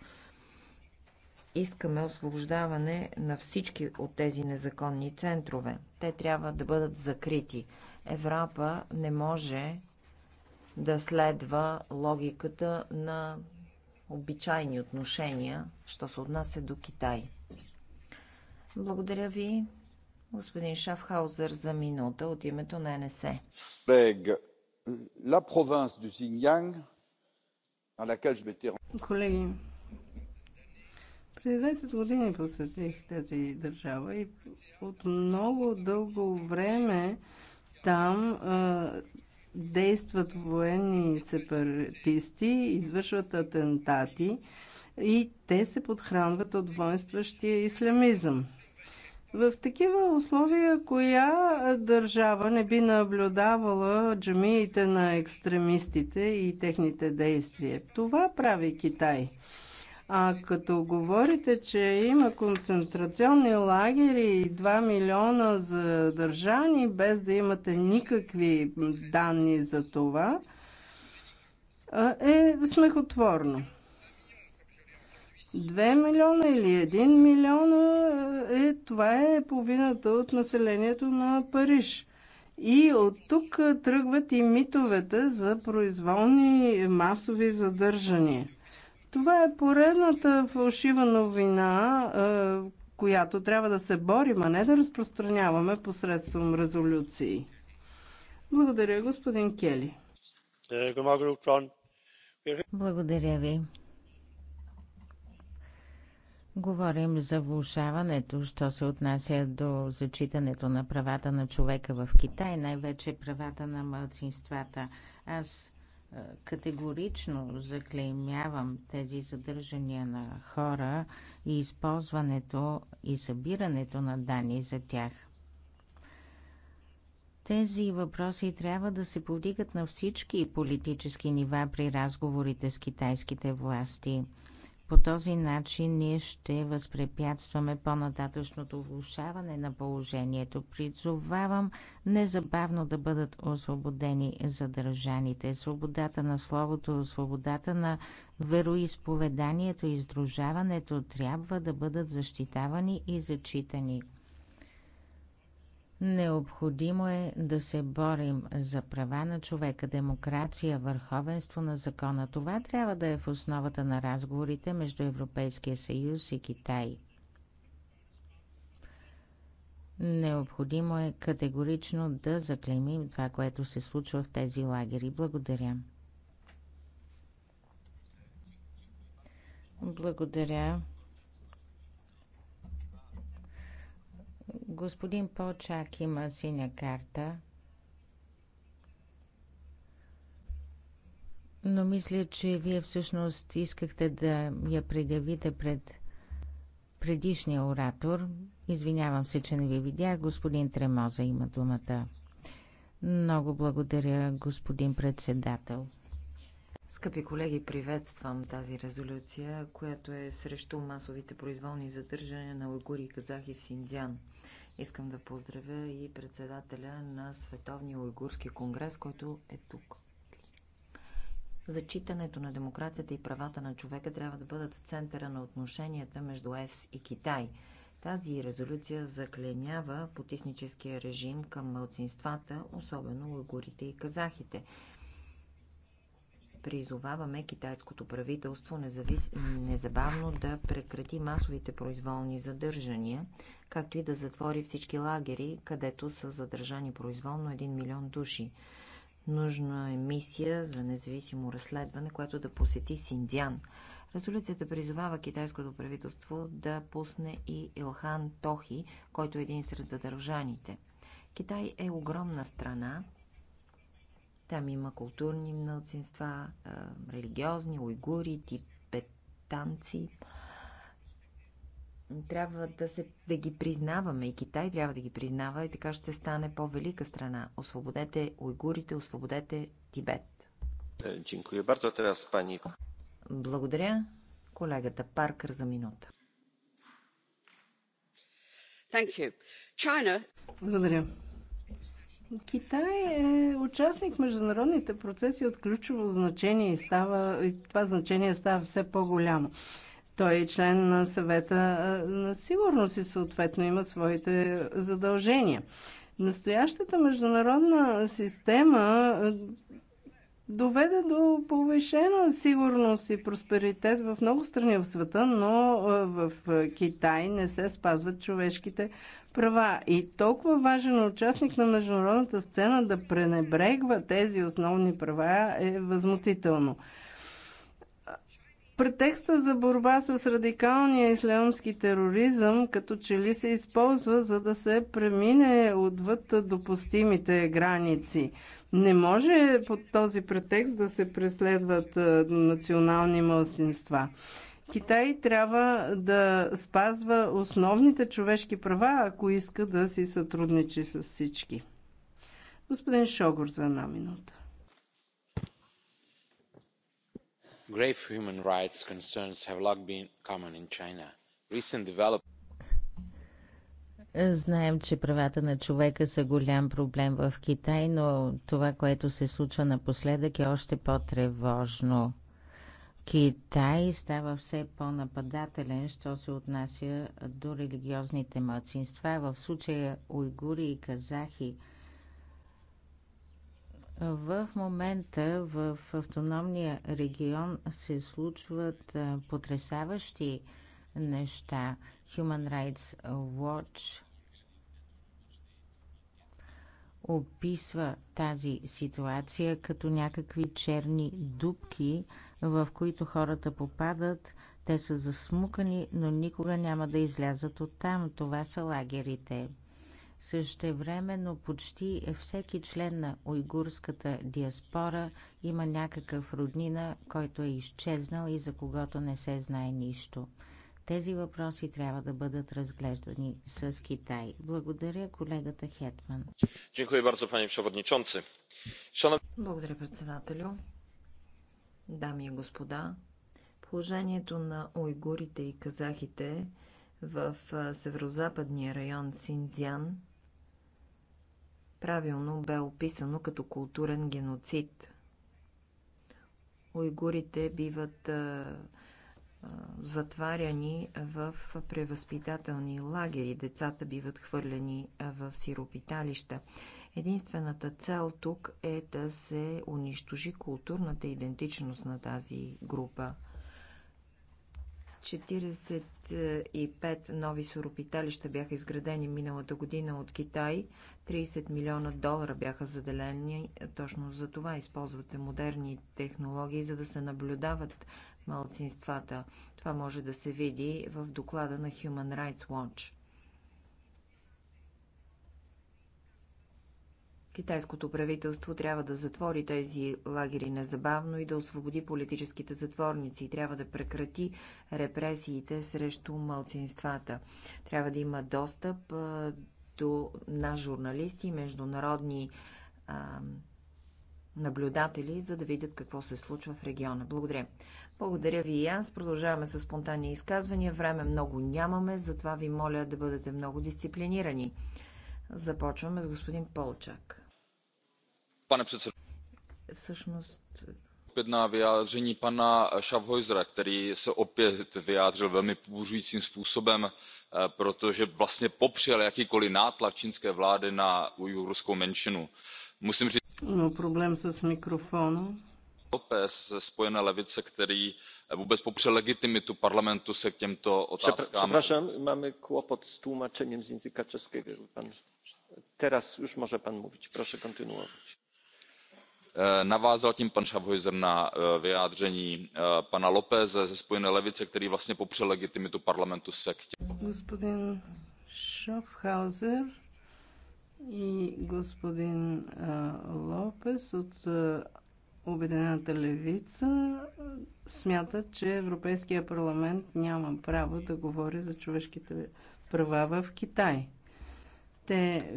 E: Искаме освобождаване на всички от тези незаконни центрове. Те трябва да бъдат закрити. Европа не може да следва логиката на обичайни отношения, що се отнася до Китай. Благодаря ви, господин Шафхаузер, за минута от името на НСЕ. Колеги, преди 10 години
I: посетих тази държава и от много дълго време там действат военни сепаратисти, извършват атентати и те се подхранват от воинстващия ислямизъм. В такива условия, коя държава не би наблюдавала джамиите на екстремистите и техните действия? Това прави Китай – а като говорите, че има концентрационни лагери и 2 милиона задържани, без да имате никакви данни за това, е смехотворно. 2 милиона или 1 милиона, е, това е половината от населението на Париж. И от тук тръгват и митовете за произволни масови задържания – това е поредната фалшива новина, е, която трябва да се борим, а не да разпространяваме посредством резолюции.
J: Благодаря, господин Кели. Благодаря ви. Говорим за влушаването, що се отнася до зачитането на правата на човека в Китай, най-вече правата на младсинствата. Аз Категорично заклеймявам тези задържания на хора и използването и събирането на данни за тях. Тези въпроси трябва да се повдигат на всички политически нива при разговорите с китайските власти – по този начин ние ще възпрепятстваме по-нататъчното влушаване на положението. Призовавам незабавно да бъдат освободени задържаните. Свободата на словото, свободата на вероисповеданието и издружаването трябва да бъдат защитавани и зачитани. Необходимо е да се борим за права на човека, демокрация, върховенство на закона. Това трябва да е в основата на разговорите между Европейския съюз и Китай. Необходимо е категорично да заклеймим това, което се случва в тези лагери. Благодаря. Благодаря. Господин Полчак има синя карта. Но мисля, че вие всъщност искахте да я предявите пред предишния оратор. Извинявам се, че не ви видях. Господин Тремоза има думата. Много благодаря, господин председател.
E: Скъпи колеги, приветствам тази резолюция, която е срещу масовите произволни задържания на уйгури и казахи в Синдзян. Искам да поздравя и председателя на Световния уйгурски конгрес, който е тук. Зачитането на демокрацията и правата на човека трябва да бъдат в центъра на отношенията между ЕС и Китай. Тази резолюция заклемява потисническия режим към мълцинствата, особено уйгурите и казахите – Призоваваме китайското правителство независ... незабавно да прекрати масовите произволни задържания, както и да затвори всички лагери, където са задържани произволно 1 милион души. Нужна е мисия за независимо разследване, което да посети Синдзян. Резолюцията призовава китайското правителство да пусне и Илхан Тохи, който е един сред задържаните. Китай е огромна страна, там има културни мълцинства, религиозни, уйгури, тибетанци. Трябва да, се, да ги признаваме и Китай трябва да ги признава и така ще стане по-велика страна. Освободете уйгурите, освободете Тибет.
D: Е,
E: Благодаря колегата Паркър за минута. Благодаря.
I: Китай е участник в международните процеси от ключово значение и, става, и това значение става все по-голямо. Той е член на съвета на сигурност и съответно има своите задължения. Настоящата международна система доведе до повишена сигурност и просперитет в много страни в света, но в Китай не се спазват човешките права и толкова важен участник на международната сцена да пренебрегва тези основни права е възмутително. Претекста за борба с радикалния ислямски тероризъм като че ли се използва за да се премине отвъд допустимите граници. Не може под този претекст да се преследват национални мълсинства. Китай трябва да спазва основните човешки права, ако иска да си сътрудничи с всички. Господин Шогор за една минута.
K: Grave human rights concerns have long been common in China. Recent
J: Знаем, че правата на човека са голям проблем в Китай, но това, което се случва напоследък е още по-тревожно. Китай става все по-нападателен, що се отнася до религиозните младсинства, в случая уйгури и казахи. В момента в автономния регион се случват потрясаващи неща. Human Rights Watch описва тази ситуация като някакви черни дубки – в които хората попадат. Те са засмукани, но никога няма да излязат оттам. Това са лагерите. но почти всеки член на уйгурската диаспора има някакъв роднина, който е изчезнал и за когото не се знае нищо. Тези въпроси трябва да бъдат разглеждани с Китай. Благодаря колегата Хетман.
E: Благодаря, председателю дами и господа, положението на уйгурите и казахите в северо-западния район Синдзян правилно бе описано като културен геноцид. Уйгурите биват а, а, затваряни в превъзпитателни лагери, децата биват хвърлени в сиропиталища. Единствената цел тук е да се унищожи културната идентичност на тази група. 45 нови суропиталища бяха изградени миналата година от Китай. 30 милиона долара бяха заделени точно за това. Използват се модерни технологии, за да се наблюдават малцинствата. Това може да се види в доклада на Human Rights Watch. Китайското правителство трябва да затвори тези лагери незабавно и да освободи политическите затворници. Трябва да прекрати репресиите срещу мълцинствата. Трябва да има достъп до на журналисти и международни а, наблюдатели, за да видят какво се случва в региона. Благодаря. Благодаря ви и аз. Продължаваме с спонтанни изказвания. Време много нямаме, затова ви моля да бъдете много дисциплинирани. Започваме с господин Полчак pane předsedající opět na vyjádření pana schaffhausera který se opět vyjádřil velmi pobuřujícím způsobem protože vlastně popřel jakýkoliv nátlak čínské vlády na ujgurskou menšinu.
K: musím říci
I: že říct
K: lópez ze spojené levice
E: který vůbec popřel legitimitu parlamentu se k těmto
K: otázkám. przepraszam
D: mamy kłopot z tłumaczeniem z języka czeskiego. teraz już może pan mówić proszę kontynuować
E: navázal tím pan schaffhauser na vyjádření pana lópeze ze spojené levice který vlastně popřel legitimitu parlamentu sec.
I: господин Schaffhauser и господин Лопес от Обединената левица смятат, че Европейския парламент няма право да говори за човешките права в Китай. Те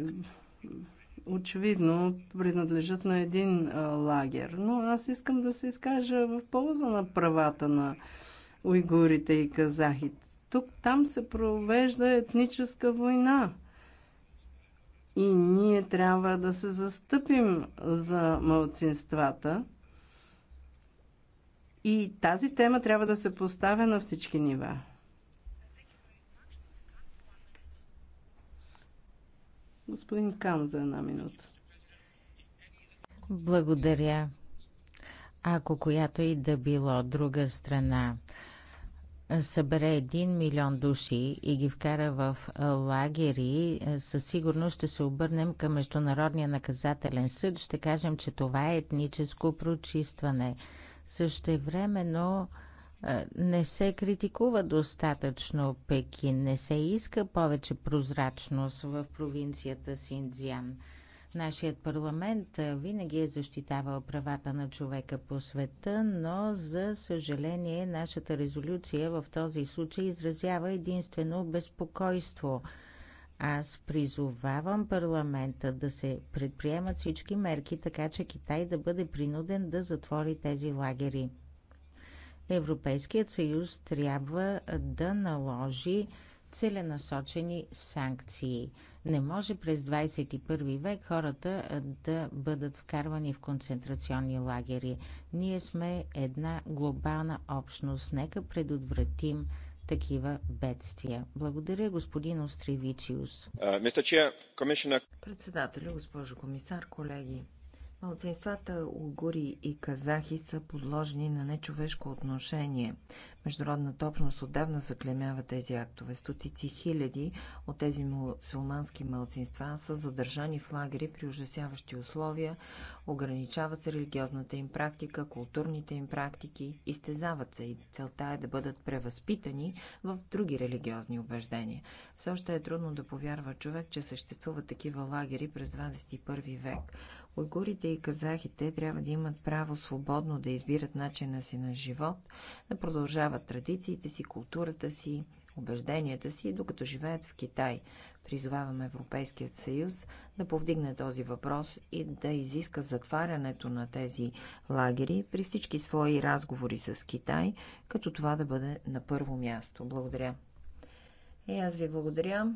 I: очевидно принадлежат на един лагер. Но аз искам да се изкажа в полза на правата на уйгурите и казахите. Тук там се провежда етническа война. И ние трябва да се застъпим за мълцинствата. И тази тема трябва да се поставя на всички нива. Господин Кан за една минута.
J: Благодаря. Ако която и да било друга страна събере един милион души и ги вкара в лагери, със сигурност ще се обърнем към Международния наказателен съд. Ще кажем, че това е етническо прочистване. Същевременно времено не се критикува достатъчно Пекин, не се иска повече прозрачност в провинцията Синдзян. Нашият парламент винаги е защитавал правата на човека по света, но за съжаление нашата резолюция в този случай изразява единствено безпокойство. Аз призовавам парламента да се предприемат всички мерки, така че Китай да бъде принуден да затвори тези лагери. Европейският съюз трябва да наложи целенасочени санкции. Не може през 21 век хората да бъдат вкарвани в концентрационни лагери. Ние сме една глобална общност. Нека предотвратим такива бедствия. Благодаря,
E: господин Остревичиус. Председателю, госпожо комисар, колеги. Малцинствата угури и казахи са подложени на нечовешко отношение. Международната общност отдавна заклемява тези актове. Стотици хиляди от тези мусулмански малцинства са задържани в лагери при ужасяващи условия, ограничава се религиозната им практика, културните им практики, изтезават се и целта е да бъдат превъзпитани в други религиозни убеждения. Все още е трудно да повярва човек, че съществуват такива лагери през 21 век. Уйгурите и казахите трябва да имат право свободно да избират начина си на живот, да продължават традициите си, културата си, убежденията си, докато живеят в Китай. Призоваваме Европейският съюз да повдигне този въпрос и да изиска затварянето на тези лагери при всички свои разговори с Китай, като това да бъде на първо място. Благодаря. И аз ви благодаря.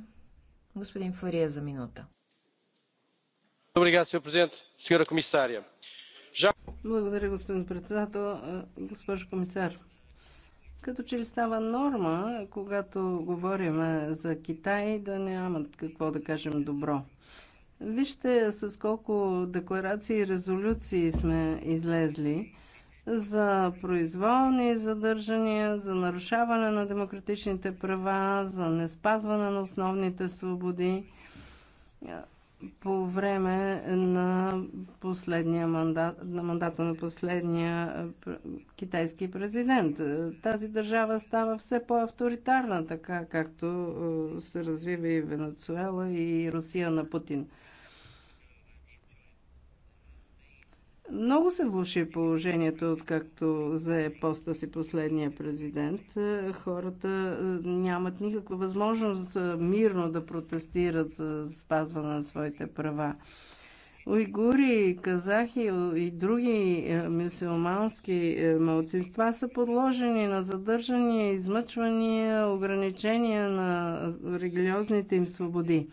E: Господин Фария за минута. Благодаря, господин председател. Е, госпожо
I: комисар, като че ли става норма, когато говорим за Китай, да нямат какво да кажем добро. Вижте с колко декларации и резолюции сме излезли за произволни задържания, за нарушаване на демократичните права, за неспазване на основните свободи по време на последния мандат, на мандата на последния китайски президент. Е, тази държава става все по-авторитарна, така както е, се развива и Венецуела и Русия на Путин. Много се влуши положението, откакто зае поста си последния президент. Хората е, нямат никаква възможност е, мирно да протестират за спазване на своите права. Уйгури, казахи и други е, мюсюлмански малцинства са подложени на задържания, измъчвания, ограничения на религиозните им свободи.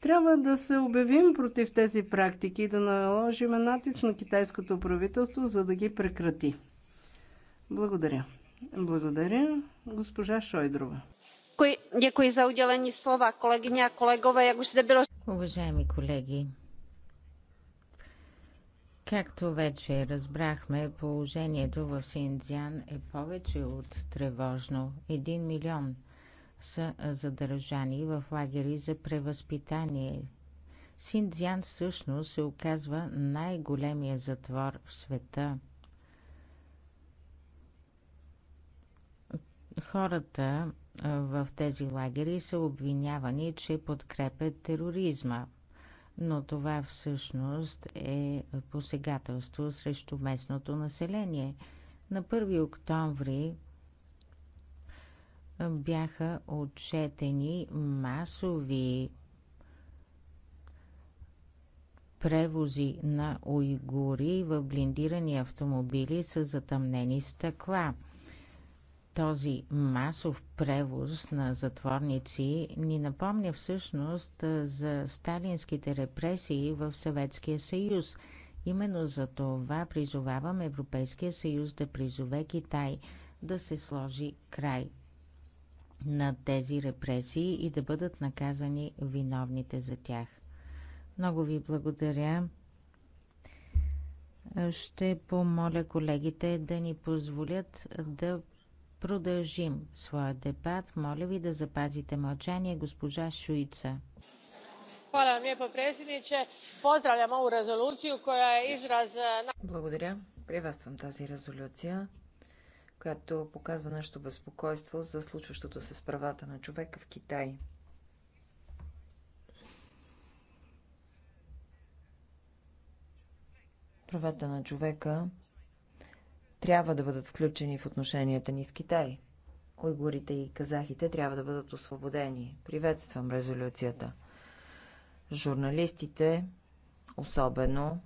I: Трябва да се обявим против тези практики и да наложим натиск на китайското правителство, за да ги прекрати.
J: Благодаря. Благодаря. Госпожа Шойдрова.
G: Дякую за
E: отделени слова. Колеги a kolegové, jak už
J: Уважаеми колеги, както вече разбрахме, положението в Синдзян е повече от тревожно. Един милион – са задържани в лагери за превъзпитание. Синдзян всъщност се оказва най-големия затвор в света. Хората в тези лагери са обвинявани, че подкрепят тероризма. Но това всъщност е посегателство срещу местното население. На 1 октомври бяха отчетени масови превози на уйгури в блиндирани автомобили с затъмнени стъкла. Този масов превоз на затворници ни напомня всъщност за сталинските репресии в Съветския съюз. Именно за това призовавам Европейския съюз да призове Китай да се сложи край на тези репресии и да бъдат наказани виновните за тях. Много ви благодаря. Ще помоля колегите да ни позволят да продължим своя дебат. Моля ви да запазите мълчание,
E: госпожа Шуица. Благодаря. Приветствам тази резолюция която показва нашето безпокойство за случващото се с правата на човека в Китай. Правата на човека трябва да бъдат включени в отношенията ни с Китай. Уйгурите и казахите трябва да бъдат освободени. Приветствам резолюцията. Журналистите, особено,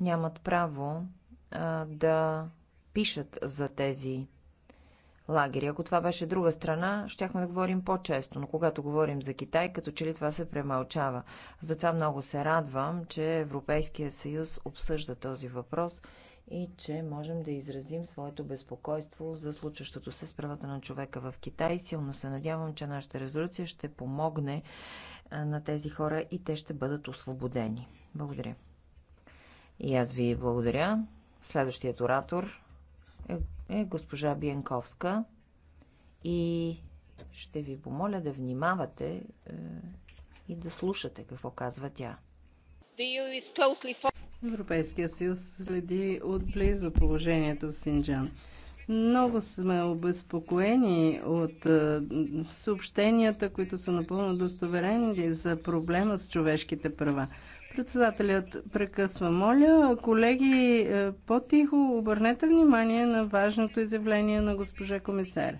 E: нямат право а, да пишат за тези лагери. Ако това беше друга страна, щяхме да говорим по-често, но когато говорим за Китай, като че ли това се премълчава. Затова много се радвам, че Европейския съюз обсъжда този въпрос и че можем да изразим своето безпокойство за случващото се с правата на човека в Китай. Силно се надявам, че нашата резолюция ще помогне на тези хора и те ще бъдат освободени. Благодаря. И аз ви благодаря. Следващият оратор е госпожа Биенковска и ще ви помоля да внимавате е, и да слушате какво казва тя. Европейския съюз следи отблизо положението
I: в Синджан. Много сме обезпокоени от е, съобщенията, които са напълно достоверени за проблема с човешките права. Председателят прекъсва. Моля, колеги, е, по-тихо обърнете внимание на важното изявление на госпожа комисаря.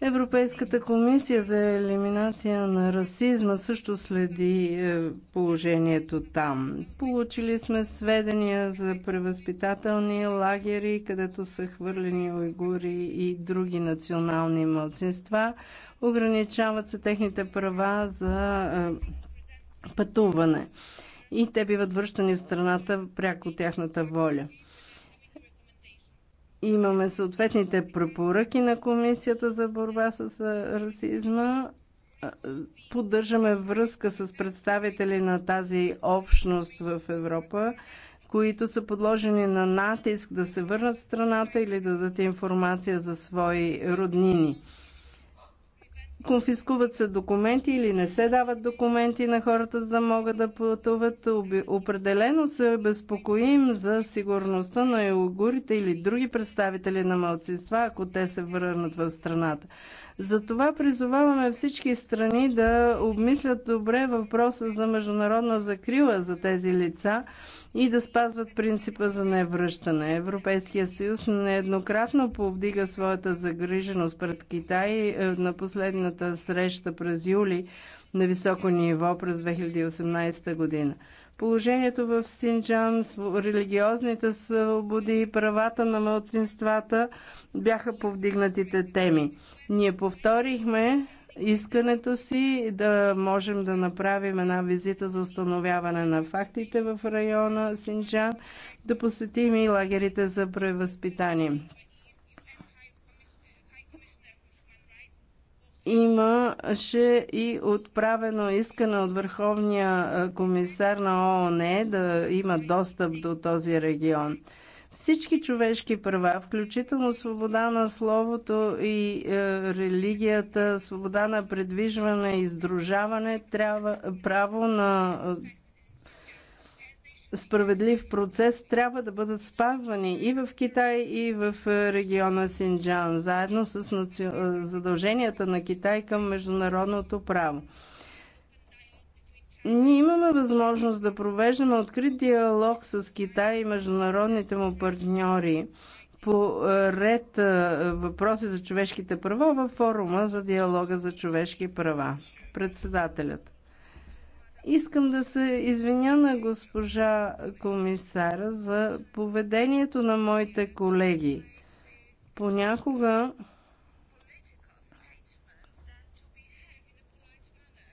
I: Европейската комисия за елиминация на расизма също следи е, положението там. Получили сме сведения за превъзпитателни лагери, където са хвърлени уйгури и други национални младсинства. Ограничават се техните права за е, пътуване. И те биват връщани в страната пряко тяхната воля. Имаме съответните препоръки на Комисията за борба с расизма. Поддържаме връзка с представители на тази общност в Европа, които са подложени на натиск да се върнат в страната или да дадат информация за свои роднини. Конфискуват се документи или не се дават документи на хората, за да могат да пътуват. Определено се безпокоим за сигурността на уйгурите или други представители на малцинства, ако те се върнат в страната. Затова призоваваме всички страни да обмислят добре въпроса за международна закрила за тези лица и да спазват принципа за невръщане. Европейския съюз нееднократно повдига своята загриженост пред Китай е, на последната среща през юли на високо ниво през 2018 година положението в Синджан, религиозните свободи и правата на младсинствата бяха повдигнатите теми. Ние повторихме искането си да можем да направим една визита за установяване на фактите в района Синджан, да посетим и лагерите за превъзпитание. имаше и отправено искане от Върховния комисар на ООН да има достъп до този регион. Всички човешки права, включително свобода на словото и е, религията, свобода на предвижване и издружаване, трябва, право на справедлив процес трябва да бъдат спазвани и в Китай, и в е, региона Синджан, заедно с наци... Е, задълженията на Китай към международното право. Ние имаме възможност да провеждаме открит диалог с Китай и международните му партньори по е, ред въпроси за човешките права във форума за диалога за човешки права. Председателят. Искам да се извиня на госпожа комисара за поведението на моите колеги. Понякога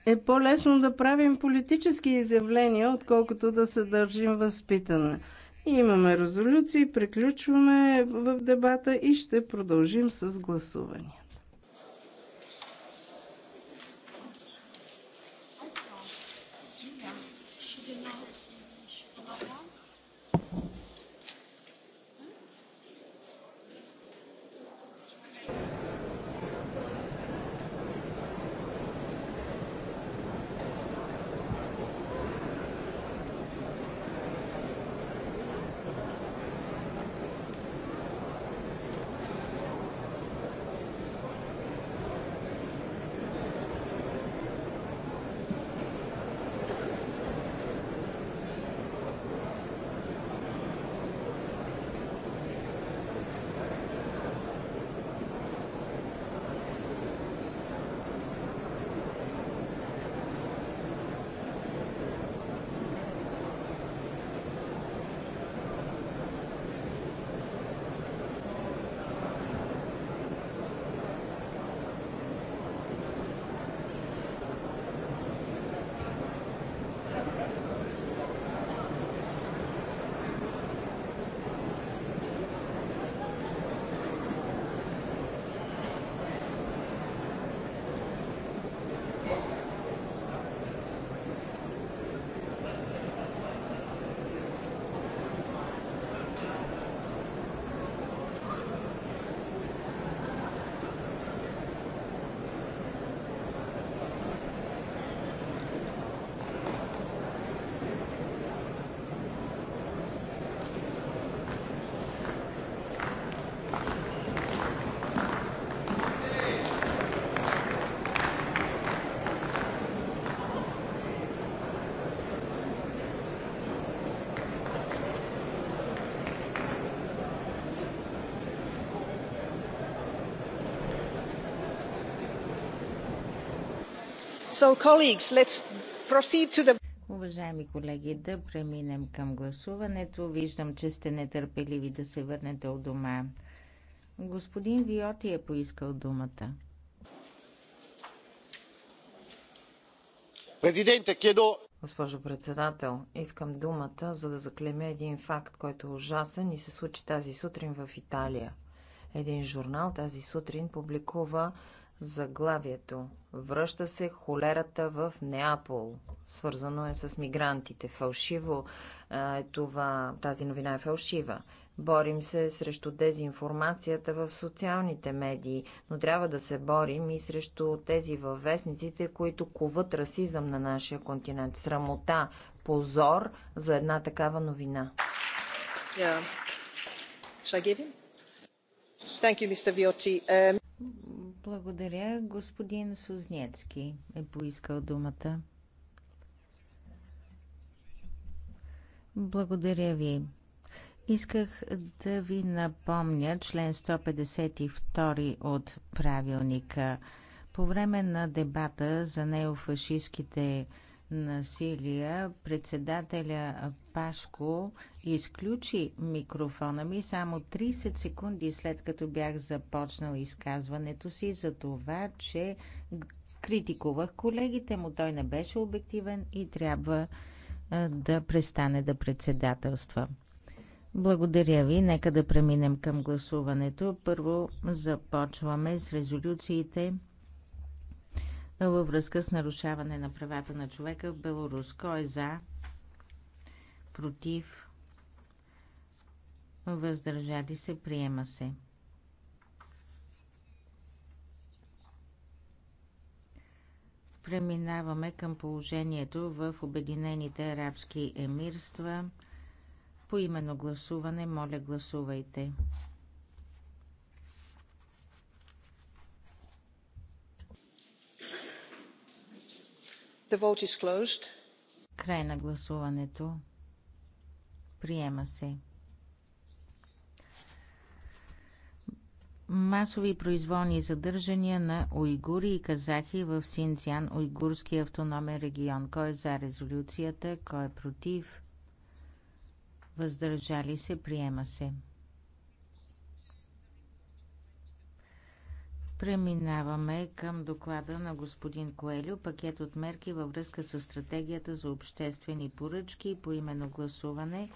I: е по-лесно да правим политически изявления, отколкото да се държим възпитана. Имаме резолюции, приключваме в дебата и ще продължим с гласувания.
J: Уважаеми колеги, да преминем към гласуването. Виждам, че сте нетърпеливи да се върнете от дома. Господин Виоти е поискал думата.
E: Президенте, кедо... Госпожо председател, искам думата, за да заклемя един факт, който е ужасен и се случи тази сутрин в Италия. Един журнал тази сутрин публикува заглавието. Връща се холерата в Неапол. Свързано е с мигрантите. Фалшиво е това. Тази новина е фалшива. Борим се срещу дезинформацията в социалните медии, но трябва да се борим и срещу тези във вестниците, които куват расизъм на нашия континент. Срамота, позор за една такава новина. Yeah. You, um... Благодаря.
J: Господин Сузнецки е поискал думата. Благодаря ви. Исках да ви напомня член 152 от правилника. По време на дебата за неофашистските насилия, председателя Пашко изключи микрофона ми само 30 секунди след като бях започнал изказването си за това, че критикувах колегите му. Той не беше обективен и трябва да престане да председателства. Благодаря ви. Нека да преминем към гласуването. Първо започваме с резолюциите във връзка с нарушаване на правата на човека в Беларус. Кой е за? Против? Въздържали се? Приема се. Преминаваме към положението в Обединените арабски емирства. По именно гласуване, моля гласувайте. Край на гласуването. Приема се. масови произволни задържания на уйгури и казахи в Синцян, уйгурски автономен регион. Кой е за резолюцията, кой е против? Въздържали се, приема се. Преминаваме към доклада на господин Коелю, пакет от мерки във връзка с стратегията за обществени поръчки и по именно гласуване.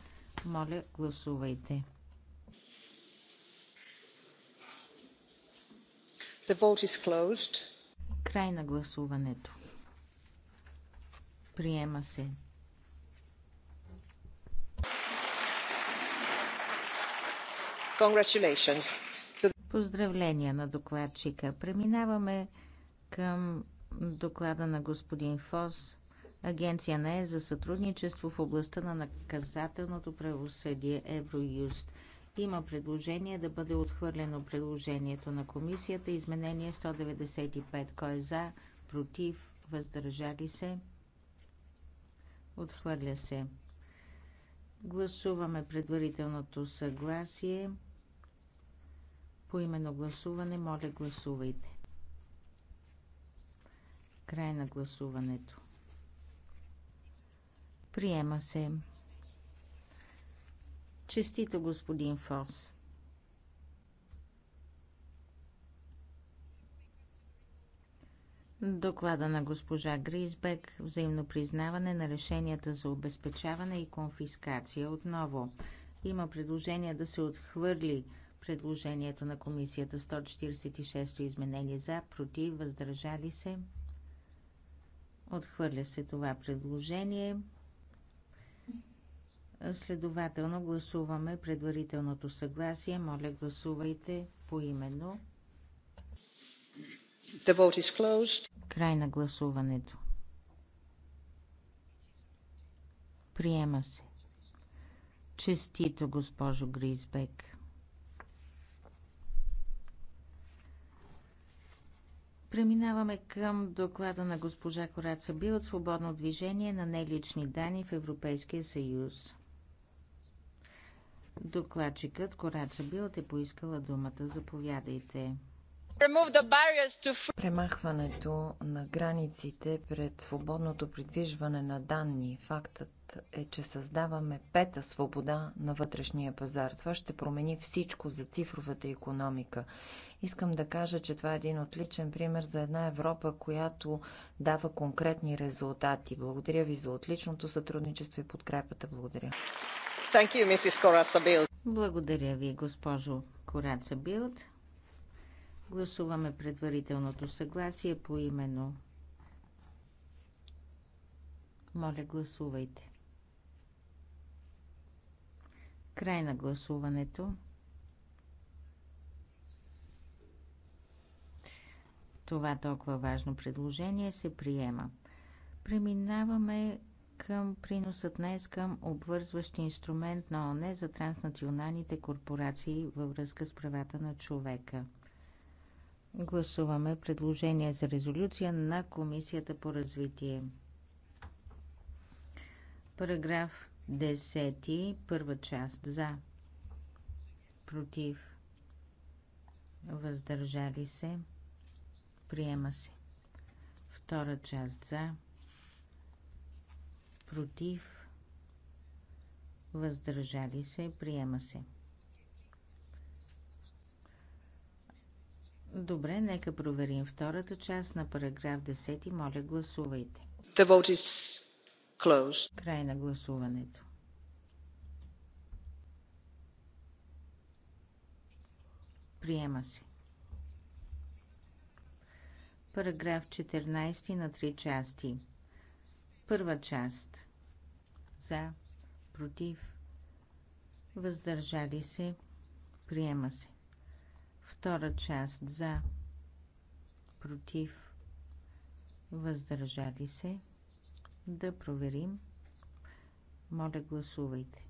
J: Моля, гласувайте. The vote is closed. Край на гласуването. Приема се.
E: Congratulations.
J: Поздравления на докладчика. Преминаваме към доклада на господин Фос. Агенция на е за сътрудничество в областта на наказателното правосъдие Евроюст. Има предложение да бъде отхвърлено предложението на комисията. Изменение 195. Кой е за? Против? Въздържали се? Отхвърля се. Гласуваме предварителното съгласие. По именно гласуване, моля гласувайте. Край на гласуването. Приема се. Честито, господин Фос. Доклада на госпожа Гризбек взаимно признаване на решенията за обезпечаване и конфискация отново. Има предложение да се отхвърли предложението на комисията 146 изменение за, против, въздържали се. Отхвърля се това предложение. Следователно гласуваме предварителното съгласие. Моля, гласувайте по именно. The vote is closed. Край на гласуването. Приема се. Честито, госпожо Гризбек. Преминаваме към доклада на госпожа Кораца Би от свободно движение на нелични данни в Европейския съюз. Докладчикът Кораца Билт е поискала думата. Заповядайте.
E: Премахването на границите пред свободното придвижване на данни. Фактът е, че създаваме пета свобода на вътрешния пазар. Това ще промени всичко за цифровата економика Искам да кажа, че това е един отличен пример за една Европа, която дава конкретни резултати. Благодаря ви за отличното сътрудничество и подкрепата. Благодаря.
D: Thank you, Mrs.
E: Благодаря ви,
J: госпожо Кораца Билд. Гласуваме предварителното съгласие по именно. Моля, гласувайте. Край на гласуването. Това толкова важно предложение се приема. Преминаваме към приносът днес към обвързващ инструмент на ОНЕ за транснационалните корпорации във връзка с правата на човека. Гласуваме предложение за резолюция на Комисията по развитие. Параграф 10, първа част за, против, въздържали се. Приема се. Втора част за. Против. Въздържали се. Приема се. Добре, нека проверим втората част на параграф 10. Моля, гласувайте.
E: The vote is closed.
J: Край на гласуването. Приема се. Параграф 14 на три части. Първа част. За, против, въздържали се, приема се. Втора част. За, против, въздържали се. Да проверим. Моля, гласувайте.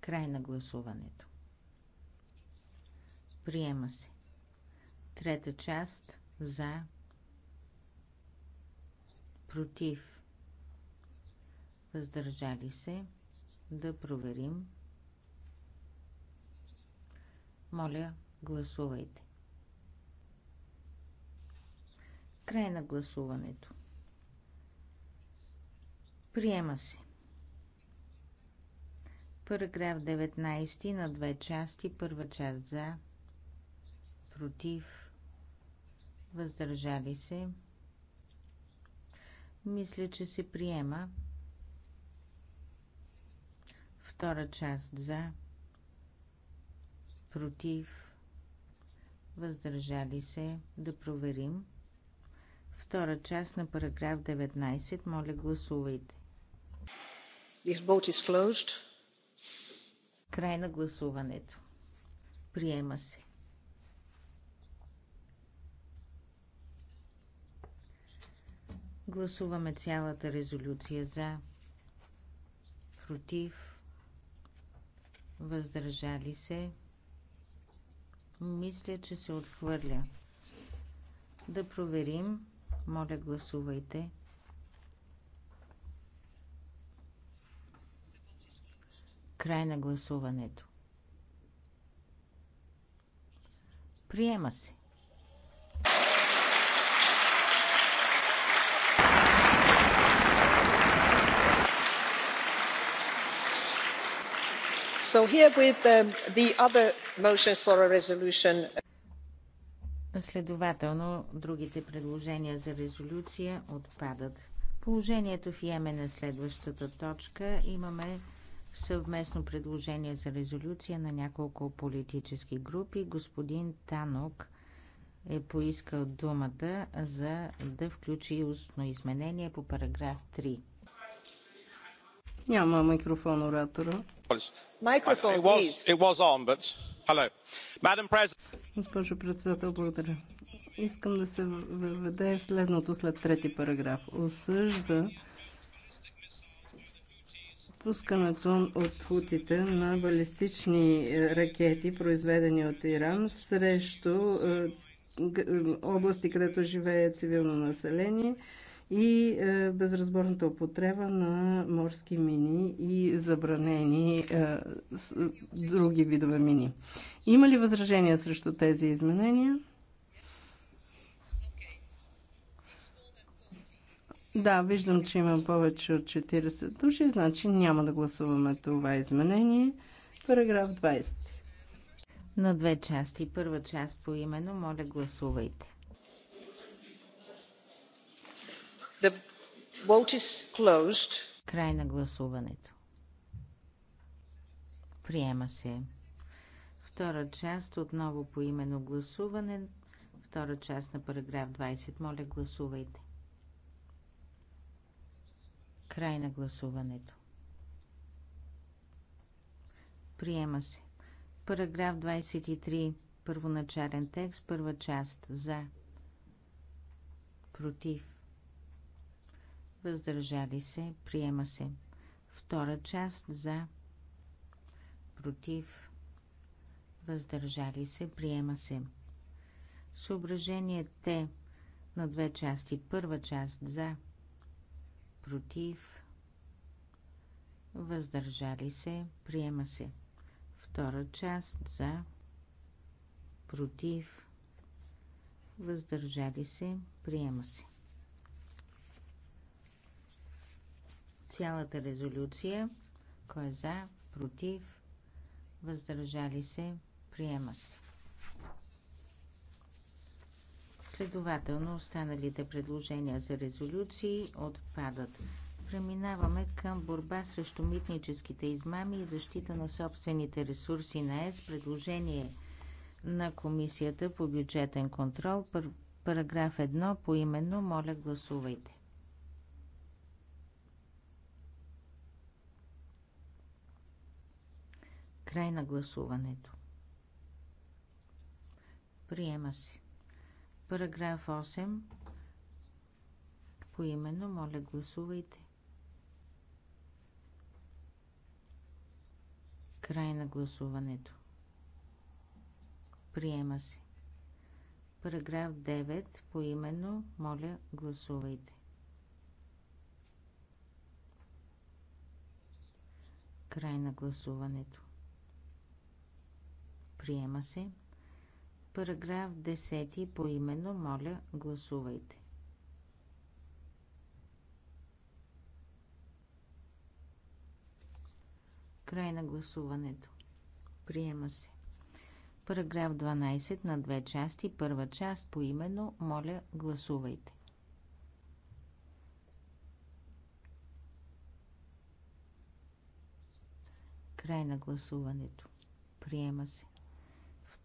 J: Край на гласуването. Приема се. Трета част за. Против. Въздържали се. Да проверим. Моля, гласувайте. Край на гласуването. Приема се. Параграф 19 на две части. Първа част за против, въздържали се. Мисля, че се приема. Втора част за, против, въздържали се. Да проверим. Втора част на параграф 19. Моля, гласувайте. This vote is closed. Край на гласуването. Приема се. Гласуваме цялата резолюция за, против, въздържали се. Мисля, че се отхвърля. Да проверим. Моля, гласувайте. Край на гласуването. Приема се.
E: Um,
J: Следователно, другите предложения за резолюция отпадат. Положението в Йемен на е следващата точка. Имаме съвместно предложение за резолюция на няколко политически групи. Господин Танок е поискал думата за да включи устно изменение по параграф 3. Няма
I: микрофон
J: оратора.
I: Госпожо председател, благодаря. Искам да се въведе следното след трети параграф. Осъжда пускането от хутите на балистични е, ракети, произведени от Иран, срещу е, е, области, където живее цивилно население – и е, безразборната употреба на морски мини и забранени е, други видове мини. Има ли възражения срещу тези изменения? Да, виждам, че има повече от 40 души, значи няма да
J: гласуваме това изменение. Параграф 20. На две части. Първа част по именно, моля гласувайте. Край на гласуването. Приема се. Втора част отново по именно гласуване. Втора част на параграф 20. Моля, гласувайте. Край на гласуването. Приема се. Параграф 23. Първоначален текст. Първа част. За. Против въздържали се, приема се. Втора част за, против, въздържали се, приема се. Съображение Т на две части. Първа част за, против, въздържали се, приема се. Втора част за, против, въздържали се, приема се. Цялата резолюция, кой е за, против, въздържали се, приема се. Следователно, останалите предложения за резолюции отпадат. Преминаваме към борба срещу митническите измами и защита на собствените ресурси на ЕС. Предложение на Комисията по бюджетен контрол, параграф 1 по именно. Моля, гласувайте. Край на гласуването. Приема се. Параграф 8. Поимено моля, гласувайте. Край на гласуването. Приема се. Параграф 9. Поимено моля, гласувайте. Край на гласуването. Приема се. Параграф 10 по именно моля гласувайте. Край на гласуването. Приема се. Параграф 12 на две части. Първа част по именно моля гласувайте. Край на гласуването. Приема се.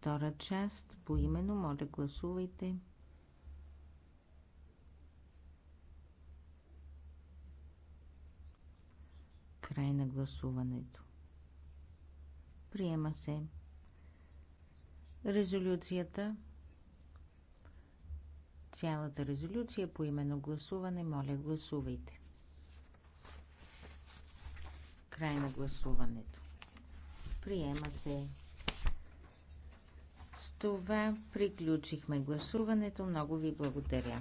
J: Втора част по именно, моля гласувайте. Край на гласуването. Приема се. Резолюцията. Цялата резолюция по именно гласуване, моля гласувайте. Край на гласуването. Приема се. С това приключихме гласуването. Много ви благодаря.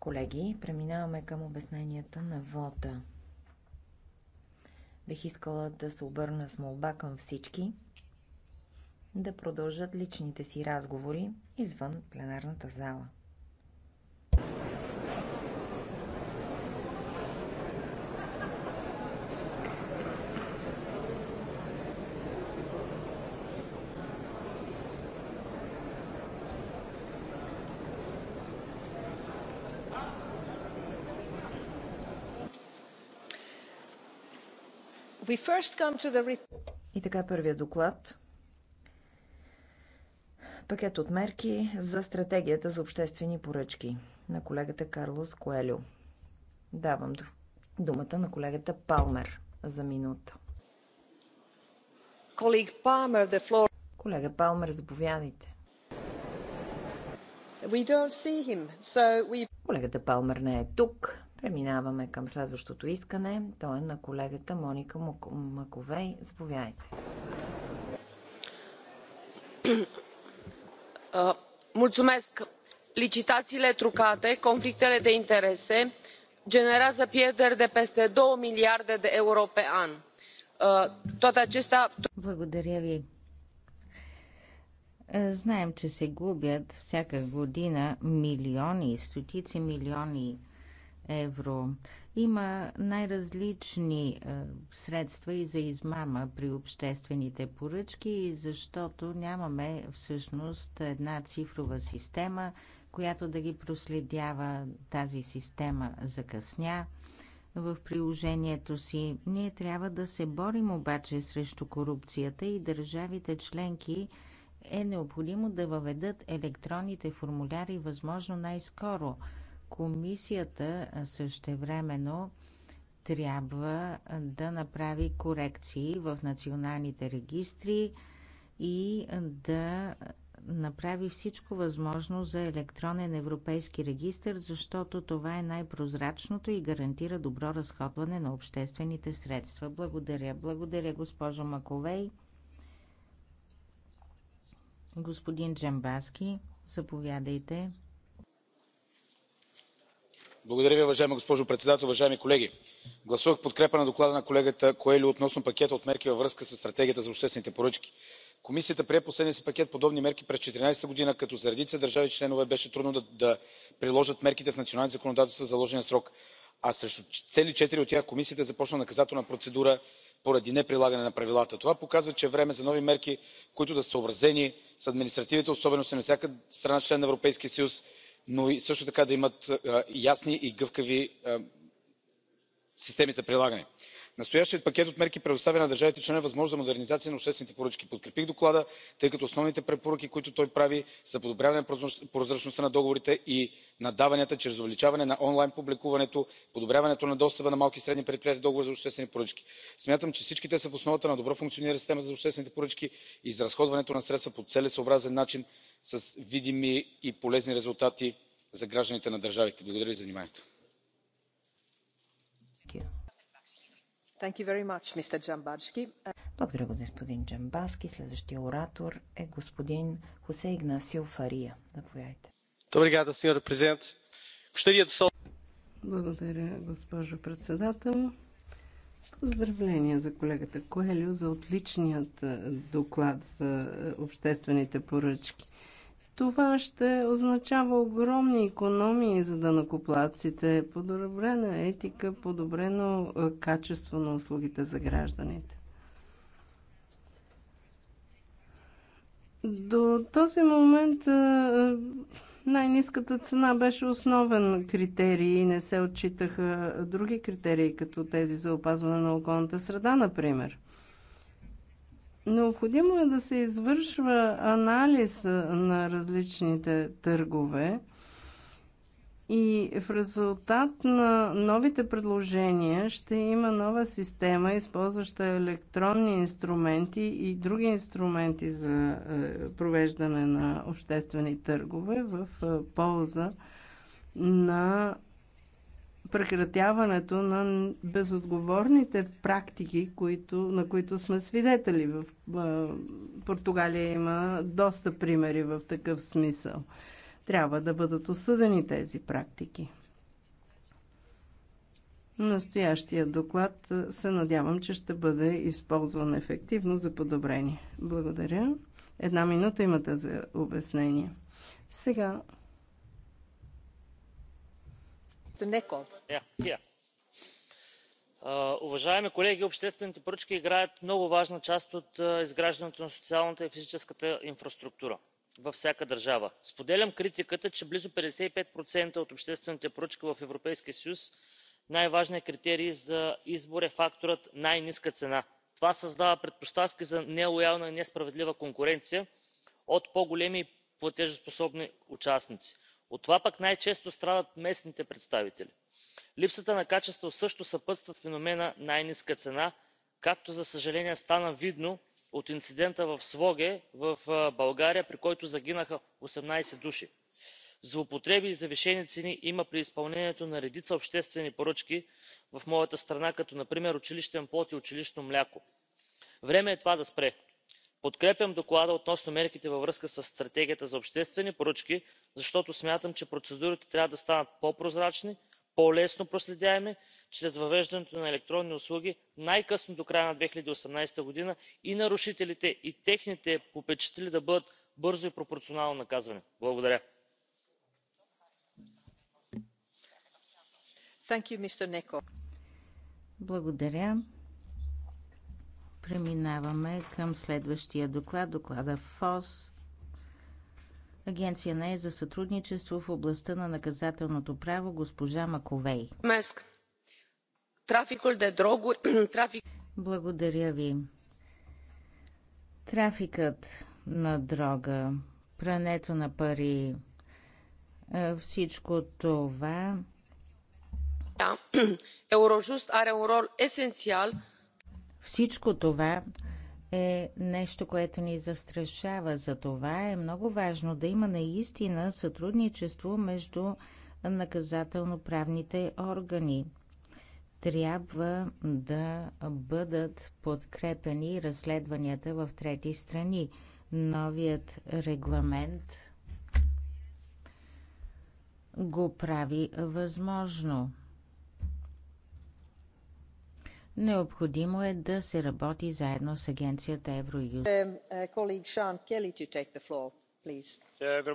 E: Колеги, преминаваме към обясненията на вода. Бих искала да се обърна с молба към всички да продължат личните си разговори извън пленарната зала. И така първия доклад. Пакет от мерки за стратегията за обществени поръчки на колегата Карлос Коелю. Давам думата на колегата Палмер за минута. Колега Палмер, заповядайте. Колегата Палмер не е тук. Преминаваме към следващото искане. То е на колегата Моника Маковей. Заповядайте.
G: Mulțumesc! Licitațiile trucate, conflictele de interese generează pierderi de peste 2 miliarde de euro pe an. Toate acestea... Благодаря ви.
J: Знаем, че се губят всяка година милиони, стотици милиони евро. Има най-различни е, средства и за измама при обществените поръчки, защото нямаме всъщност една цифрова система, която да ги проследява. Тази система закъсня в приложението си. Ние трябва да се борим обаче срещу корупцията и държавите членки е необходимо да въведат електронните формуляри възможно най-скоро – Комисията същевременно трябва да направи корекции в националните регистри и да направи всичко възможно за електронен европейски регистр, защото това е най-прозрачното и гарантира добро разходване на обществените средства. Благодаря. Благодаря, госпожо Маковей. Господин Джамбаски, заповядайте.
K: Благодаря уважаема госпожо председател уважаеми колеги! гласувах в подкрепа на доклада на колегата коелho относно пакета от мерки във връзка със стратегията за обществените поръчки. комисията прие последния си пакет подобни мерки през 2014 година, като за редица държави членове беше трудно да приложат мерките в националните законодателства в заложения срок а срещу цели четири от тях комисията започна наказателна процедура поради неприлагане на правилата. това показва че е време за нови мерки които да са съобразени с административните особености на всяка страна – член на европейския съюз но също така да имат ясни и гъвкави системи за прилагане. настоящият пакет от мерки предоставя на държавите членки възможност за модернизация на обществените поръчки. подкрепих доклада тъй като основните препоръки които той прави са подобряване на прозрачността на договорите и на даванията чрез увеличаване на онлайн публикуването подобряването на достъпа на малки и средни предприятия до договори за обществени поръчки. смятам че всички те са в основата на добро функционираща система за обществените поръчки и изразходването на средства по целесъобразен начин с видими и полезни резултати за гражданите на държавите.
E: благодаря ви за вниманието. Благодаря, господин Джамбазки. Следващия оратор е господин Хосе Игнасио Фария. Заповядайте. Благодаря, госпожо председател. Поздравления
I: за колегата Коелю за отличният доклад за обществените поръчки. Това ще означава огромни економии за данакоплатците, подобрена етика, подобрено е, качество на услугите за гражданите. До този момент е, най-низката цена беше основен критерий и не се отчитаха други критерии, като тези за опазване на околната среда, например – Необходимо е да се извършва анализ на различните търгове и в резултат на новите предложения ще има нова система, използваща електронни инструменти и други инструменти за е, провеждане на обществени търгове в е, полза на прекратяването на безотговорните практики, които, на които сме свидетели. В Португалия има доста примери в такъв смисъл. Трябва да бъдат осъдени тези практики. Настоящия доклад се надявам, че ще бъде използван ефективно за подобрение. Благодаря. Една минута имате за обяснение. Сега
H: уважаеми колеги обществените поръчки играят много важна част от изграждането на социалната и физическата инфраструктура във всяка държава. споделям критиката че близо петдесет и пет от обществените поръчки в европейския съюз най важният критерий за избор е факторът най ниска цена. това създава предпоставки за нелоялна и несправедлива конкуренция от по големи и платежоспособни участници от това пък най често страдат местните представители. липсата на качество също съпътства феномена най ниска цена както за съжаление стана видно от инцидента в своге в българия при който загинаха осемнадесет души. злоупотреби и завишени цени има при изпълнението на редица обществени поръчки в моята страна като например училищен плод и училищно мляко. време е това да спре подкрепям доклада относно мерките във връзка със стратегията за обществени поръчки защото смятам че процедурите трябва да станат по прозрачни по лесно проследяеми чрез въвеждането на електронни услуги най късно до края на две хиляди и осемнадесета година и нарушителите и техните попечители да бъдат бързо и пропорционално наказвани. благодаря.
J: благодаря. Преминаваме към следващия доклад, доклада ФОС. Агенция на е за сътрудничество в областта на наказателното право, госпожа Маковей.
E: Меск. Трафикът де дрогури... Трафик...
J: Благодаря ви. Трафикът на дрога, прането на пари, е, всичко това...
G: Еврожуст are un rol esențial
J: всичко това е нещо, което ни застрашава. За това е много важно да има наистина сътрудничество между наказателно-правните органи. Трябва да бъдат подкрепени разследванията в трети страни. Новият регламент го прави възможно. Необходимо е да се работи заедно с агенцията Евроюз. Е,
H: е,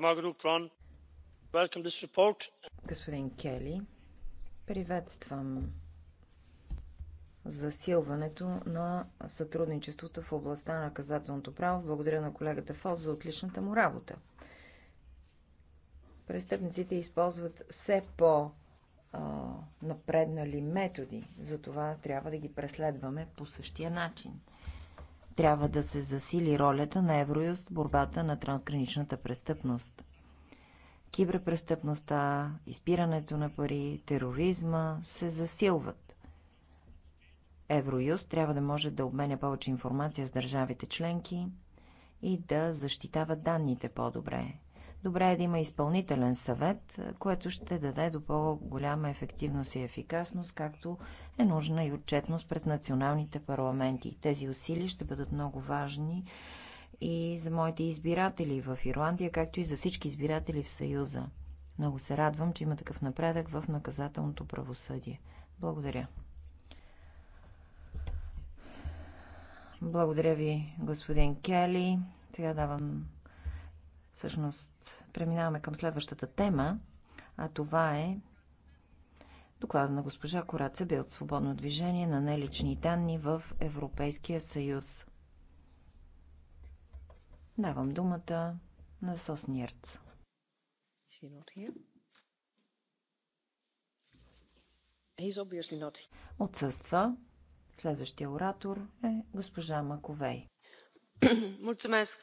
H: е,
E: Господин Кели, приветствам засилването на сътрудничеството в областта на наказателното право. Благодаря на колегата Фос за отличната му работа. Престъпниците използват все по- а, напреднали методи. Затова трябва да ги преследваме по същия начин. Трябва да се засили ролята на Евроюст в борбата на трансграничната престъпност. Киберпрестъпността, изпирането на пари, тероризма се засилват. Евроюст трябва да може да обменя повече информация с държавите членки и да защитава данните по-добре. Добре е да има изпълнителен съвет, което ще даде до по-голяма ефективност и ефикасност, както е нужна и отчетност пред националните парламенти. Тези усилия ще бъдат много важни и за моите избиратели в Ирландия, както и за всички избиратели в Съюза. Много се радвам, че има такъв напредък в наказателното правосъдие. Благодаря. Благодаря ви, господин Кели. Сега давам Всъщност, преминаваме към следващата тема, а това е доклада на госпожа Кораца от свободно движение на нелични данни в Европейския съюз. Давам думата на Нирц. Отсъства. Следващия оратор е госпожа Маковей.
G: Мулцумеск.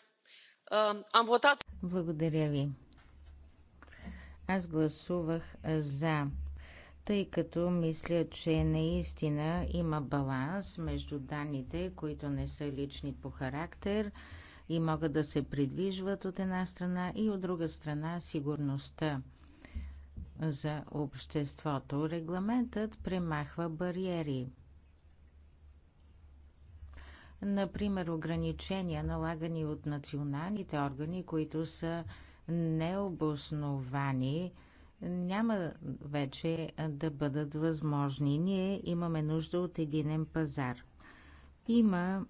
J: Благодаря ви. Аз гласувах за, тъй като мисля, че наистина има баланс между данните, които не са лични по характер и могат да се придвижват от една страна и от друга страна сигурността за обществото. Регламентът премахва бариери – Например, ограничения, налагани от националните органи, които са необосновани, няма вече да бъдат възможни. Ние имаме нужда от единен пазар. Има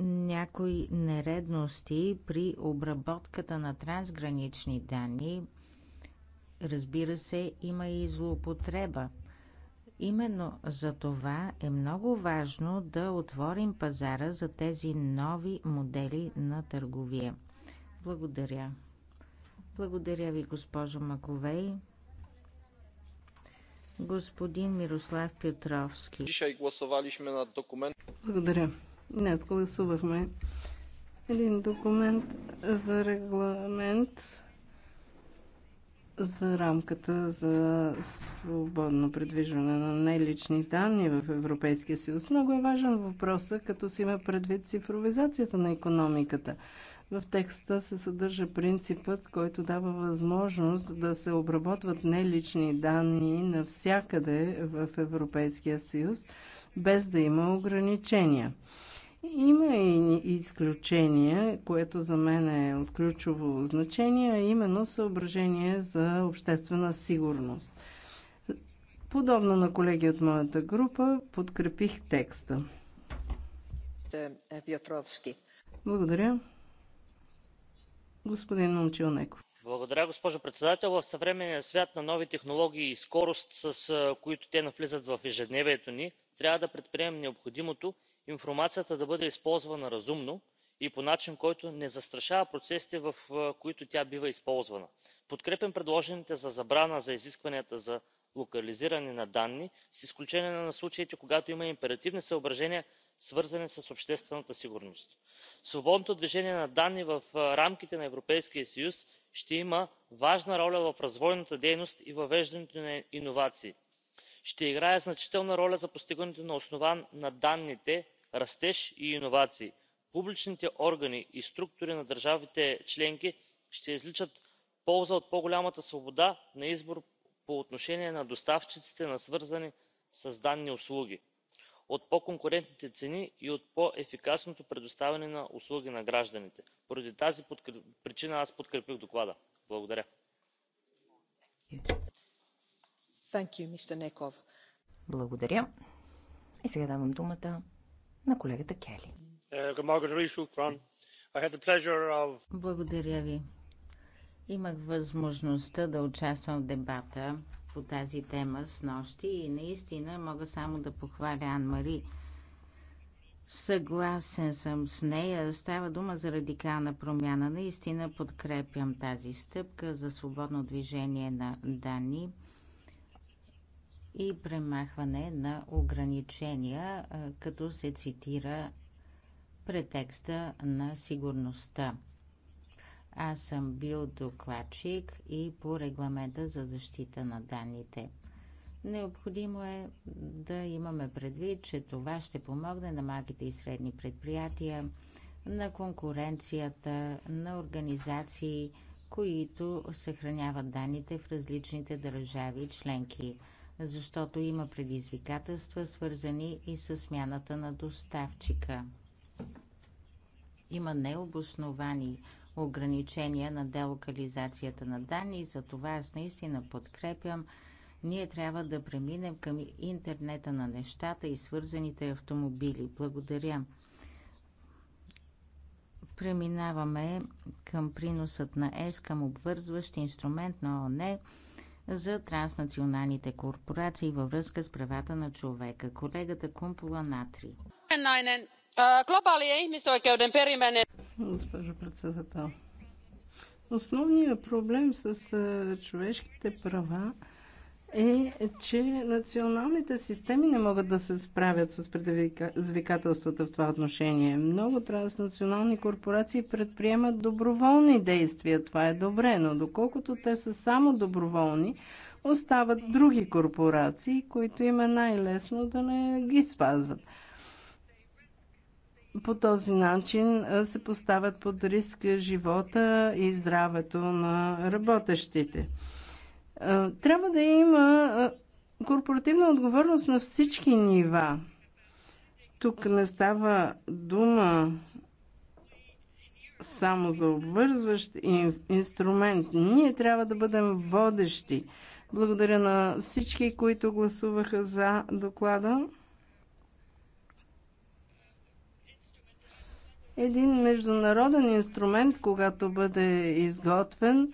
J: някои нередности при обработката на трансгранични данни. Разбира се, има и злоупотреба Именно за това е много важно да отворим пазара за тези нови модели на търговия. Благодаря. Благодаря ви, госпожо Маковей. Господин Мирослав Петровски.
I: Благодаря. Днес гласувахме един документ за регламент за рамката за свободно предвижване на нелични данни в Европейския съюз. Много е важен въпроса, като си има предвид цифровизацията на економиката. В текста се съдържа принципът, който дава възможност да се обработват нелични данни навсякъде в Европейския съюз, без да има ограничения. Има и изключение, което за мен е от ключово значение, а именно съображение за обществена сигурност. Подобно на колеги от моята група, подкрепих текста. Благодаря. Господин Момчил Неков.
H: Благодаря, госпожо председател. В съвременния свят на нови технологии и скорост, с които те навлизат в ежедневието ни, трябва да предприемем необходимото информацията да бъде използвана разумно и по начин който не застрашава процесите в които тя бива използвана. подкрепям предложените за забрана за изискванията за локализиране на данни с изключение на случаите когато има императивни съображения свързани с обществената сигурност. свободното движение на данни в рамките на европейския съюз ще има важна роля в развойната дейност и въвеждането на иновации. ще играе значителна роля за постигането на основан на данните растеж и иновации публичните органи и структури на държавите членки ще извличат полза от по голямата свобода на избор по отношение на доставчиците на свързани с данни услуги от по конкурентните цени и от по ефикасното предоставяне на услуги на гражданите. поради тази причина аз подкрепих доклада. благодаря.
E: Благодаря. И сега давам думата
H: на колегата Кели. Uh, Благодаря
J: ви. Имах възможността да участвам в дебата по тази тема с нощи и наистина мога само да похваля Ан-Мари. Съгласен съм с нея. Става дума за радикална промяна. Наистина подкрепям тази стъпка за свободно движение на данни – и премахване на ограничения, като се цитира претекста на сигурността. Аз съм бил докладчик и по регламента за защита на данните. Необходимо е да имаме предвид, че това ще помогне на малките и средни предприятия, на конкуренцията, на организации, които съхраняват данните в различните държави и членки защото има предизвикателства, свързани и с смяната на доставчика. Има необосновани ограничения на делокализацията на данни и за това аз наистина подкрепям. Ние трябва да преминем към интернета на нещата и свързаните автомобили. Благодаря. Преминаваме към приносът на ЕС към обвързващ инструмент на ОНЕ – за транснационалните корпорации във връзка с правата на човека. Колегата Кумпова Натри.
G: Е Госпожо председател,
I: основният проблем с човешките права е, че националните системи не могат да се справят с предизвикателствата в това отношение. Много транснационални корпорации предприемат доброволни действия. Това е добре, но доколкото те са само доброволни, остават други корпорации, които им е най-лесно да не ги спазват. По този начин се поставят под риск живота и здравето на работещите. Е, трябва да има е, корпоративна отговорност на всички нива. Тук не става дума само за обвързващ инструмент. Ние трябва да бъдем водещи. Благодаря на всички, които гласуваха за доклада. Един международен инструмент, когато бъде изготвен,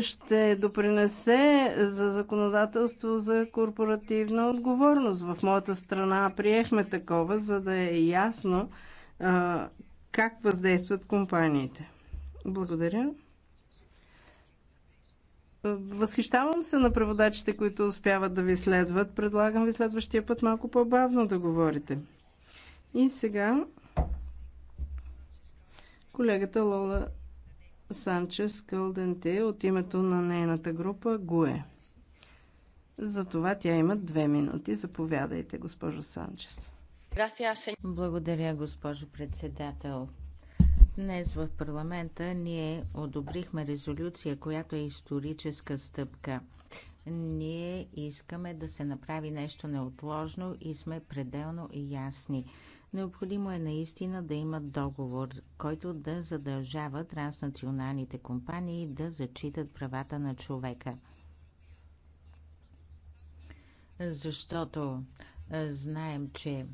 I: ще допринесе за законодателство за корпоративна отговорност. В моята страна приехме такова, за да е ясно а, как въздействат компаниите. Благодаря. Възхищавам се на преводачите, които успяват да ви следват. Предлагам ви следващия път малко по-бавно да говорите. И сега колегата Лола Санчес Кълденте от името на нейната група ГУЕ. За това тя има две минути. Заповядайте, госпожо
J: Санчес. Благодаря, госпожо председател. Днес в парламента ние одобрихме резолюция, която е историческа стъпка. Ние искаме да се направи нещо неотложно и сме пределно ясни – Необходимо е наистина да имат договор, който да задължава транснационалните компании да зачитат правата на човека. Защото знаем, че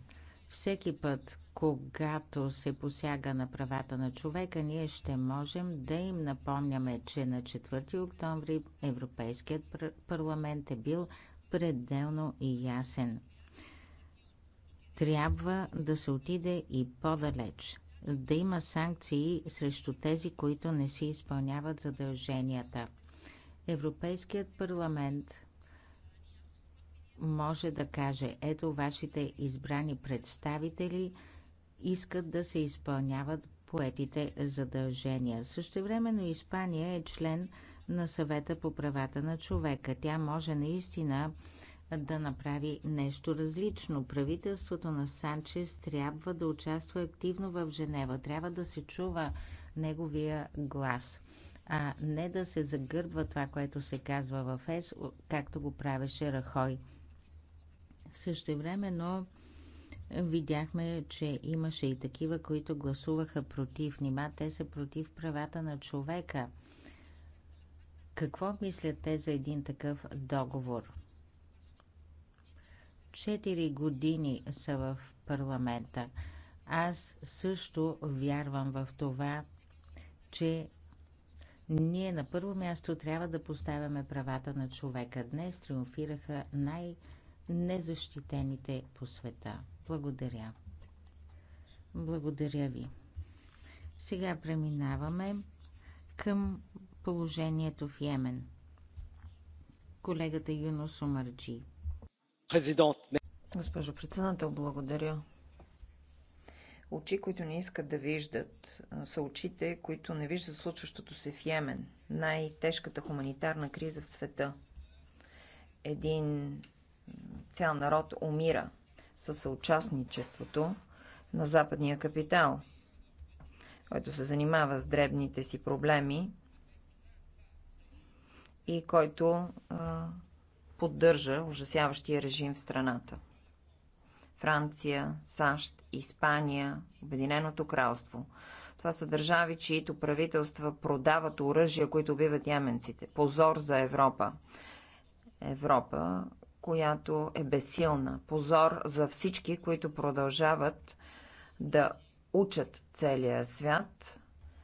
J: всеки път, когато се посяга на правата на човека, ние ще можем да им напомняме, че на 4 октомври Европейският парламент е бил пределно и ясен. Трябва да се отиде и по-далеч, да има санкции срещу тези, които не си изпълняват задълженията. Европейският парламент може да каже, ето вашите избрани представители искат да се изпълняват поетите задължения. времено Испания е член на съвета по правата на човека. Тя може наистина да направи нещо различно. Правителството на Санчес трябва да участва активно в Женева. Трябва да се чува неговия глас, а не да се загърбва това, което се казва в ЕС, както го правеше Рахой. Също време, но е, видяхме, че имаше и такива, които гласуваха против. Нима те са против правата на човека. Какво мислят те за един такъв договор? 4 години са в парламента. Аз също вярвам в това, че ние на първо място трябва да поставяме правата на човека. Днес триумфираха най-незащитените по света. Благодаря. Благодаря ви. Сега преминаваме към положението в Йемен.
E: Колегата Юнос Омарджи. Госпожо председател, благодаря. Очи, които не искат да виждат, са очите, които не виждат случващото се в Йемен. Най-тежката хуманитарна криза в света. Един цял народ умира със съучастничеството на западния капитал, който се занимава с дребните си проблеми и който а, поддържа ужасяващия режим в страната. Франция, САЩ, Испания, Обединеното кралство. Това са държави, чието правителства продават оръжия, които убиват яменците. Позор за Европа. Европа, която е безсилна. Позор за всички, които продължават да учат целия свят,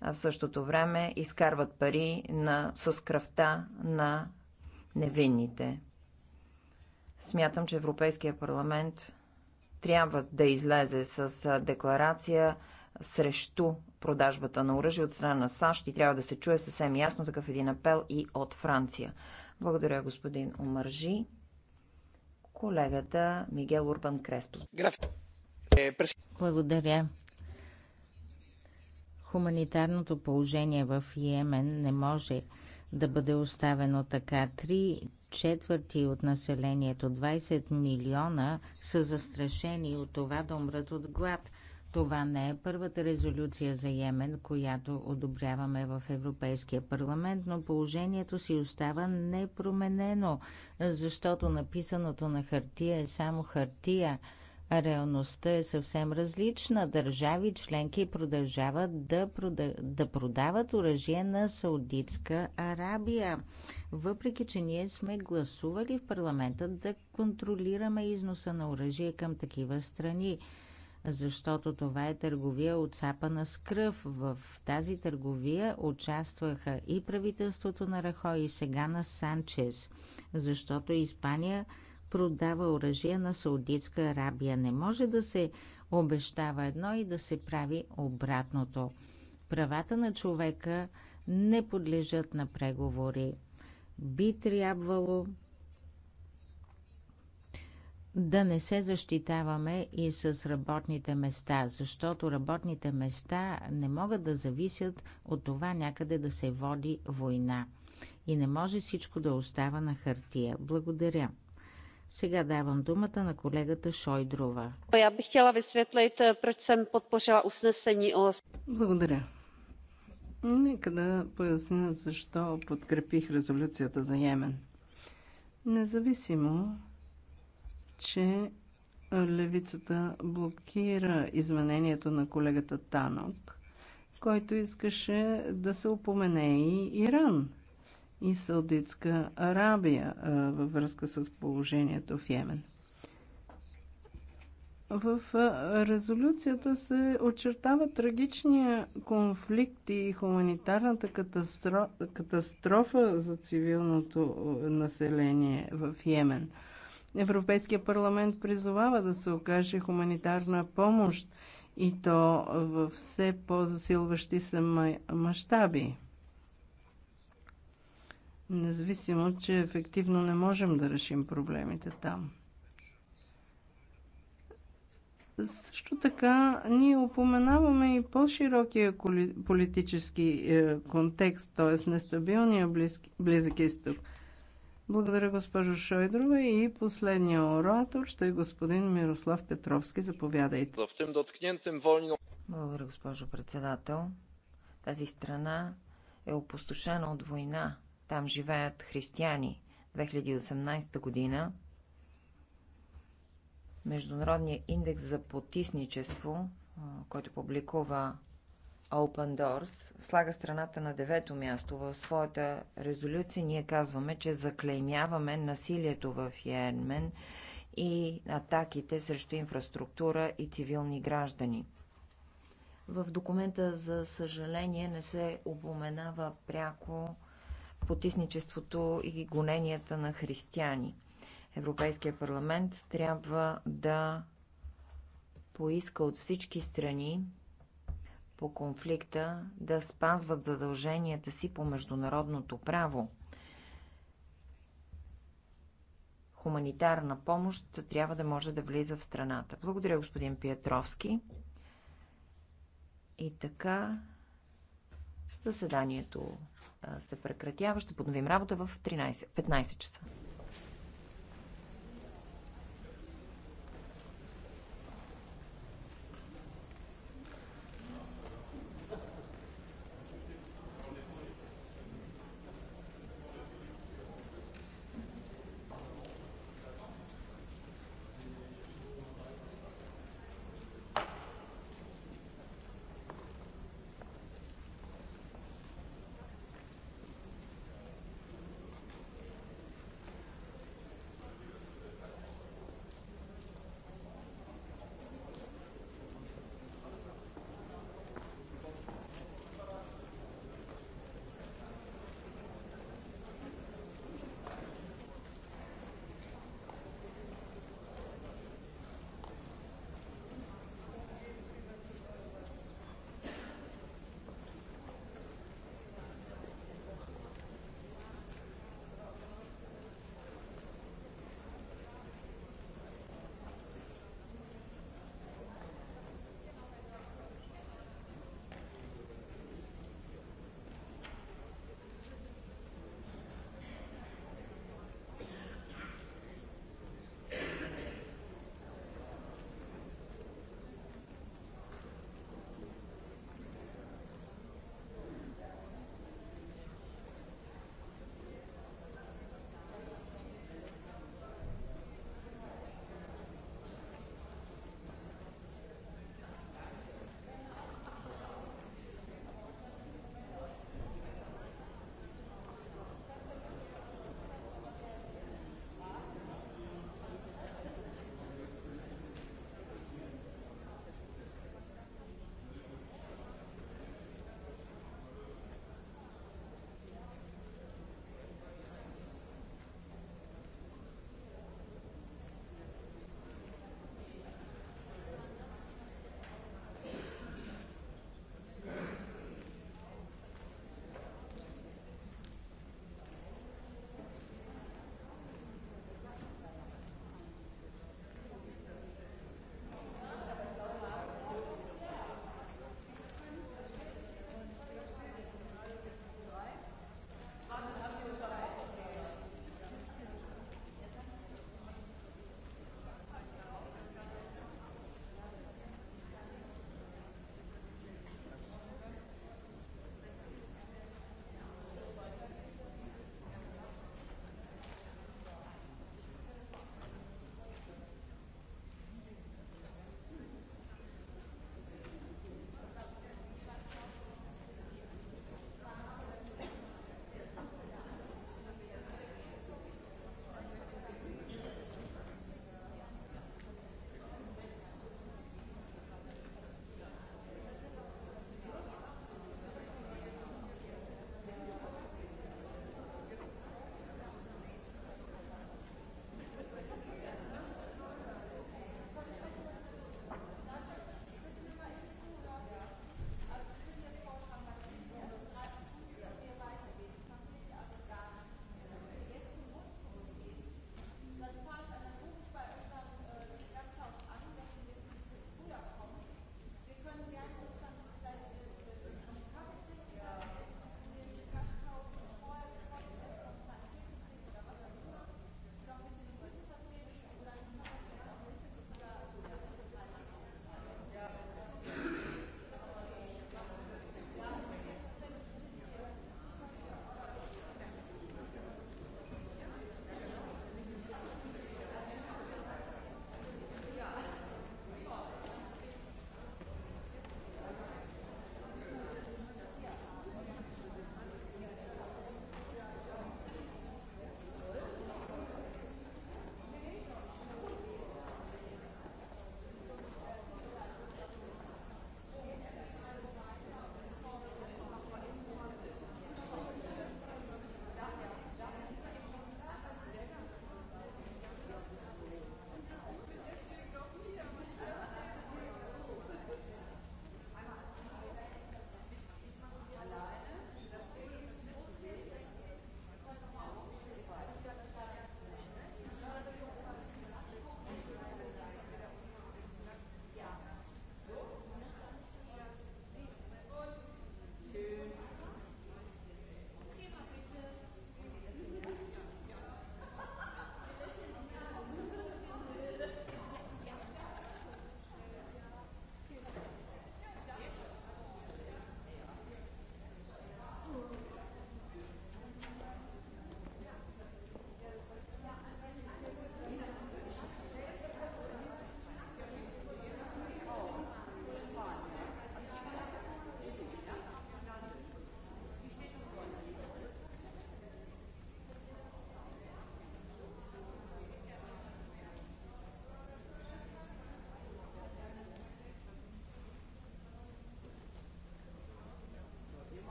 E: а в същото време изкарват пари на, с кръвта на невинните. Смятам, че Европейския парламент трябва да излезе с декларация срещу продажбата на оръжие от страна на САЩ и трябва да се чуе съвсем ясно такъв един апел и от Франция. Благодаря, господин Омържи. Колегата Мигел Урбан Креспо. Благодаря. Хуманитарното
J: положение в Йемен не може да бъде оставено така. Три четвърти от населението, 20 милиона, са застрашени от това да умрат от глад. Това не е първата резолюция за Йемен, която одобряваме в Европейския парламент, но положението си остава непроменено, защото написаното на хартия е само хартия – Реалността е съвсем различна. Държави членки продължават да, прода... да продават оръжие на Саудитска Арабия. Въпреки, че ние сме гласували в парламента да контролираме износа на оръжие към такива страни, защото това е търговия от сапана с кръв. В тази търговия участваха и правителството на Рахой, и сега на Санчес, защото Испания продава оръжие на Саудитска Арабия. Не може да се обещава едно и да се прави обратното. Правата на човека не подлежат на преговори. Би трябвало да не се защитаваме и с работните места, защото работните места не могат да зависят от това някъде да се води война. И не може всичко да остава на хартия. Благодаря. Сега давам думата на колегата Шойдрова.
E: Я бих хотела висветлит, е, проч съм подпожила уснесени о...
J: Благодаря.
I: Нека да поясня защо подкрепих резолюцията за Йемен. Независимо, че е, левицата блокира изменението на колегата Танок, който искаше да се упомене и Иран – и Саудитска Арабия във връзка с положението в Йемен. В резолюцията се очертава трагичния конфликт и хуманитарната катастрофа за цивилното население в Йемен. Европейския парламент призовава да се окаже хуманитарна помощ и то във все по-засилващи се мащаби независимо, че ефективно не можем да решим проблемите там. Също така ние упоменаваме и по-широкия политически е, контекст, т.е. нестабилния близък изток. Благодаря, госпожо Шойдрова. И последния оратор ще е господин Мирослав Петровски. Заповядайте.
E: Благодаря, госпожо председател. Тази страна е опустошена от война. Там живеят християни. 2018 година Международния индекс за потисничество, който публикува Open Doors, слага страната на девето място. В своята резолюция ние казваме, че заклеймяваме насилието в Йермен и атаките срещу инфраструктура и цивилни граждани. В документа, за съжаление, не се упоменава пряко потисничеството и гоненията на християни. Европейския парламент трябва да поиска от всички страни по конфликта да спазват задълженията си по международното право. Хуманитарна помощ трябва да може да влиза в страната. Благодаря, господин Пиетровски. И така, заседанието се прекратява. Ще подновим работа в 13, 15 часа.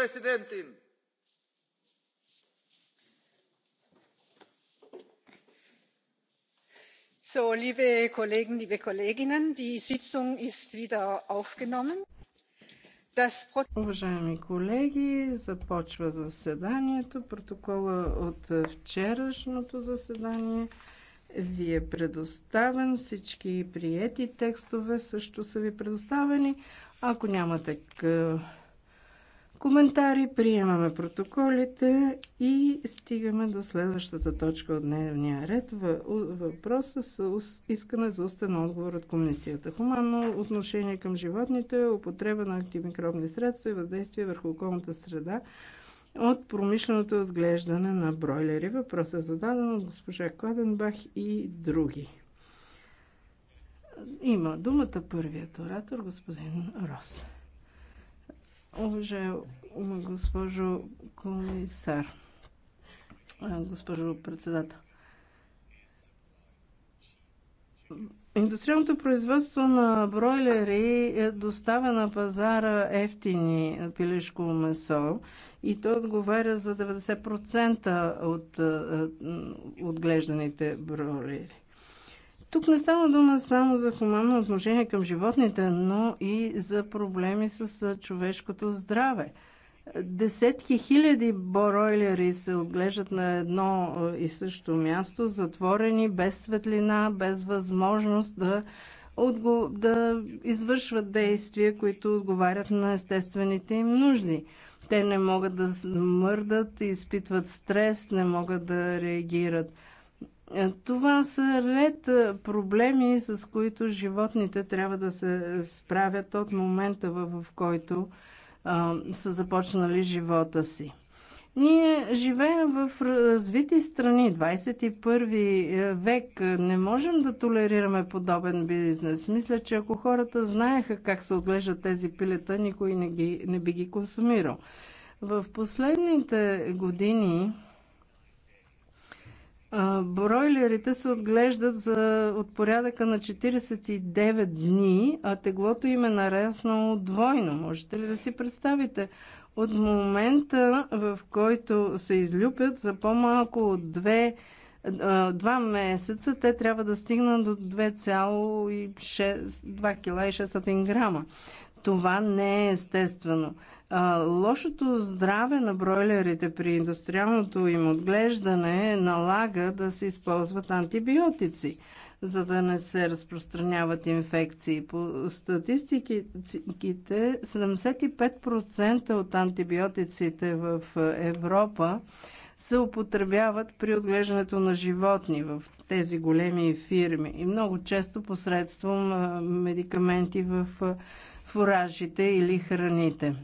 H: präsidentin!
G: So, liebe kollegen liebe kolleginnen die sitzung ist wieder aufgenommen.
I: Уважаеми колеги, започва заседанието. Протокола от вчерашното заседание ви е предоставен. Всички приети текстове също са ви предоставени. Ако нямате коментари, приемаме протоколите и стигаме до следващата точка от дневния ред. Въпроса с искане за устен отговор от комисията. Хуманно отношение към животните, употреба на антимикробни средства и въздействие върху околната среда от промишленото отглеждане на бройлери. Въпрос е зададен от госпожа Кладенбах и други. Има думата първият оратор, господин Рос. Уважаема госпожо комисар, госпожо председател, Индустриалното производство на бройлери е доставя на пазара ефтини пилешко месо и то отговаря за 90% от отглежданите бройлери. Тук не става дума само за хуманно отношение към животните, но и за проблеми с човешкото здраве. Десетки хиляди боройлери се отглеждат на едно и също място, затворени, без светлина, без възможност да, отго... да извършват действия, които отговарят на естествените им нужди. Те не могат да мърдат, изпитват стрес, не могат да реагират. Е, това са ред е, проблеми, с които животните трябва да се справят от момента, в който а, са започнали живота си. Ние живеем в развити страни, 21 е, век. Не можем да толерираме подобен бизнес. Мисля, че ако хората знаеха как се отглеждат тези пилета, никой не, ги, не би ги консумирал. В последните години Бройлерите се отглеждат за, от порядъка на 49 дни, а теглото им е нараснало двойно. Можете ли да си представите? От момента, в който се излюпят, за по-малко от 2, 2 месеца те трябва да стигнат до 2,6 кг. Това не е естествено лошото здраве на бройлерите при индустриалното им отглеждане налага да се използват антибиотици, за да не се разпространяват инфекции. По статистиките, 75% от антибиотиците в Европа се употребяват при отглеждането на животни в тези големи фирми и много често посредством медикаменти в фуражите или храните.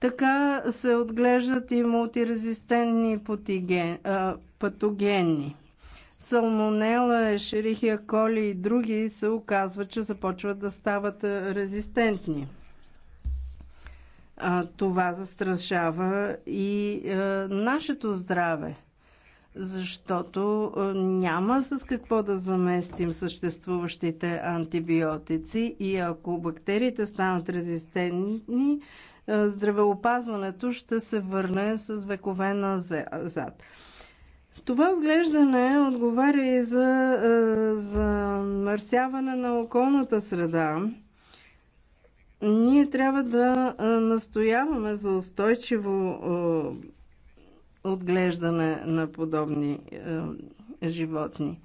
I: Така се отглеждат и мултирезистентни патогени. Салмонела, Шерихия коли и други се оказва, че започват да стават резистентни. това застрашава и нашето здраве защото няма с какво да заместим съществуващите антибиотици и ако бактериите станат резистентни, здравеопазването ще се върне с векове назад. Това отглеждане отговаря и за замърсяване на околната среда. Ние трябва да настояваме за устойчиво отглеждане на подобни животни.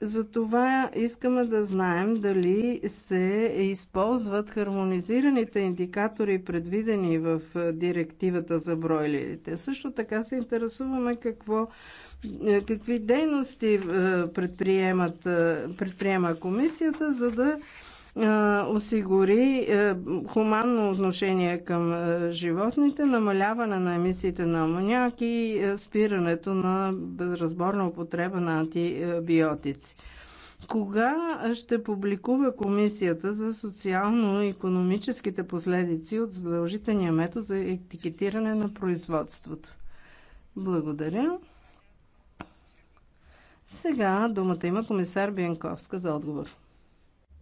I: Затова искаме да знаем дали се използват хармонизираните индикатори, предвидени в е, директивата за бройлерите. Също така се интересуваме какво, е, какви дейности е, предприемат, предприема комисията, за да осигури хуманно отношение към животните, намаляване на емисиите на амоняк и спирането на безразборна употреба на антибиотици. Кога ще публикува Комисията за социално-економическите последици от задължителния метод за етикетиране на производството? Благодаря. Сега
J: думата има комисар Бенковска за отговор.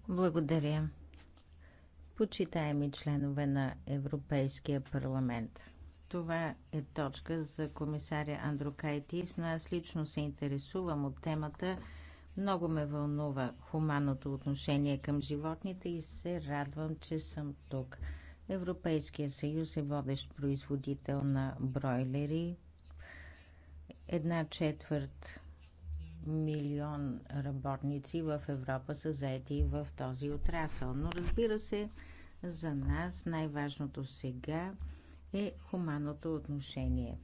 J: Благодаря. Почитаеми членове на Европейския парламент. Това е точка за комисаря Андрокайтис, но аз лично се интересувам от темата. Много ме вълнува хуманното отношение към животните и се радвам, че съм тук. Европейския съюз е водещ производител на бройлери. Една четвърт милион работници в Европа са заети в този отрасъл. Но разбира се, за нас най-важното сега е хуманното отношение.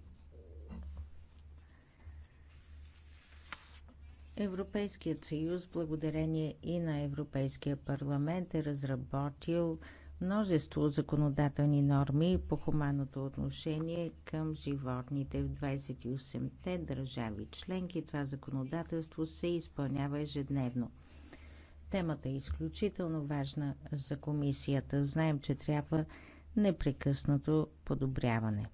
J: Европейският съюз, благодарение и на Европейския парламент, е разработил множество законодателни норми по хуманното отношение към животните в 28-те държави членки. Това законодателство се изпълнява ежедневно. Темата е изключително важна за комисията. Знаем, че трябва непрекъснато подобряване.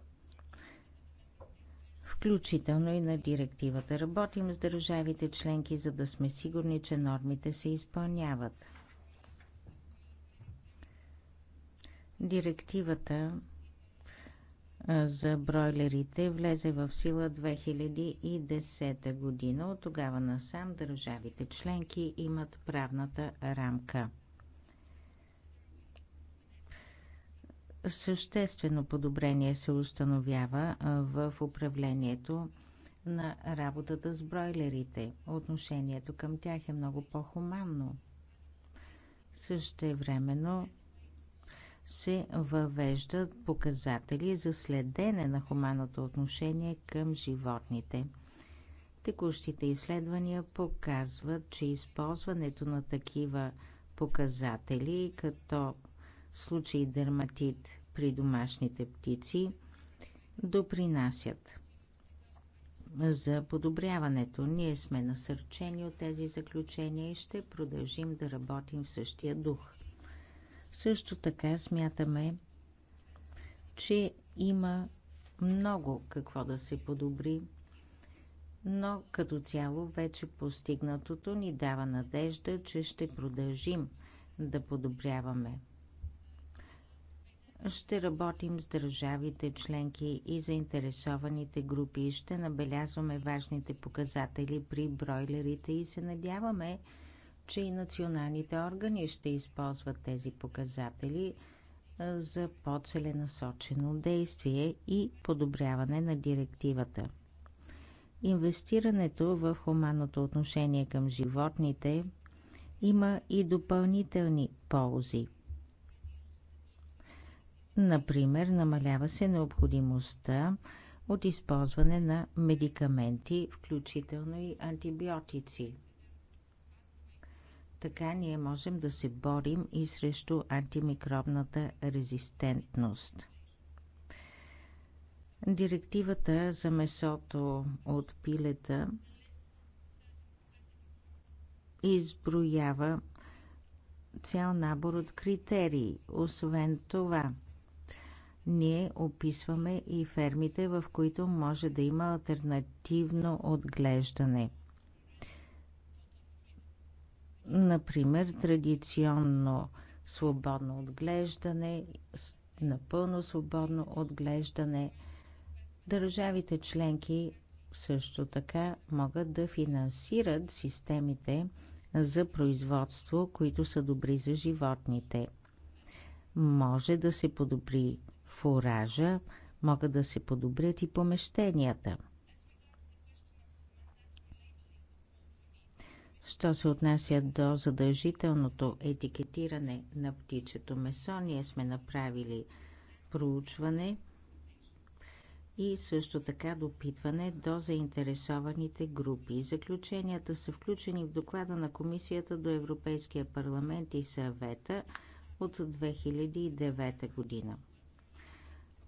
J: Включително и на директивата. Работим с държавите членки, за да сме сигурни, че нормите се изпълняват. Директивата за бройлерите влезе в сила 2010 година. От тогава насам държавите членки имат правната рамка. Съществено подобрение се установява в управлението на работата с бройлерите. Отношението към тях е много по-хуманно. Същевременно се въвеждат показатели за следене на хуманното отношение към животните. Текущите изследвания показват, че използването на такива показатели, като случай дерматит при домашните птици, допринасят за подобряването. Ние сме насърчени от тези заключения и ще продължим да работим в същия дух. Също така смятаме, че има много какво да се подобри, но като цяло вече постигнатото ни дава надежда, че ще продължим да подобряваме. Ще работим с държавите членки и заинтересованите групи, ще набелязваме важните показатели при бройлерите и се надяваме, че и националните органи ще използват тези показатели за по-целенасочено действие и подобряване на директивата. Инвестирането в хуманното отношение към животните има и допълнителни ползи. Например, намалява се необходимостта от използване на медикаменти, включително и антибиотици – така ние можем да се борим и срещу антимикробната резистентност. Директивата за месото от пилета изброява цял набор от критерии. Освен това, ние описваме и фермите, в които може да има альтернативно отглеждане – Например, традиционно свободно отглеждане, напълно свободно отглеждане. Държавите членки също така могат да финансират системите за производство, които са добри за животните. Може да се подобри фуража, могат да се подобрят и помещенията – Що се отнася до задължителното етикетиране на птичето месо, ние сме направили проучване и също така допитване до заинтересованите групи. Заключенията са включени в доклада на Комисията до Европейския парламент и съвета от 2009 година.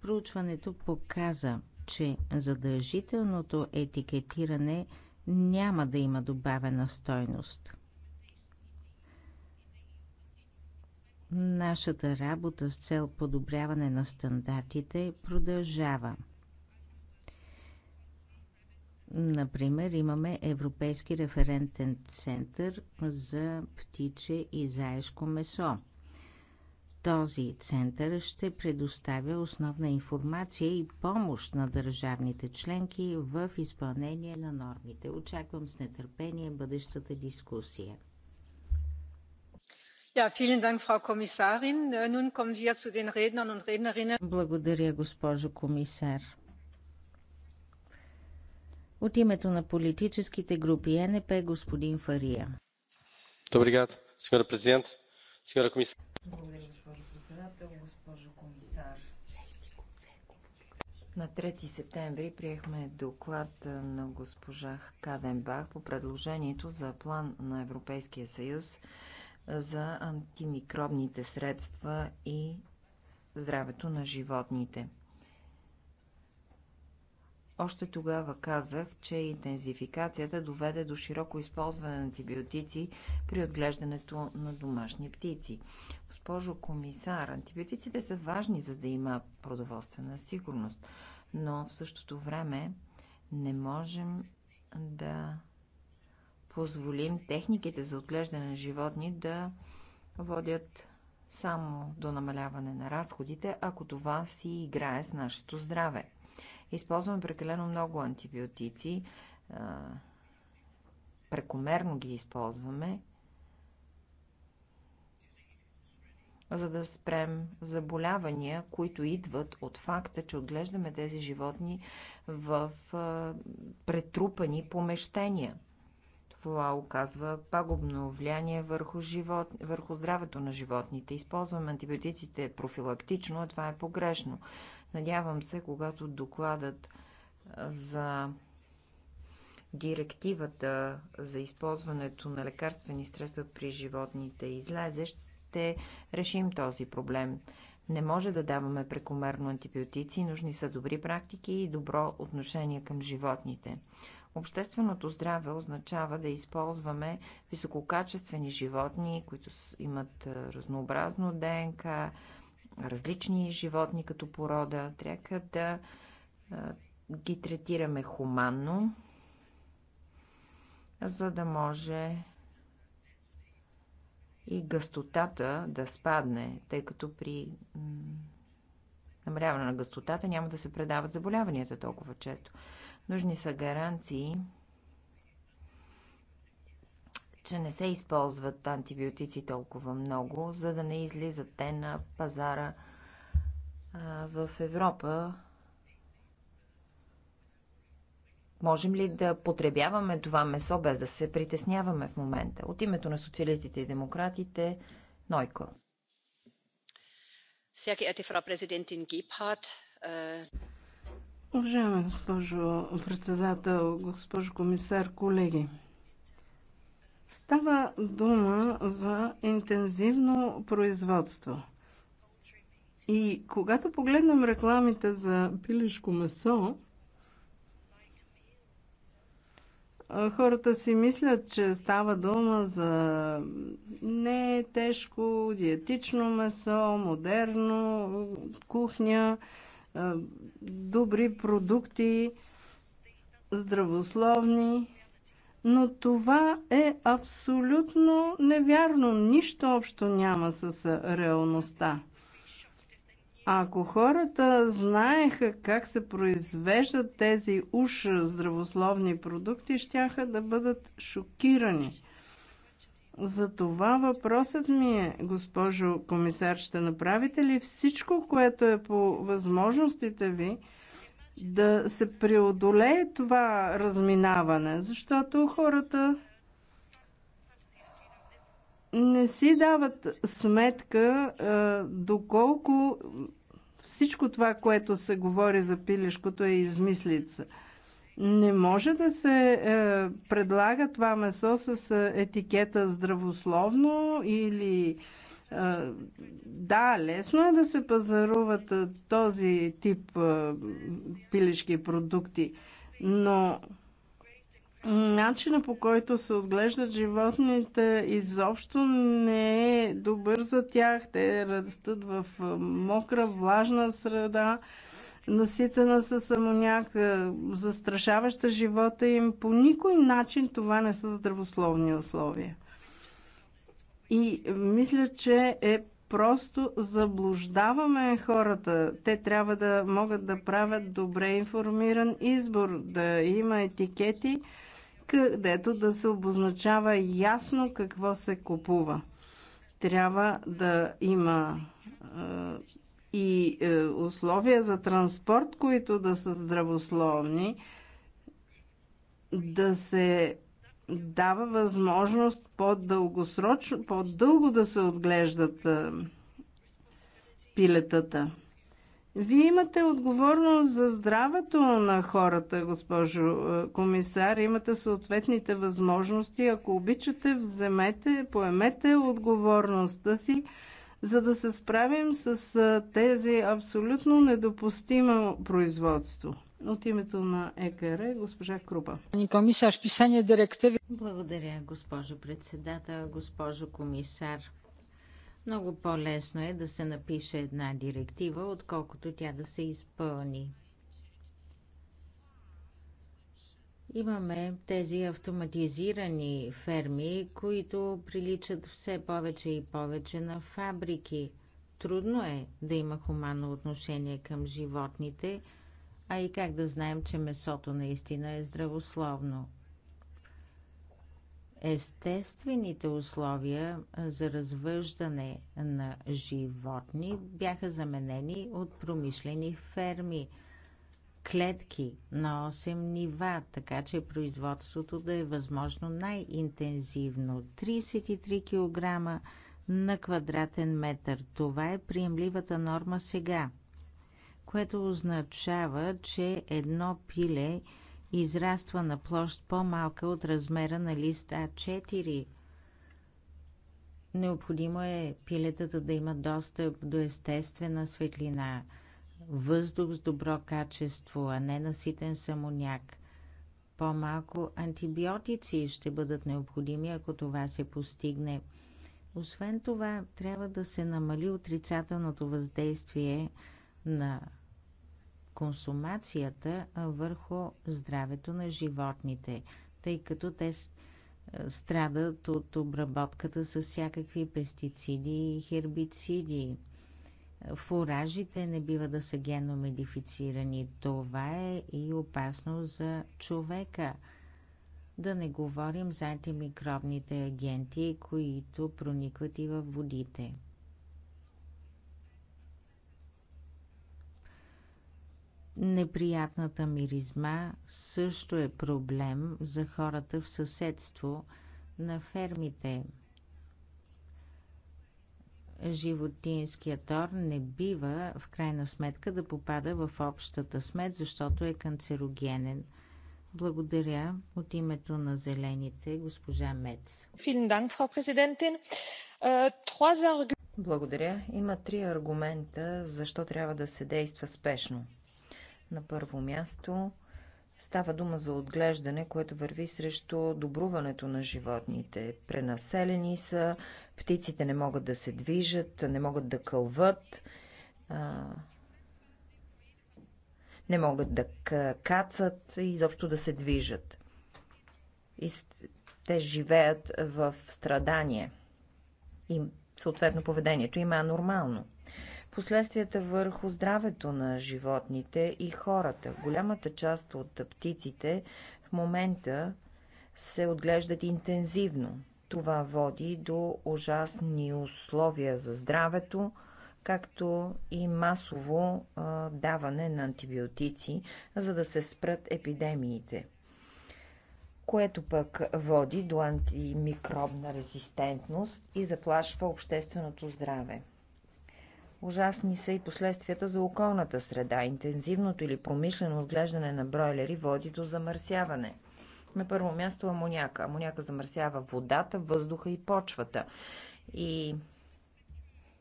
J: Проучването показа, че задължителното етикетиране – няма да има добавена стойност. Нашата работа с цел подобряване на стандартите продължава. Например, имаме Европейски референтен център за птиче и заешко месо – този център ще предоставя основна информация и помощ на държавните членки в изпълнение на нормите. Очаквам с нетърпение бъдещата дискусия.
E: Благодаря,
J: госпожо комисар. От името на политическите групи е НП господин
E: Фария.
B: Добре, господин президент, господин комисар. Благодаря
E: председател, госпожо комисар. На 3 септември приехме доклад на госпожа Каденбах по предложението за план на Европейския съюз за антимикробните средства и здравето на животните. Още тогава казах, че интензификацията доведе до широко използване на антибиотици при отглеждането на домашни птици госпожо комисар, антибиотиците са важни, за да има продоволствена сигурност, но в същото време не можем да позволим техниките за отглеждане на животни да водят само до намаляване на разходите, ако това си играе с нашето здраве. Използваме прекалено много антибиотици, прекомерно ги използваме за да спрем заболявания, които идват от факта, че отглеждаме тези животни в претрупани помещения. Това оказва пагубно влияние върху, живот, върху здравето на животните. Използваме антибиотиците профилактично, а това е погрешно. Надявам се, когато докладът за директивата за използването на лекарствени средства при животните излезе, ще ще решим този проблем. Не може да даваме прекомерно антибиотици, нужни са добри практики и добро отношение към животните. Общественото здраве означава да използваме висококачествени животни, които имат разнообразно ДНК, различни животни като порода. Трябва да ги третираме хуманно, за да може и гъстотата да спадне, тъй като при намаляване на гъстотата няма да се предават заболяванията толкова често. Нужни са гаранции, че не се използват антибиотици толкова много, за да не излизат те на пазара а, в Европа Можем ли да потребяваме това месо без да се притесняваме в момента? От името на социалистите и демократите, Нойко. Äh, Уважаема
I: госпожо председател, госпожо комисар, колеги. Става дума за интензивно производство. И когато погледнем рекламите за пилешко месо, хората си мислят, че става дума за не тежко, диетично месо, модерно, кухня, добри продукти, здравословни. Но това е абсолютно невярно. Нищо общо няма с реалността. Ако хората знаеха как се произвеждат тези уж здравословни продукти, щяха да бъдат шокирани. За това въпросът ми е, госпожо комисар, ще направите ли всичко, което е по възможностите ви, да се преодолее това разминаване, защото хората не си дават сметка а, доколко всичко това, което се говори за пилешкото е измислица. Не може да се е, предлага това месо с е, етикета здравословно или е, да, лесно е да се пазаруват е, този тип пилешки продукти, но начина по който се отглеждат животните изобщо не е добър за тях. Те растат в мокра, влажна среда, наситена с амоняк, застрашаваща живота им. По никой начин това не са здравословни условия. И мисля, че е просто заблуждаваме хората. Те трябва да могат да правят добре информиран избор, да има етикети, където да се обозначава ясно какво се купува. Трябва да има е, и е, условия за транспорт, които да са здравословни, да се дава възможност по-дългосрочно, по-дълго да се отглеждат е, пилетата. Вие имате отговорност за здравето на хората, госпожо е, комисар. Имате съответните възможности. Ако обичате, вземете, поемете отговорността си, за да се справим с е, тези абсолютно недопустимо производство. От името
J: на ЕКР, госпожа Крупа. Комисар, писание директиви. Благодаря, госпожо председател, госпожо комисар. Много по-лесно е да се напише една директива, отколкото тя да се изпълни. Имаме тези автоматизирани ферми, които приличат все повече и повече на фабрики. Трудно е да има хуманно отношение към животните, а и как да знаем, че месото наистина е здравословно. Естествените условия за развъждане на животни бяха заменени от промишлени ферми, клетки на 8 нива, така че производството да е възможно най-интензивно. 33 кг на квадратен метър. Това е приемливата норма сега, което означава, че едно пиле – израства на площ по-малка от размера на лист А4. Необходимо е пилетата да има достъп до естествена светлина, въздух с добро качество, а не наситен самоняк. По-малко антибиотици ще бъдат необходими, ако това се постигне. Освен това, трябва да се намали отрицателното въздействие на консумацията върху здравето на животните, тъй като те страдат от обработката с всякакви пестициди и хербициди. Фуражите не бива да са геномедифицирани. Това е и опасно за човека. Да не говорим за антимикробните агенти, които проникват и във водите. Неприятната миризма също е проблем за хората в съседство на фермите. Животинският тор не бива в крайна сметка да попада в общата смет, защото е канцерогенен. Благодаря от името на зелените госпожа Мец.
E: Äh, Благодаря. Има три аргумента защо трябва да се действа спешно. На първо място става дума за отглеждане, което върви срещу добруването на животните. Пренаселени са, птиците не могат да се движат, не могат да кълват, не могат да кацат и изобщо да се движат. И те живеят в страдание. И съответно поведението им е нормално последствията върху здравето на животните и хората. Голямата част от птиците в момента се отглеждат интензивно. Това води до ужасни условия за здравето, както и масово а, даване на антибиотици, за да се спрат епидемиите, което пък води до антимикробна резистентност и заплашва общественото здраве. Ужасни са и последствията за околната среда. Интензивното или промишлено отглеждане на бройлери води до замърсяване. На първо място амоняка. Амоняка замърсява водата, въздуха и почвата. И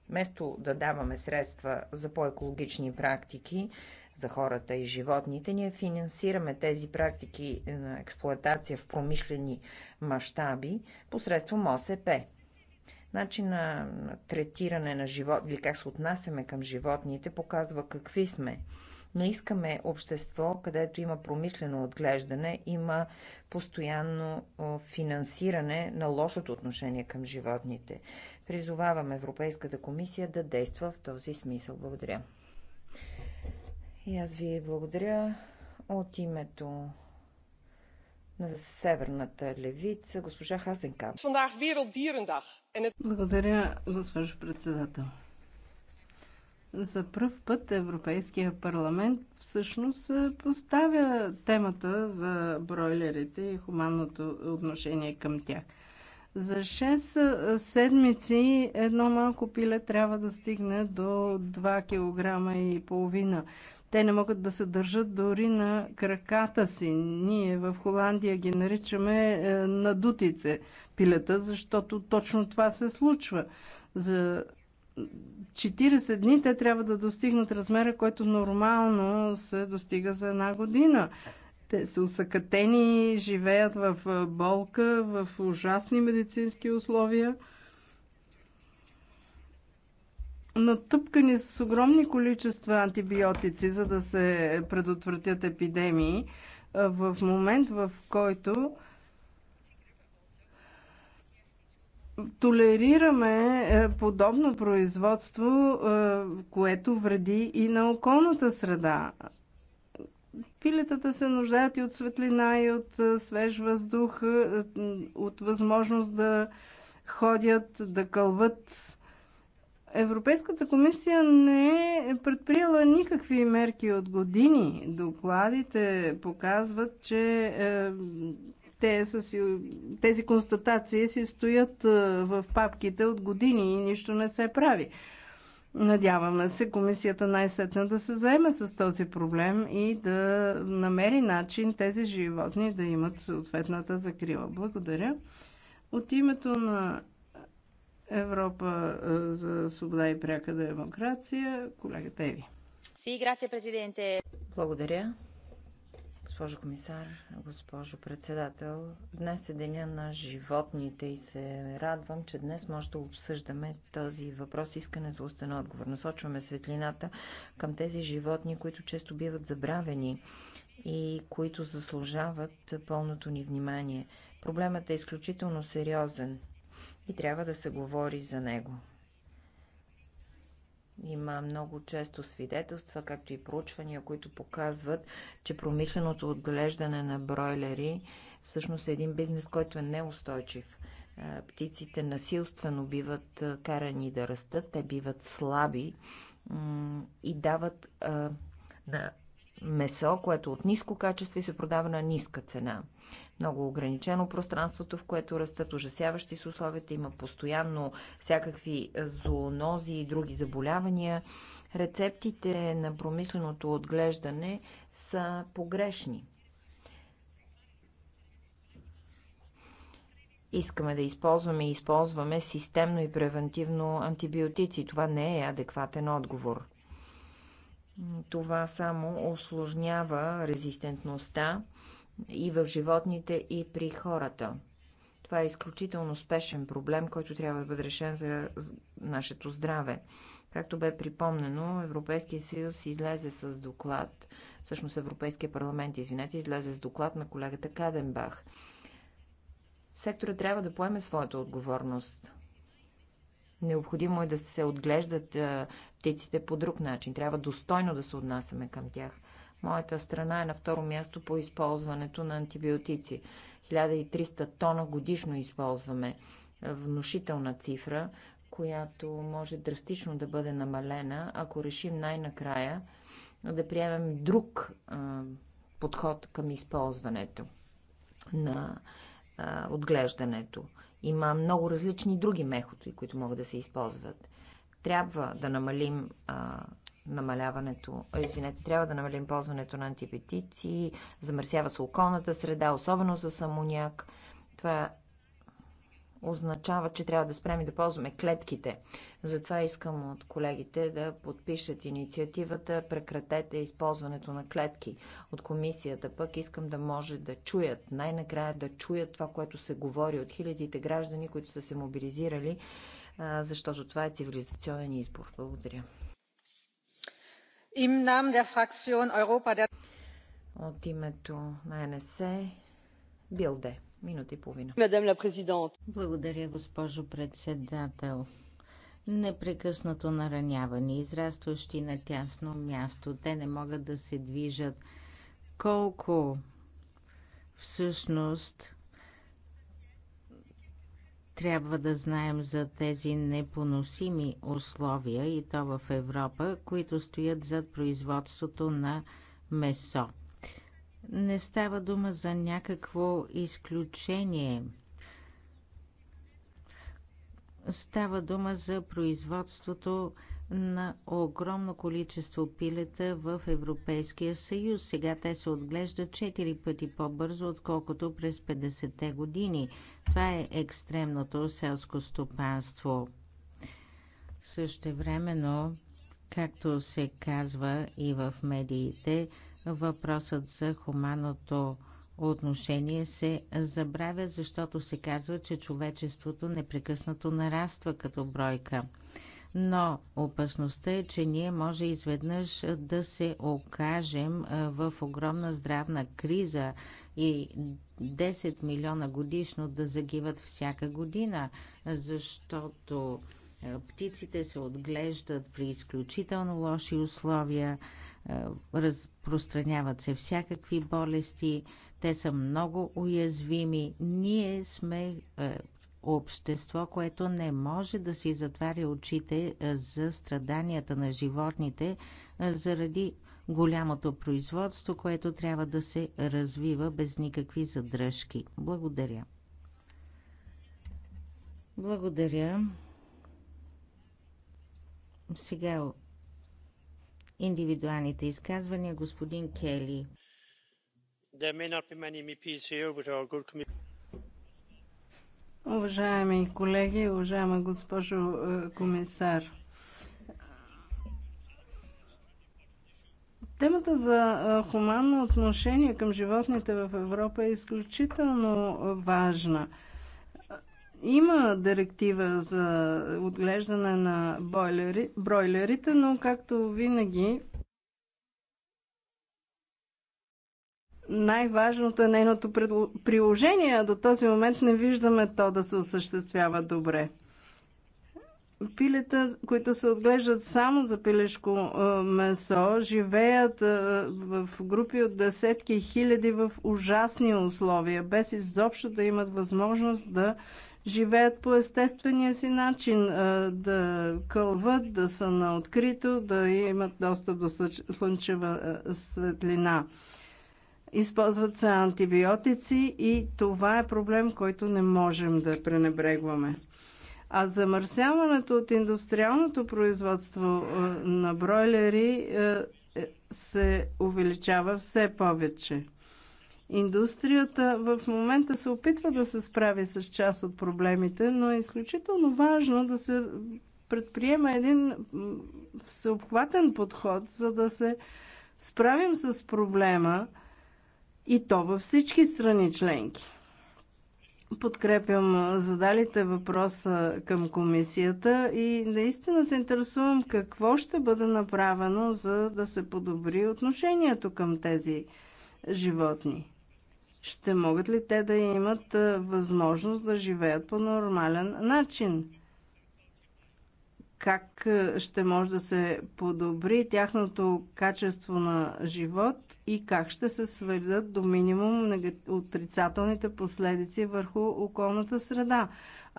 E: вместо да даваме средства за по-екологични практики за хората и животните, ние финансираме тези практики на експлоатация в промишлени мащаби посредством ОСП. Начин на третиране на живот или как се отнасяме към животните показва какви сме. Но искаме общество, където има промишлено отглеждане, има постоянно финансиране на лошото отношение към животните. Призовавам Европейската комисия да действа в този смисъл. Благодаря. И аз ви благодаря от името на Северната левица, госпожа Хасенка.
G: Благодаря,
E: госпожо председател.
I: За първ път Европейския парламент всъщност е, поставя темата за бройлерите и хуманното отношение към тях. За 6 е, седмици едно малко пиле трябва да стигне до 2 кг и половина. Те не могат да се държат дори на краката си. Ние в Холандия ги наричаме е, надутите пилета, защото точно това се случва. За 40 дни те трябва да достигнат размера, който нормално се достига за една година. Те са усъкатени, живеят в е, болка, в ужасни медицински условия – натъпкани с огромни количества антибиотици, за да се предотвратят епидемии, в момент в който толерираме е, подобно производство, е, което вреди и на околната среда. Пилетата се нуждаят и от светлина, и от е, свеж въздух, от възможност да ходят, да кълват. Европейската комисия не е предприела никакви мерки от години. Докладите показват, че е, те са си, тези констатации си стоят е, в папките от години и нищо не се прави. Надяваме се комисията най-сетна да се заеме с този проблем и да намери начин тези животни да имат съответната закрила. Благодаря. От името на Европа за свобода и пряка демокрация,
E: колегата Еви.
H: Си, грация, президенте.
E: Благодаря. Госпожо комисар, госпожо председател, днес е деня на животните и се радвам, че днес може да обсъждаме този въпрос искане за устен отговор. Насочваме светлината към тези животни, които често биват забравени и които заслужават пълното ни внимание. Проблемът е изключително сериозен и трябва да се говори за него. Има много често свидетелства, както и проучвания, които показват, че промишленото отглеждане на бройлери всъщност е един бизнес, който е неустойчив. Е, птиците насилствено биват е, карани да растат, те биват слаби и дават е, на месо, което от ниско качество и се продава на ниска цена. Много ограничено пространството, в което растат ужасяващи се условията, има постоянно всякакви зоонози и други заболявания. Рецептите на промисленото отглеждане са погрешни. Искаме да използваме и използваме системно и превентивно антибиотици. Това не е адекватен отговор. Това само осложнява резистентността и в животните, и при хората. Това е изключително спешен проблем, който трябва да бъде решен за нашето здраве. Както бе припомнено, Европейския съюз излезе с доклад, всъщност Европейския парламент, извинете, излезе с доклад на колегата Каденбах. Секторът трябва да поеме своята отговорност. Необходимо е да се отглеждат птиците по друг начин. Трябва достойно да се отнасяме към тях. Моята страна е на второ място по използването на антибиотици. 1300 тона годишно използваме. Внушителна цифра, която може драстично да бъде намалена, ако решим най-накрая да приемем друг а, подход към използването на а, отглеждането. Има много различни други методи, които могат да се използват. Трябва да намалим а, намаляването, извинете, трябва да намалим ползването на антибиотици, замърсява се околната среда, особено с амоняк. Това означава, че трябва да спрем и да ползваме клетките. Затова искам от колегите да подпишат инициативата Прекратете използването на клетки. От комисията пък искам да може да чуят, най-накрая да чуят това, което се говори от хилядите граждани, които са се мобилизирали, защото това е цивилизационен избор. Благодаря. Им нам der Fraktion Europa der... От името на НС Билде минута и половина. Благодаря,
J: госпожо председател. Непрекъснато наранявани, израстващи на тясно място, те не могат да се движат. Колко всъщност трябва да знаем за тези непоносими условия и то в Европа, които стоят зад производството на месо. Не става дума за някакво изключение. Става дума за производството на огромно количество пилета в Европейския съюз. Сега те се отглеждат 4 пъти по-бързо, отколкото през 50-те години. Това е екстремното селско стопанство. времено, както се казва и в медиите, въпросът за хуманното отношение се забравя, защото се казва, че човечеството непрекъснато нараства като бройка. Но опасността е, че ние може изведнъж да се окажем в огромна здравна криза и 10 милиона годишно да загиват всяка година, защото птиците се отглеждат при изключително лоши условия е, разпространяват се всякакви болести, те са много уязвими. Ние сме е, общество, което не може да си затваря очите е, за страданията на животните заради голямото производство, което трябва да се развива без никакви задръжки. Благодаря. Благодаря. Сега индивидуалните изказвания. Господин Кели. Уважаеми
I: колеги, уважаема госпожо е, комисар, Темата за е, хуманно отношение към животните в Европа е изключително важна – има директива за отглеждане на бойлери, бройлерите, но както винаги най-важното е нейното приложение. До този момент не виждаме то да се осъществява добре. Пилета, които се отглеждат само за пилешко е, месо, живеят е, в групи от десетки хиляди в ужасни условия, без изобщо да имат възможност да живеят по естествения си начин, да кълват, да са на открито, да имат достъп до слънчева светлина. Използват се антибиотици и това е проблем, който не можем да пренебрегваме. А замърсяването от индустриалното производство на бройлери е, се увеличава все повече. Индустрията в момента се опитва да се справи с част от проблемите, но е изключително важно да се предприема един всеобхватен подход, за да се справим с проблема и то във всички страни членки. Подкрепям задалите въпроса към комисията и наистина се интересувам какво ще бъде направено, за да се подобри отношението към тези животни ще могат ли те да имат възможност да живеят по нормален начин? Как ще може да се подобри тяхното качество на живот и как ще се сведат до минимум отрицателните последици върху околната среда?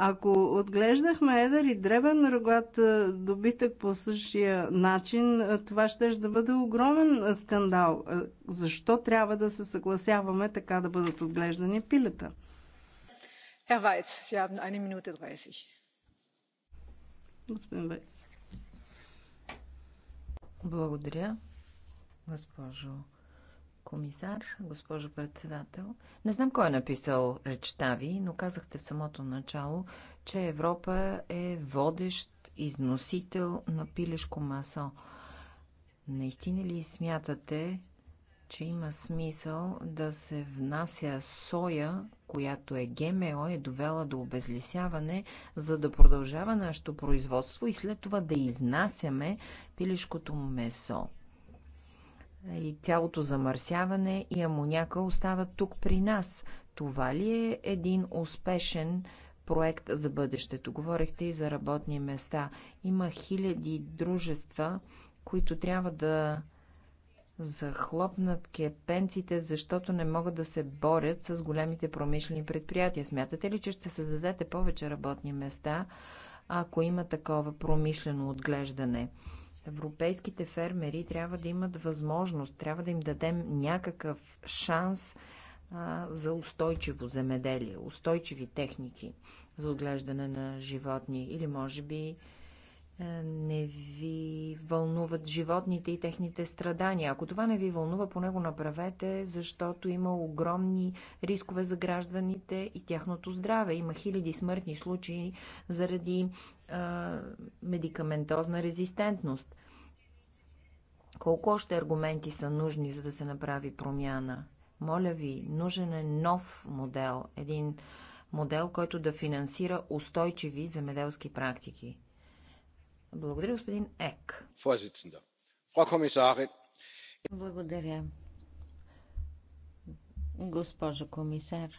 I: Ако отглеждахме едър и дребен рогат добитък по същия начин, това ще да бъде огромен скандал. Защо трябва да се съгласяваме така да бъдат отглеждани пилета?
G: Хер Вайц, Sie haben eine Minute 30.
E: Господин Вайц. Благодаря, госпожо комисар, госпожо председател. Не знам кой е написал речта ви, но казахте в самото начало, че Европа е водещ износител на пилешко масо. Наистина ли смятате, че има смисъл да се внася соя, която е ГМО, е довела до обезлисяване, за да продължава нашето производство и след това да изнасяме пилешкото месо? и цялото замърсяване и амоняка остават тук при нас. Това ли е един успешен проект за бъдещето? Говорихте и за работни места. Има хиляди дружества, които трябва да захлопнат кепенците, защото не могат да се борят с големите промишлени предприятия. Смятате ли, че ще създадете повече работни места, ако има такова промишлено отглеждане? Европейските фермери трябва да имат възможност, трябва да им дадем някакъв шанс а, за устойчиво земеделие, устойчиви техники за отглеждане на животни или може би е, не ви вълнуват животните и техните страдания. Ако това не ви вълнува, поне го направете, защото има огромни рискове за гражданите и тяхното здраве. Има хиляди смъртни случаи заради а, е, медикаментозна резистентност. Колко още аргументи са нужни, за да се направи промяна? Моля ви, нужен е нов модел, един модел, който да финансира устойчиви земеделски практики. Благодаря, господин Ек. Благодаря.
J: Госпожо комисар,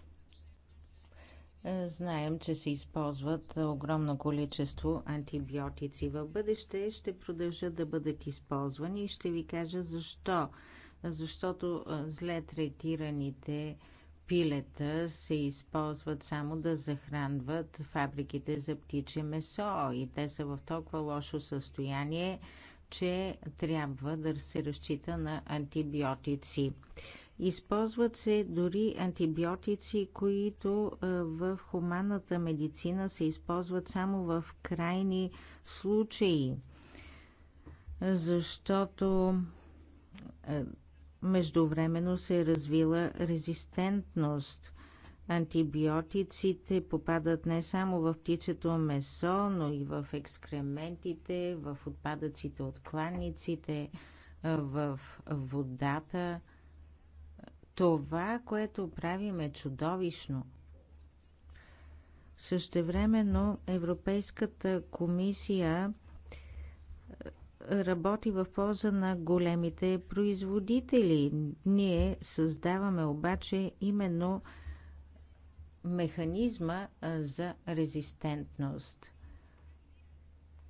J: знаем, че се използват огромно количество антибиотици. В бъдеще ще продължат да бъдат използвани и ще ви кажа защо. Защото зле третираните пилета се използват само да захранват фабриките за птиче месо и те са в толкова лошо състояние, че трябва да се разчита на антибиотици. Използват се дори антибиотици, които в хуманната медицина се използват само в крайни случаи, защото Междувременно се е развила резистентност. Антибиотиците попадат не само в птичето месо, но и в екскрементите, в отпадъците от кланиците, в водата. Това, което правим е чудовищно. Същевременно Европейската комисия работи в полза на големите производители. Ние създаваме обаче именно механизма за резистентност.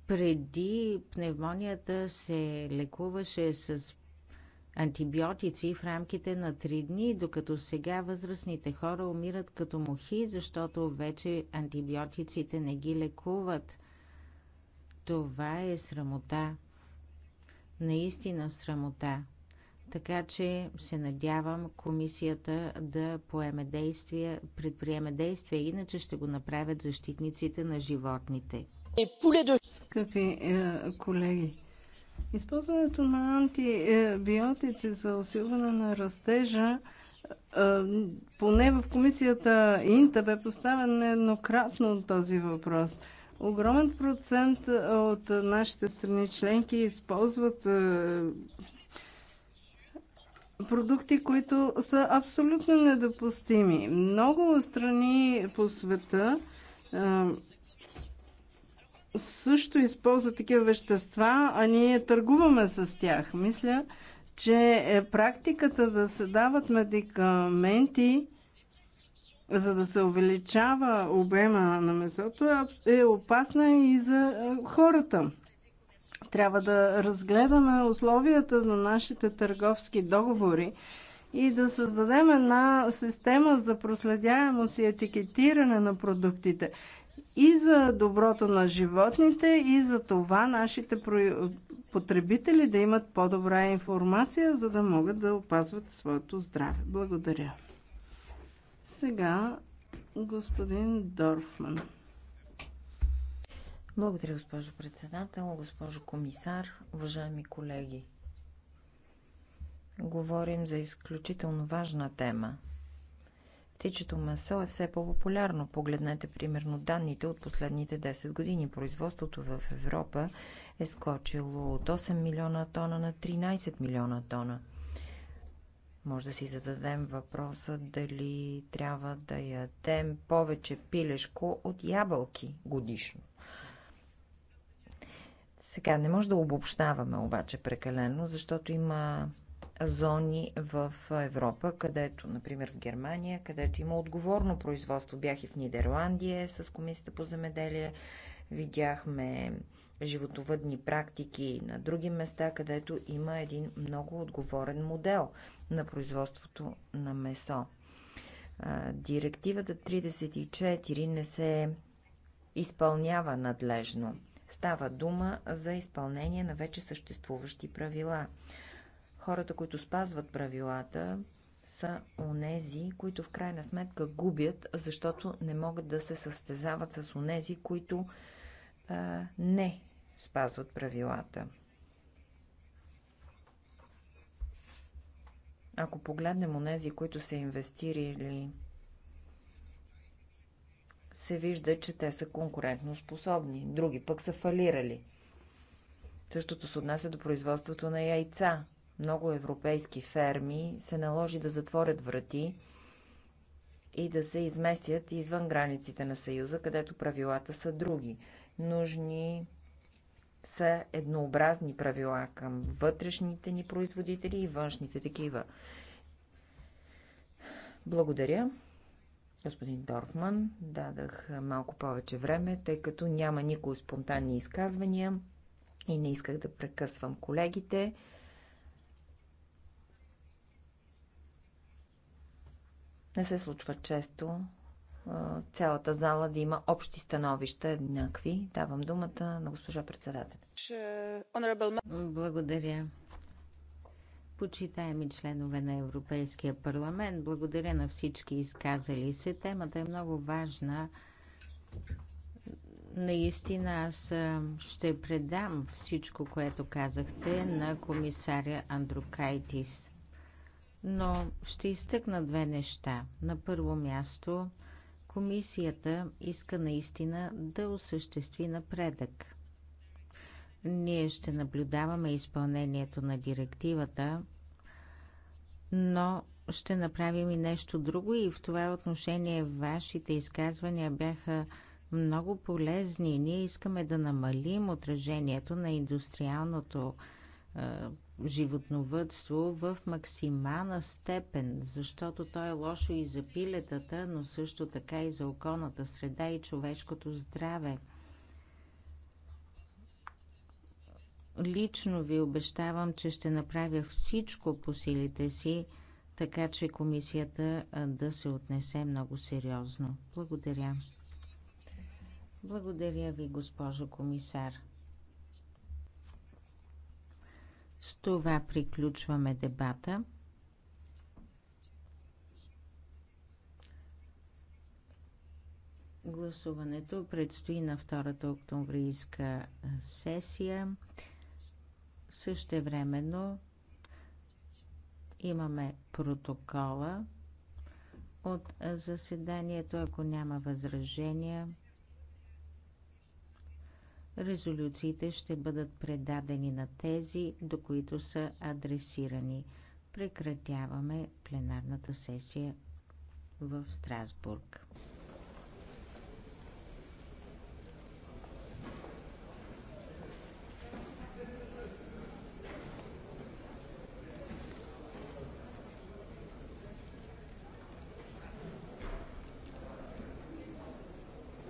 J: Преди пневмонията се лекуваше с антибиотици в рамките на 3 дни, докато сега възрастните хора умират като мухи, защото вече антибиотиците не ги лекуват. Това е срамота наистина срамота. Така че се надявам комисията да поеме действия, предприеме действия, иначе ще го направят защитниците на животните. Е, Скъпи е, колеги,
I: използването на антибиотици за усилване на растежа е, поне в комисията Инта бе поставен нееднократно този въпрос – Огромен процент от нашите страни членки използват продукти, които са абсолютно недопустими. Много страни по света също използват такива вещества, а ние търгуваме с тях. Мисля, че е, практиката да се дават медикаменти за да се увеличава обема на месото, е, е опасна и за е, хората. Трябва да разгледаме условията на нашите търговски договори и да създадем една система за проследяемост и етикетиране на продуктите и за доброто на животните, и за това нашите потребители да имат по-добра информация, за да могат да опазват своето здраве. Благодаря.
E: Сега господин Дорфман. Благодаря, госпожо председател, госпожо комисар, уважаеми колеги. Говорим за изключително важна тема. Птичето месо е все по-популярно. Погледнете примерно данните от последните 10 години. Производството в Европа е скочило от 8 милиона тона на 13 милиона тона – може да си зададем въпроса дали трябва да ядем повече пилешко от ябълки годишно. Сега не може да обобщаваме обаче прекалено, защото има зони в Европа, където, например в Германия, където има отговорно производство. Бях и в Нидерландия с Комисията по земеделие, видяхме животовъдни практики на други места, където има един много отговорен модел на производството на месо. Директивата 34 не се изпълнява надлежно. Става дума за изпълнение на вече съществуващи правила. Хората, които спазват правилата, са онези, които в крайна сметка губят, защото не могат да се състезават с онези, които а, не спазват правилата. Ако погледнем онези, които са инвестирали, се вижда, че те са конкурентно способни. Други пък са фалирали. Същото се отнася до производството на яйца. Много европейски ферми се наложи да затворят врати и да се изместят извън границите на Съюза, където правилата са други. Нужни са еднообразни правила към вътрешните ни производители и външните такива. Благодаря. Господин Дорфман, дадах малко повече време, тъй като няма никой спонтанни изказвания и не исках да прекъсвам колегите. Не се случва често цялата зала да има общи становища, еднакви. Давам думата на госпожа председател. Благодаря.
J: Почитаеми членове на Европейския парламент, благодаря на всички изказали се. Темата е много важна. Наистина аз ще предам всичко, което казахте на комисаря Андрукайтис. Но ще изтъкна две неща. На първо място – Комисията иска наистина да осъществи напредък. Ние ще наблюдаваме изпълнението на директивата, но ще направим и нещо друго и в това отношение вашите изказвания бяха много полезни. Ние искаме да намалим отражението на индустриалното е, животновътство в максимална степен, защото то е лошо и за пилетата, но също така и за околната среда и човешкото здраве. Лично ви обещавам, че ще направя всичко по силите си, така че комисията да се отнесе много сериозно. Благодаря. Благодаря ви, госпожо комисар. С това приключваме дебата. Гласуването предстои на втората октомврийска сесия. Същевременно имаме протокола от заседанието, ако няма възражения резолюциите ще бъдат предадени на тези, до които са адресирани. Прекратяваме пленарната сесия в Страсбург.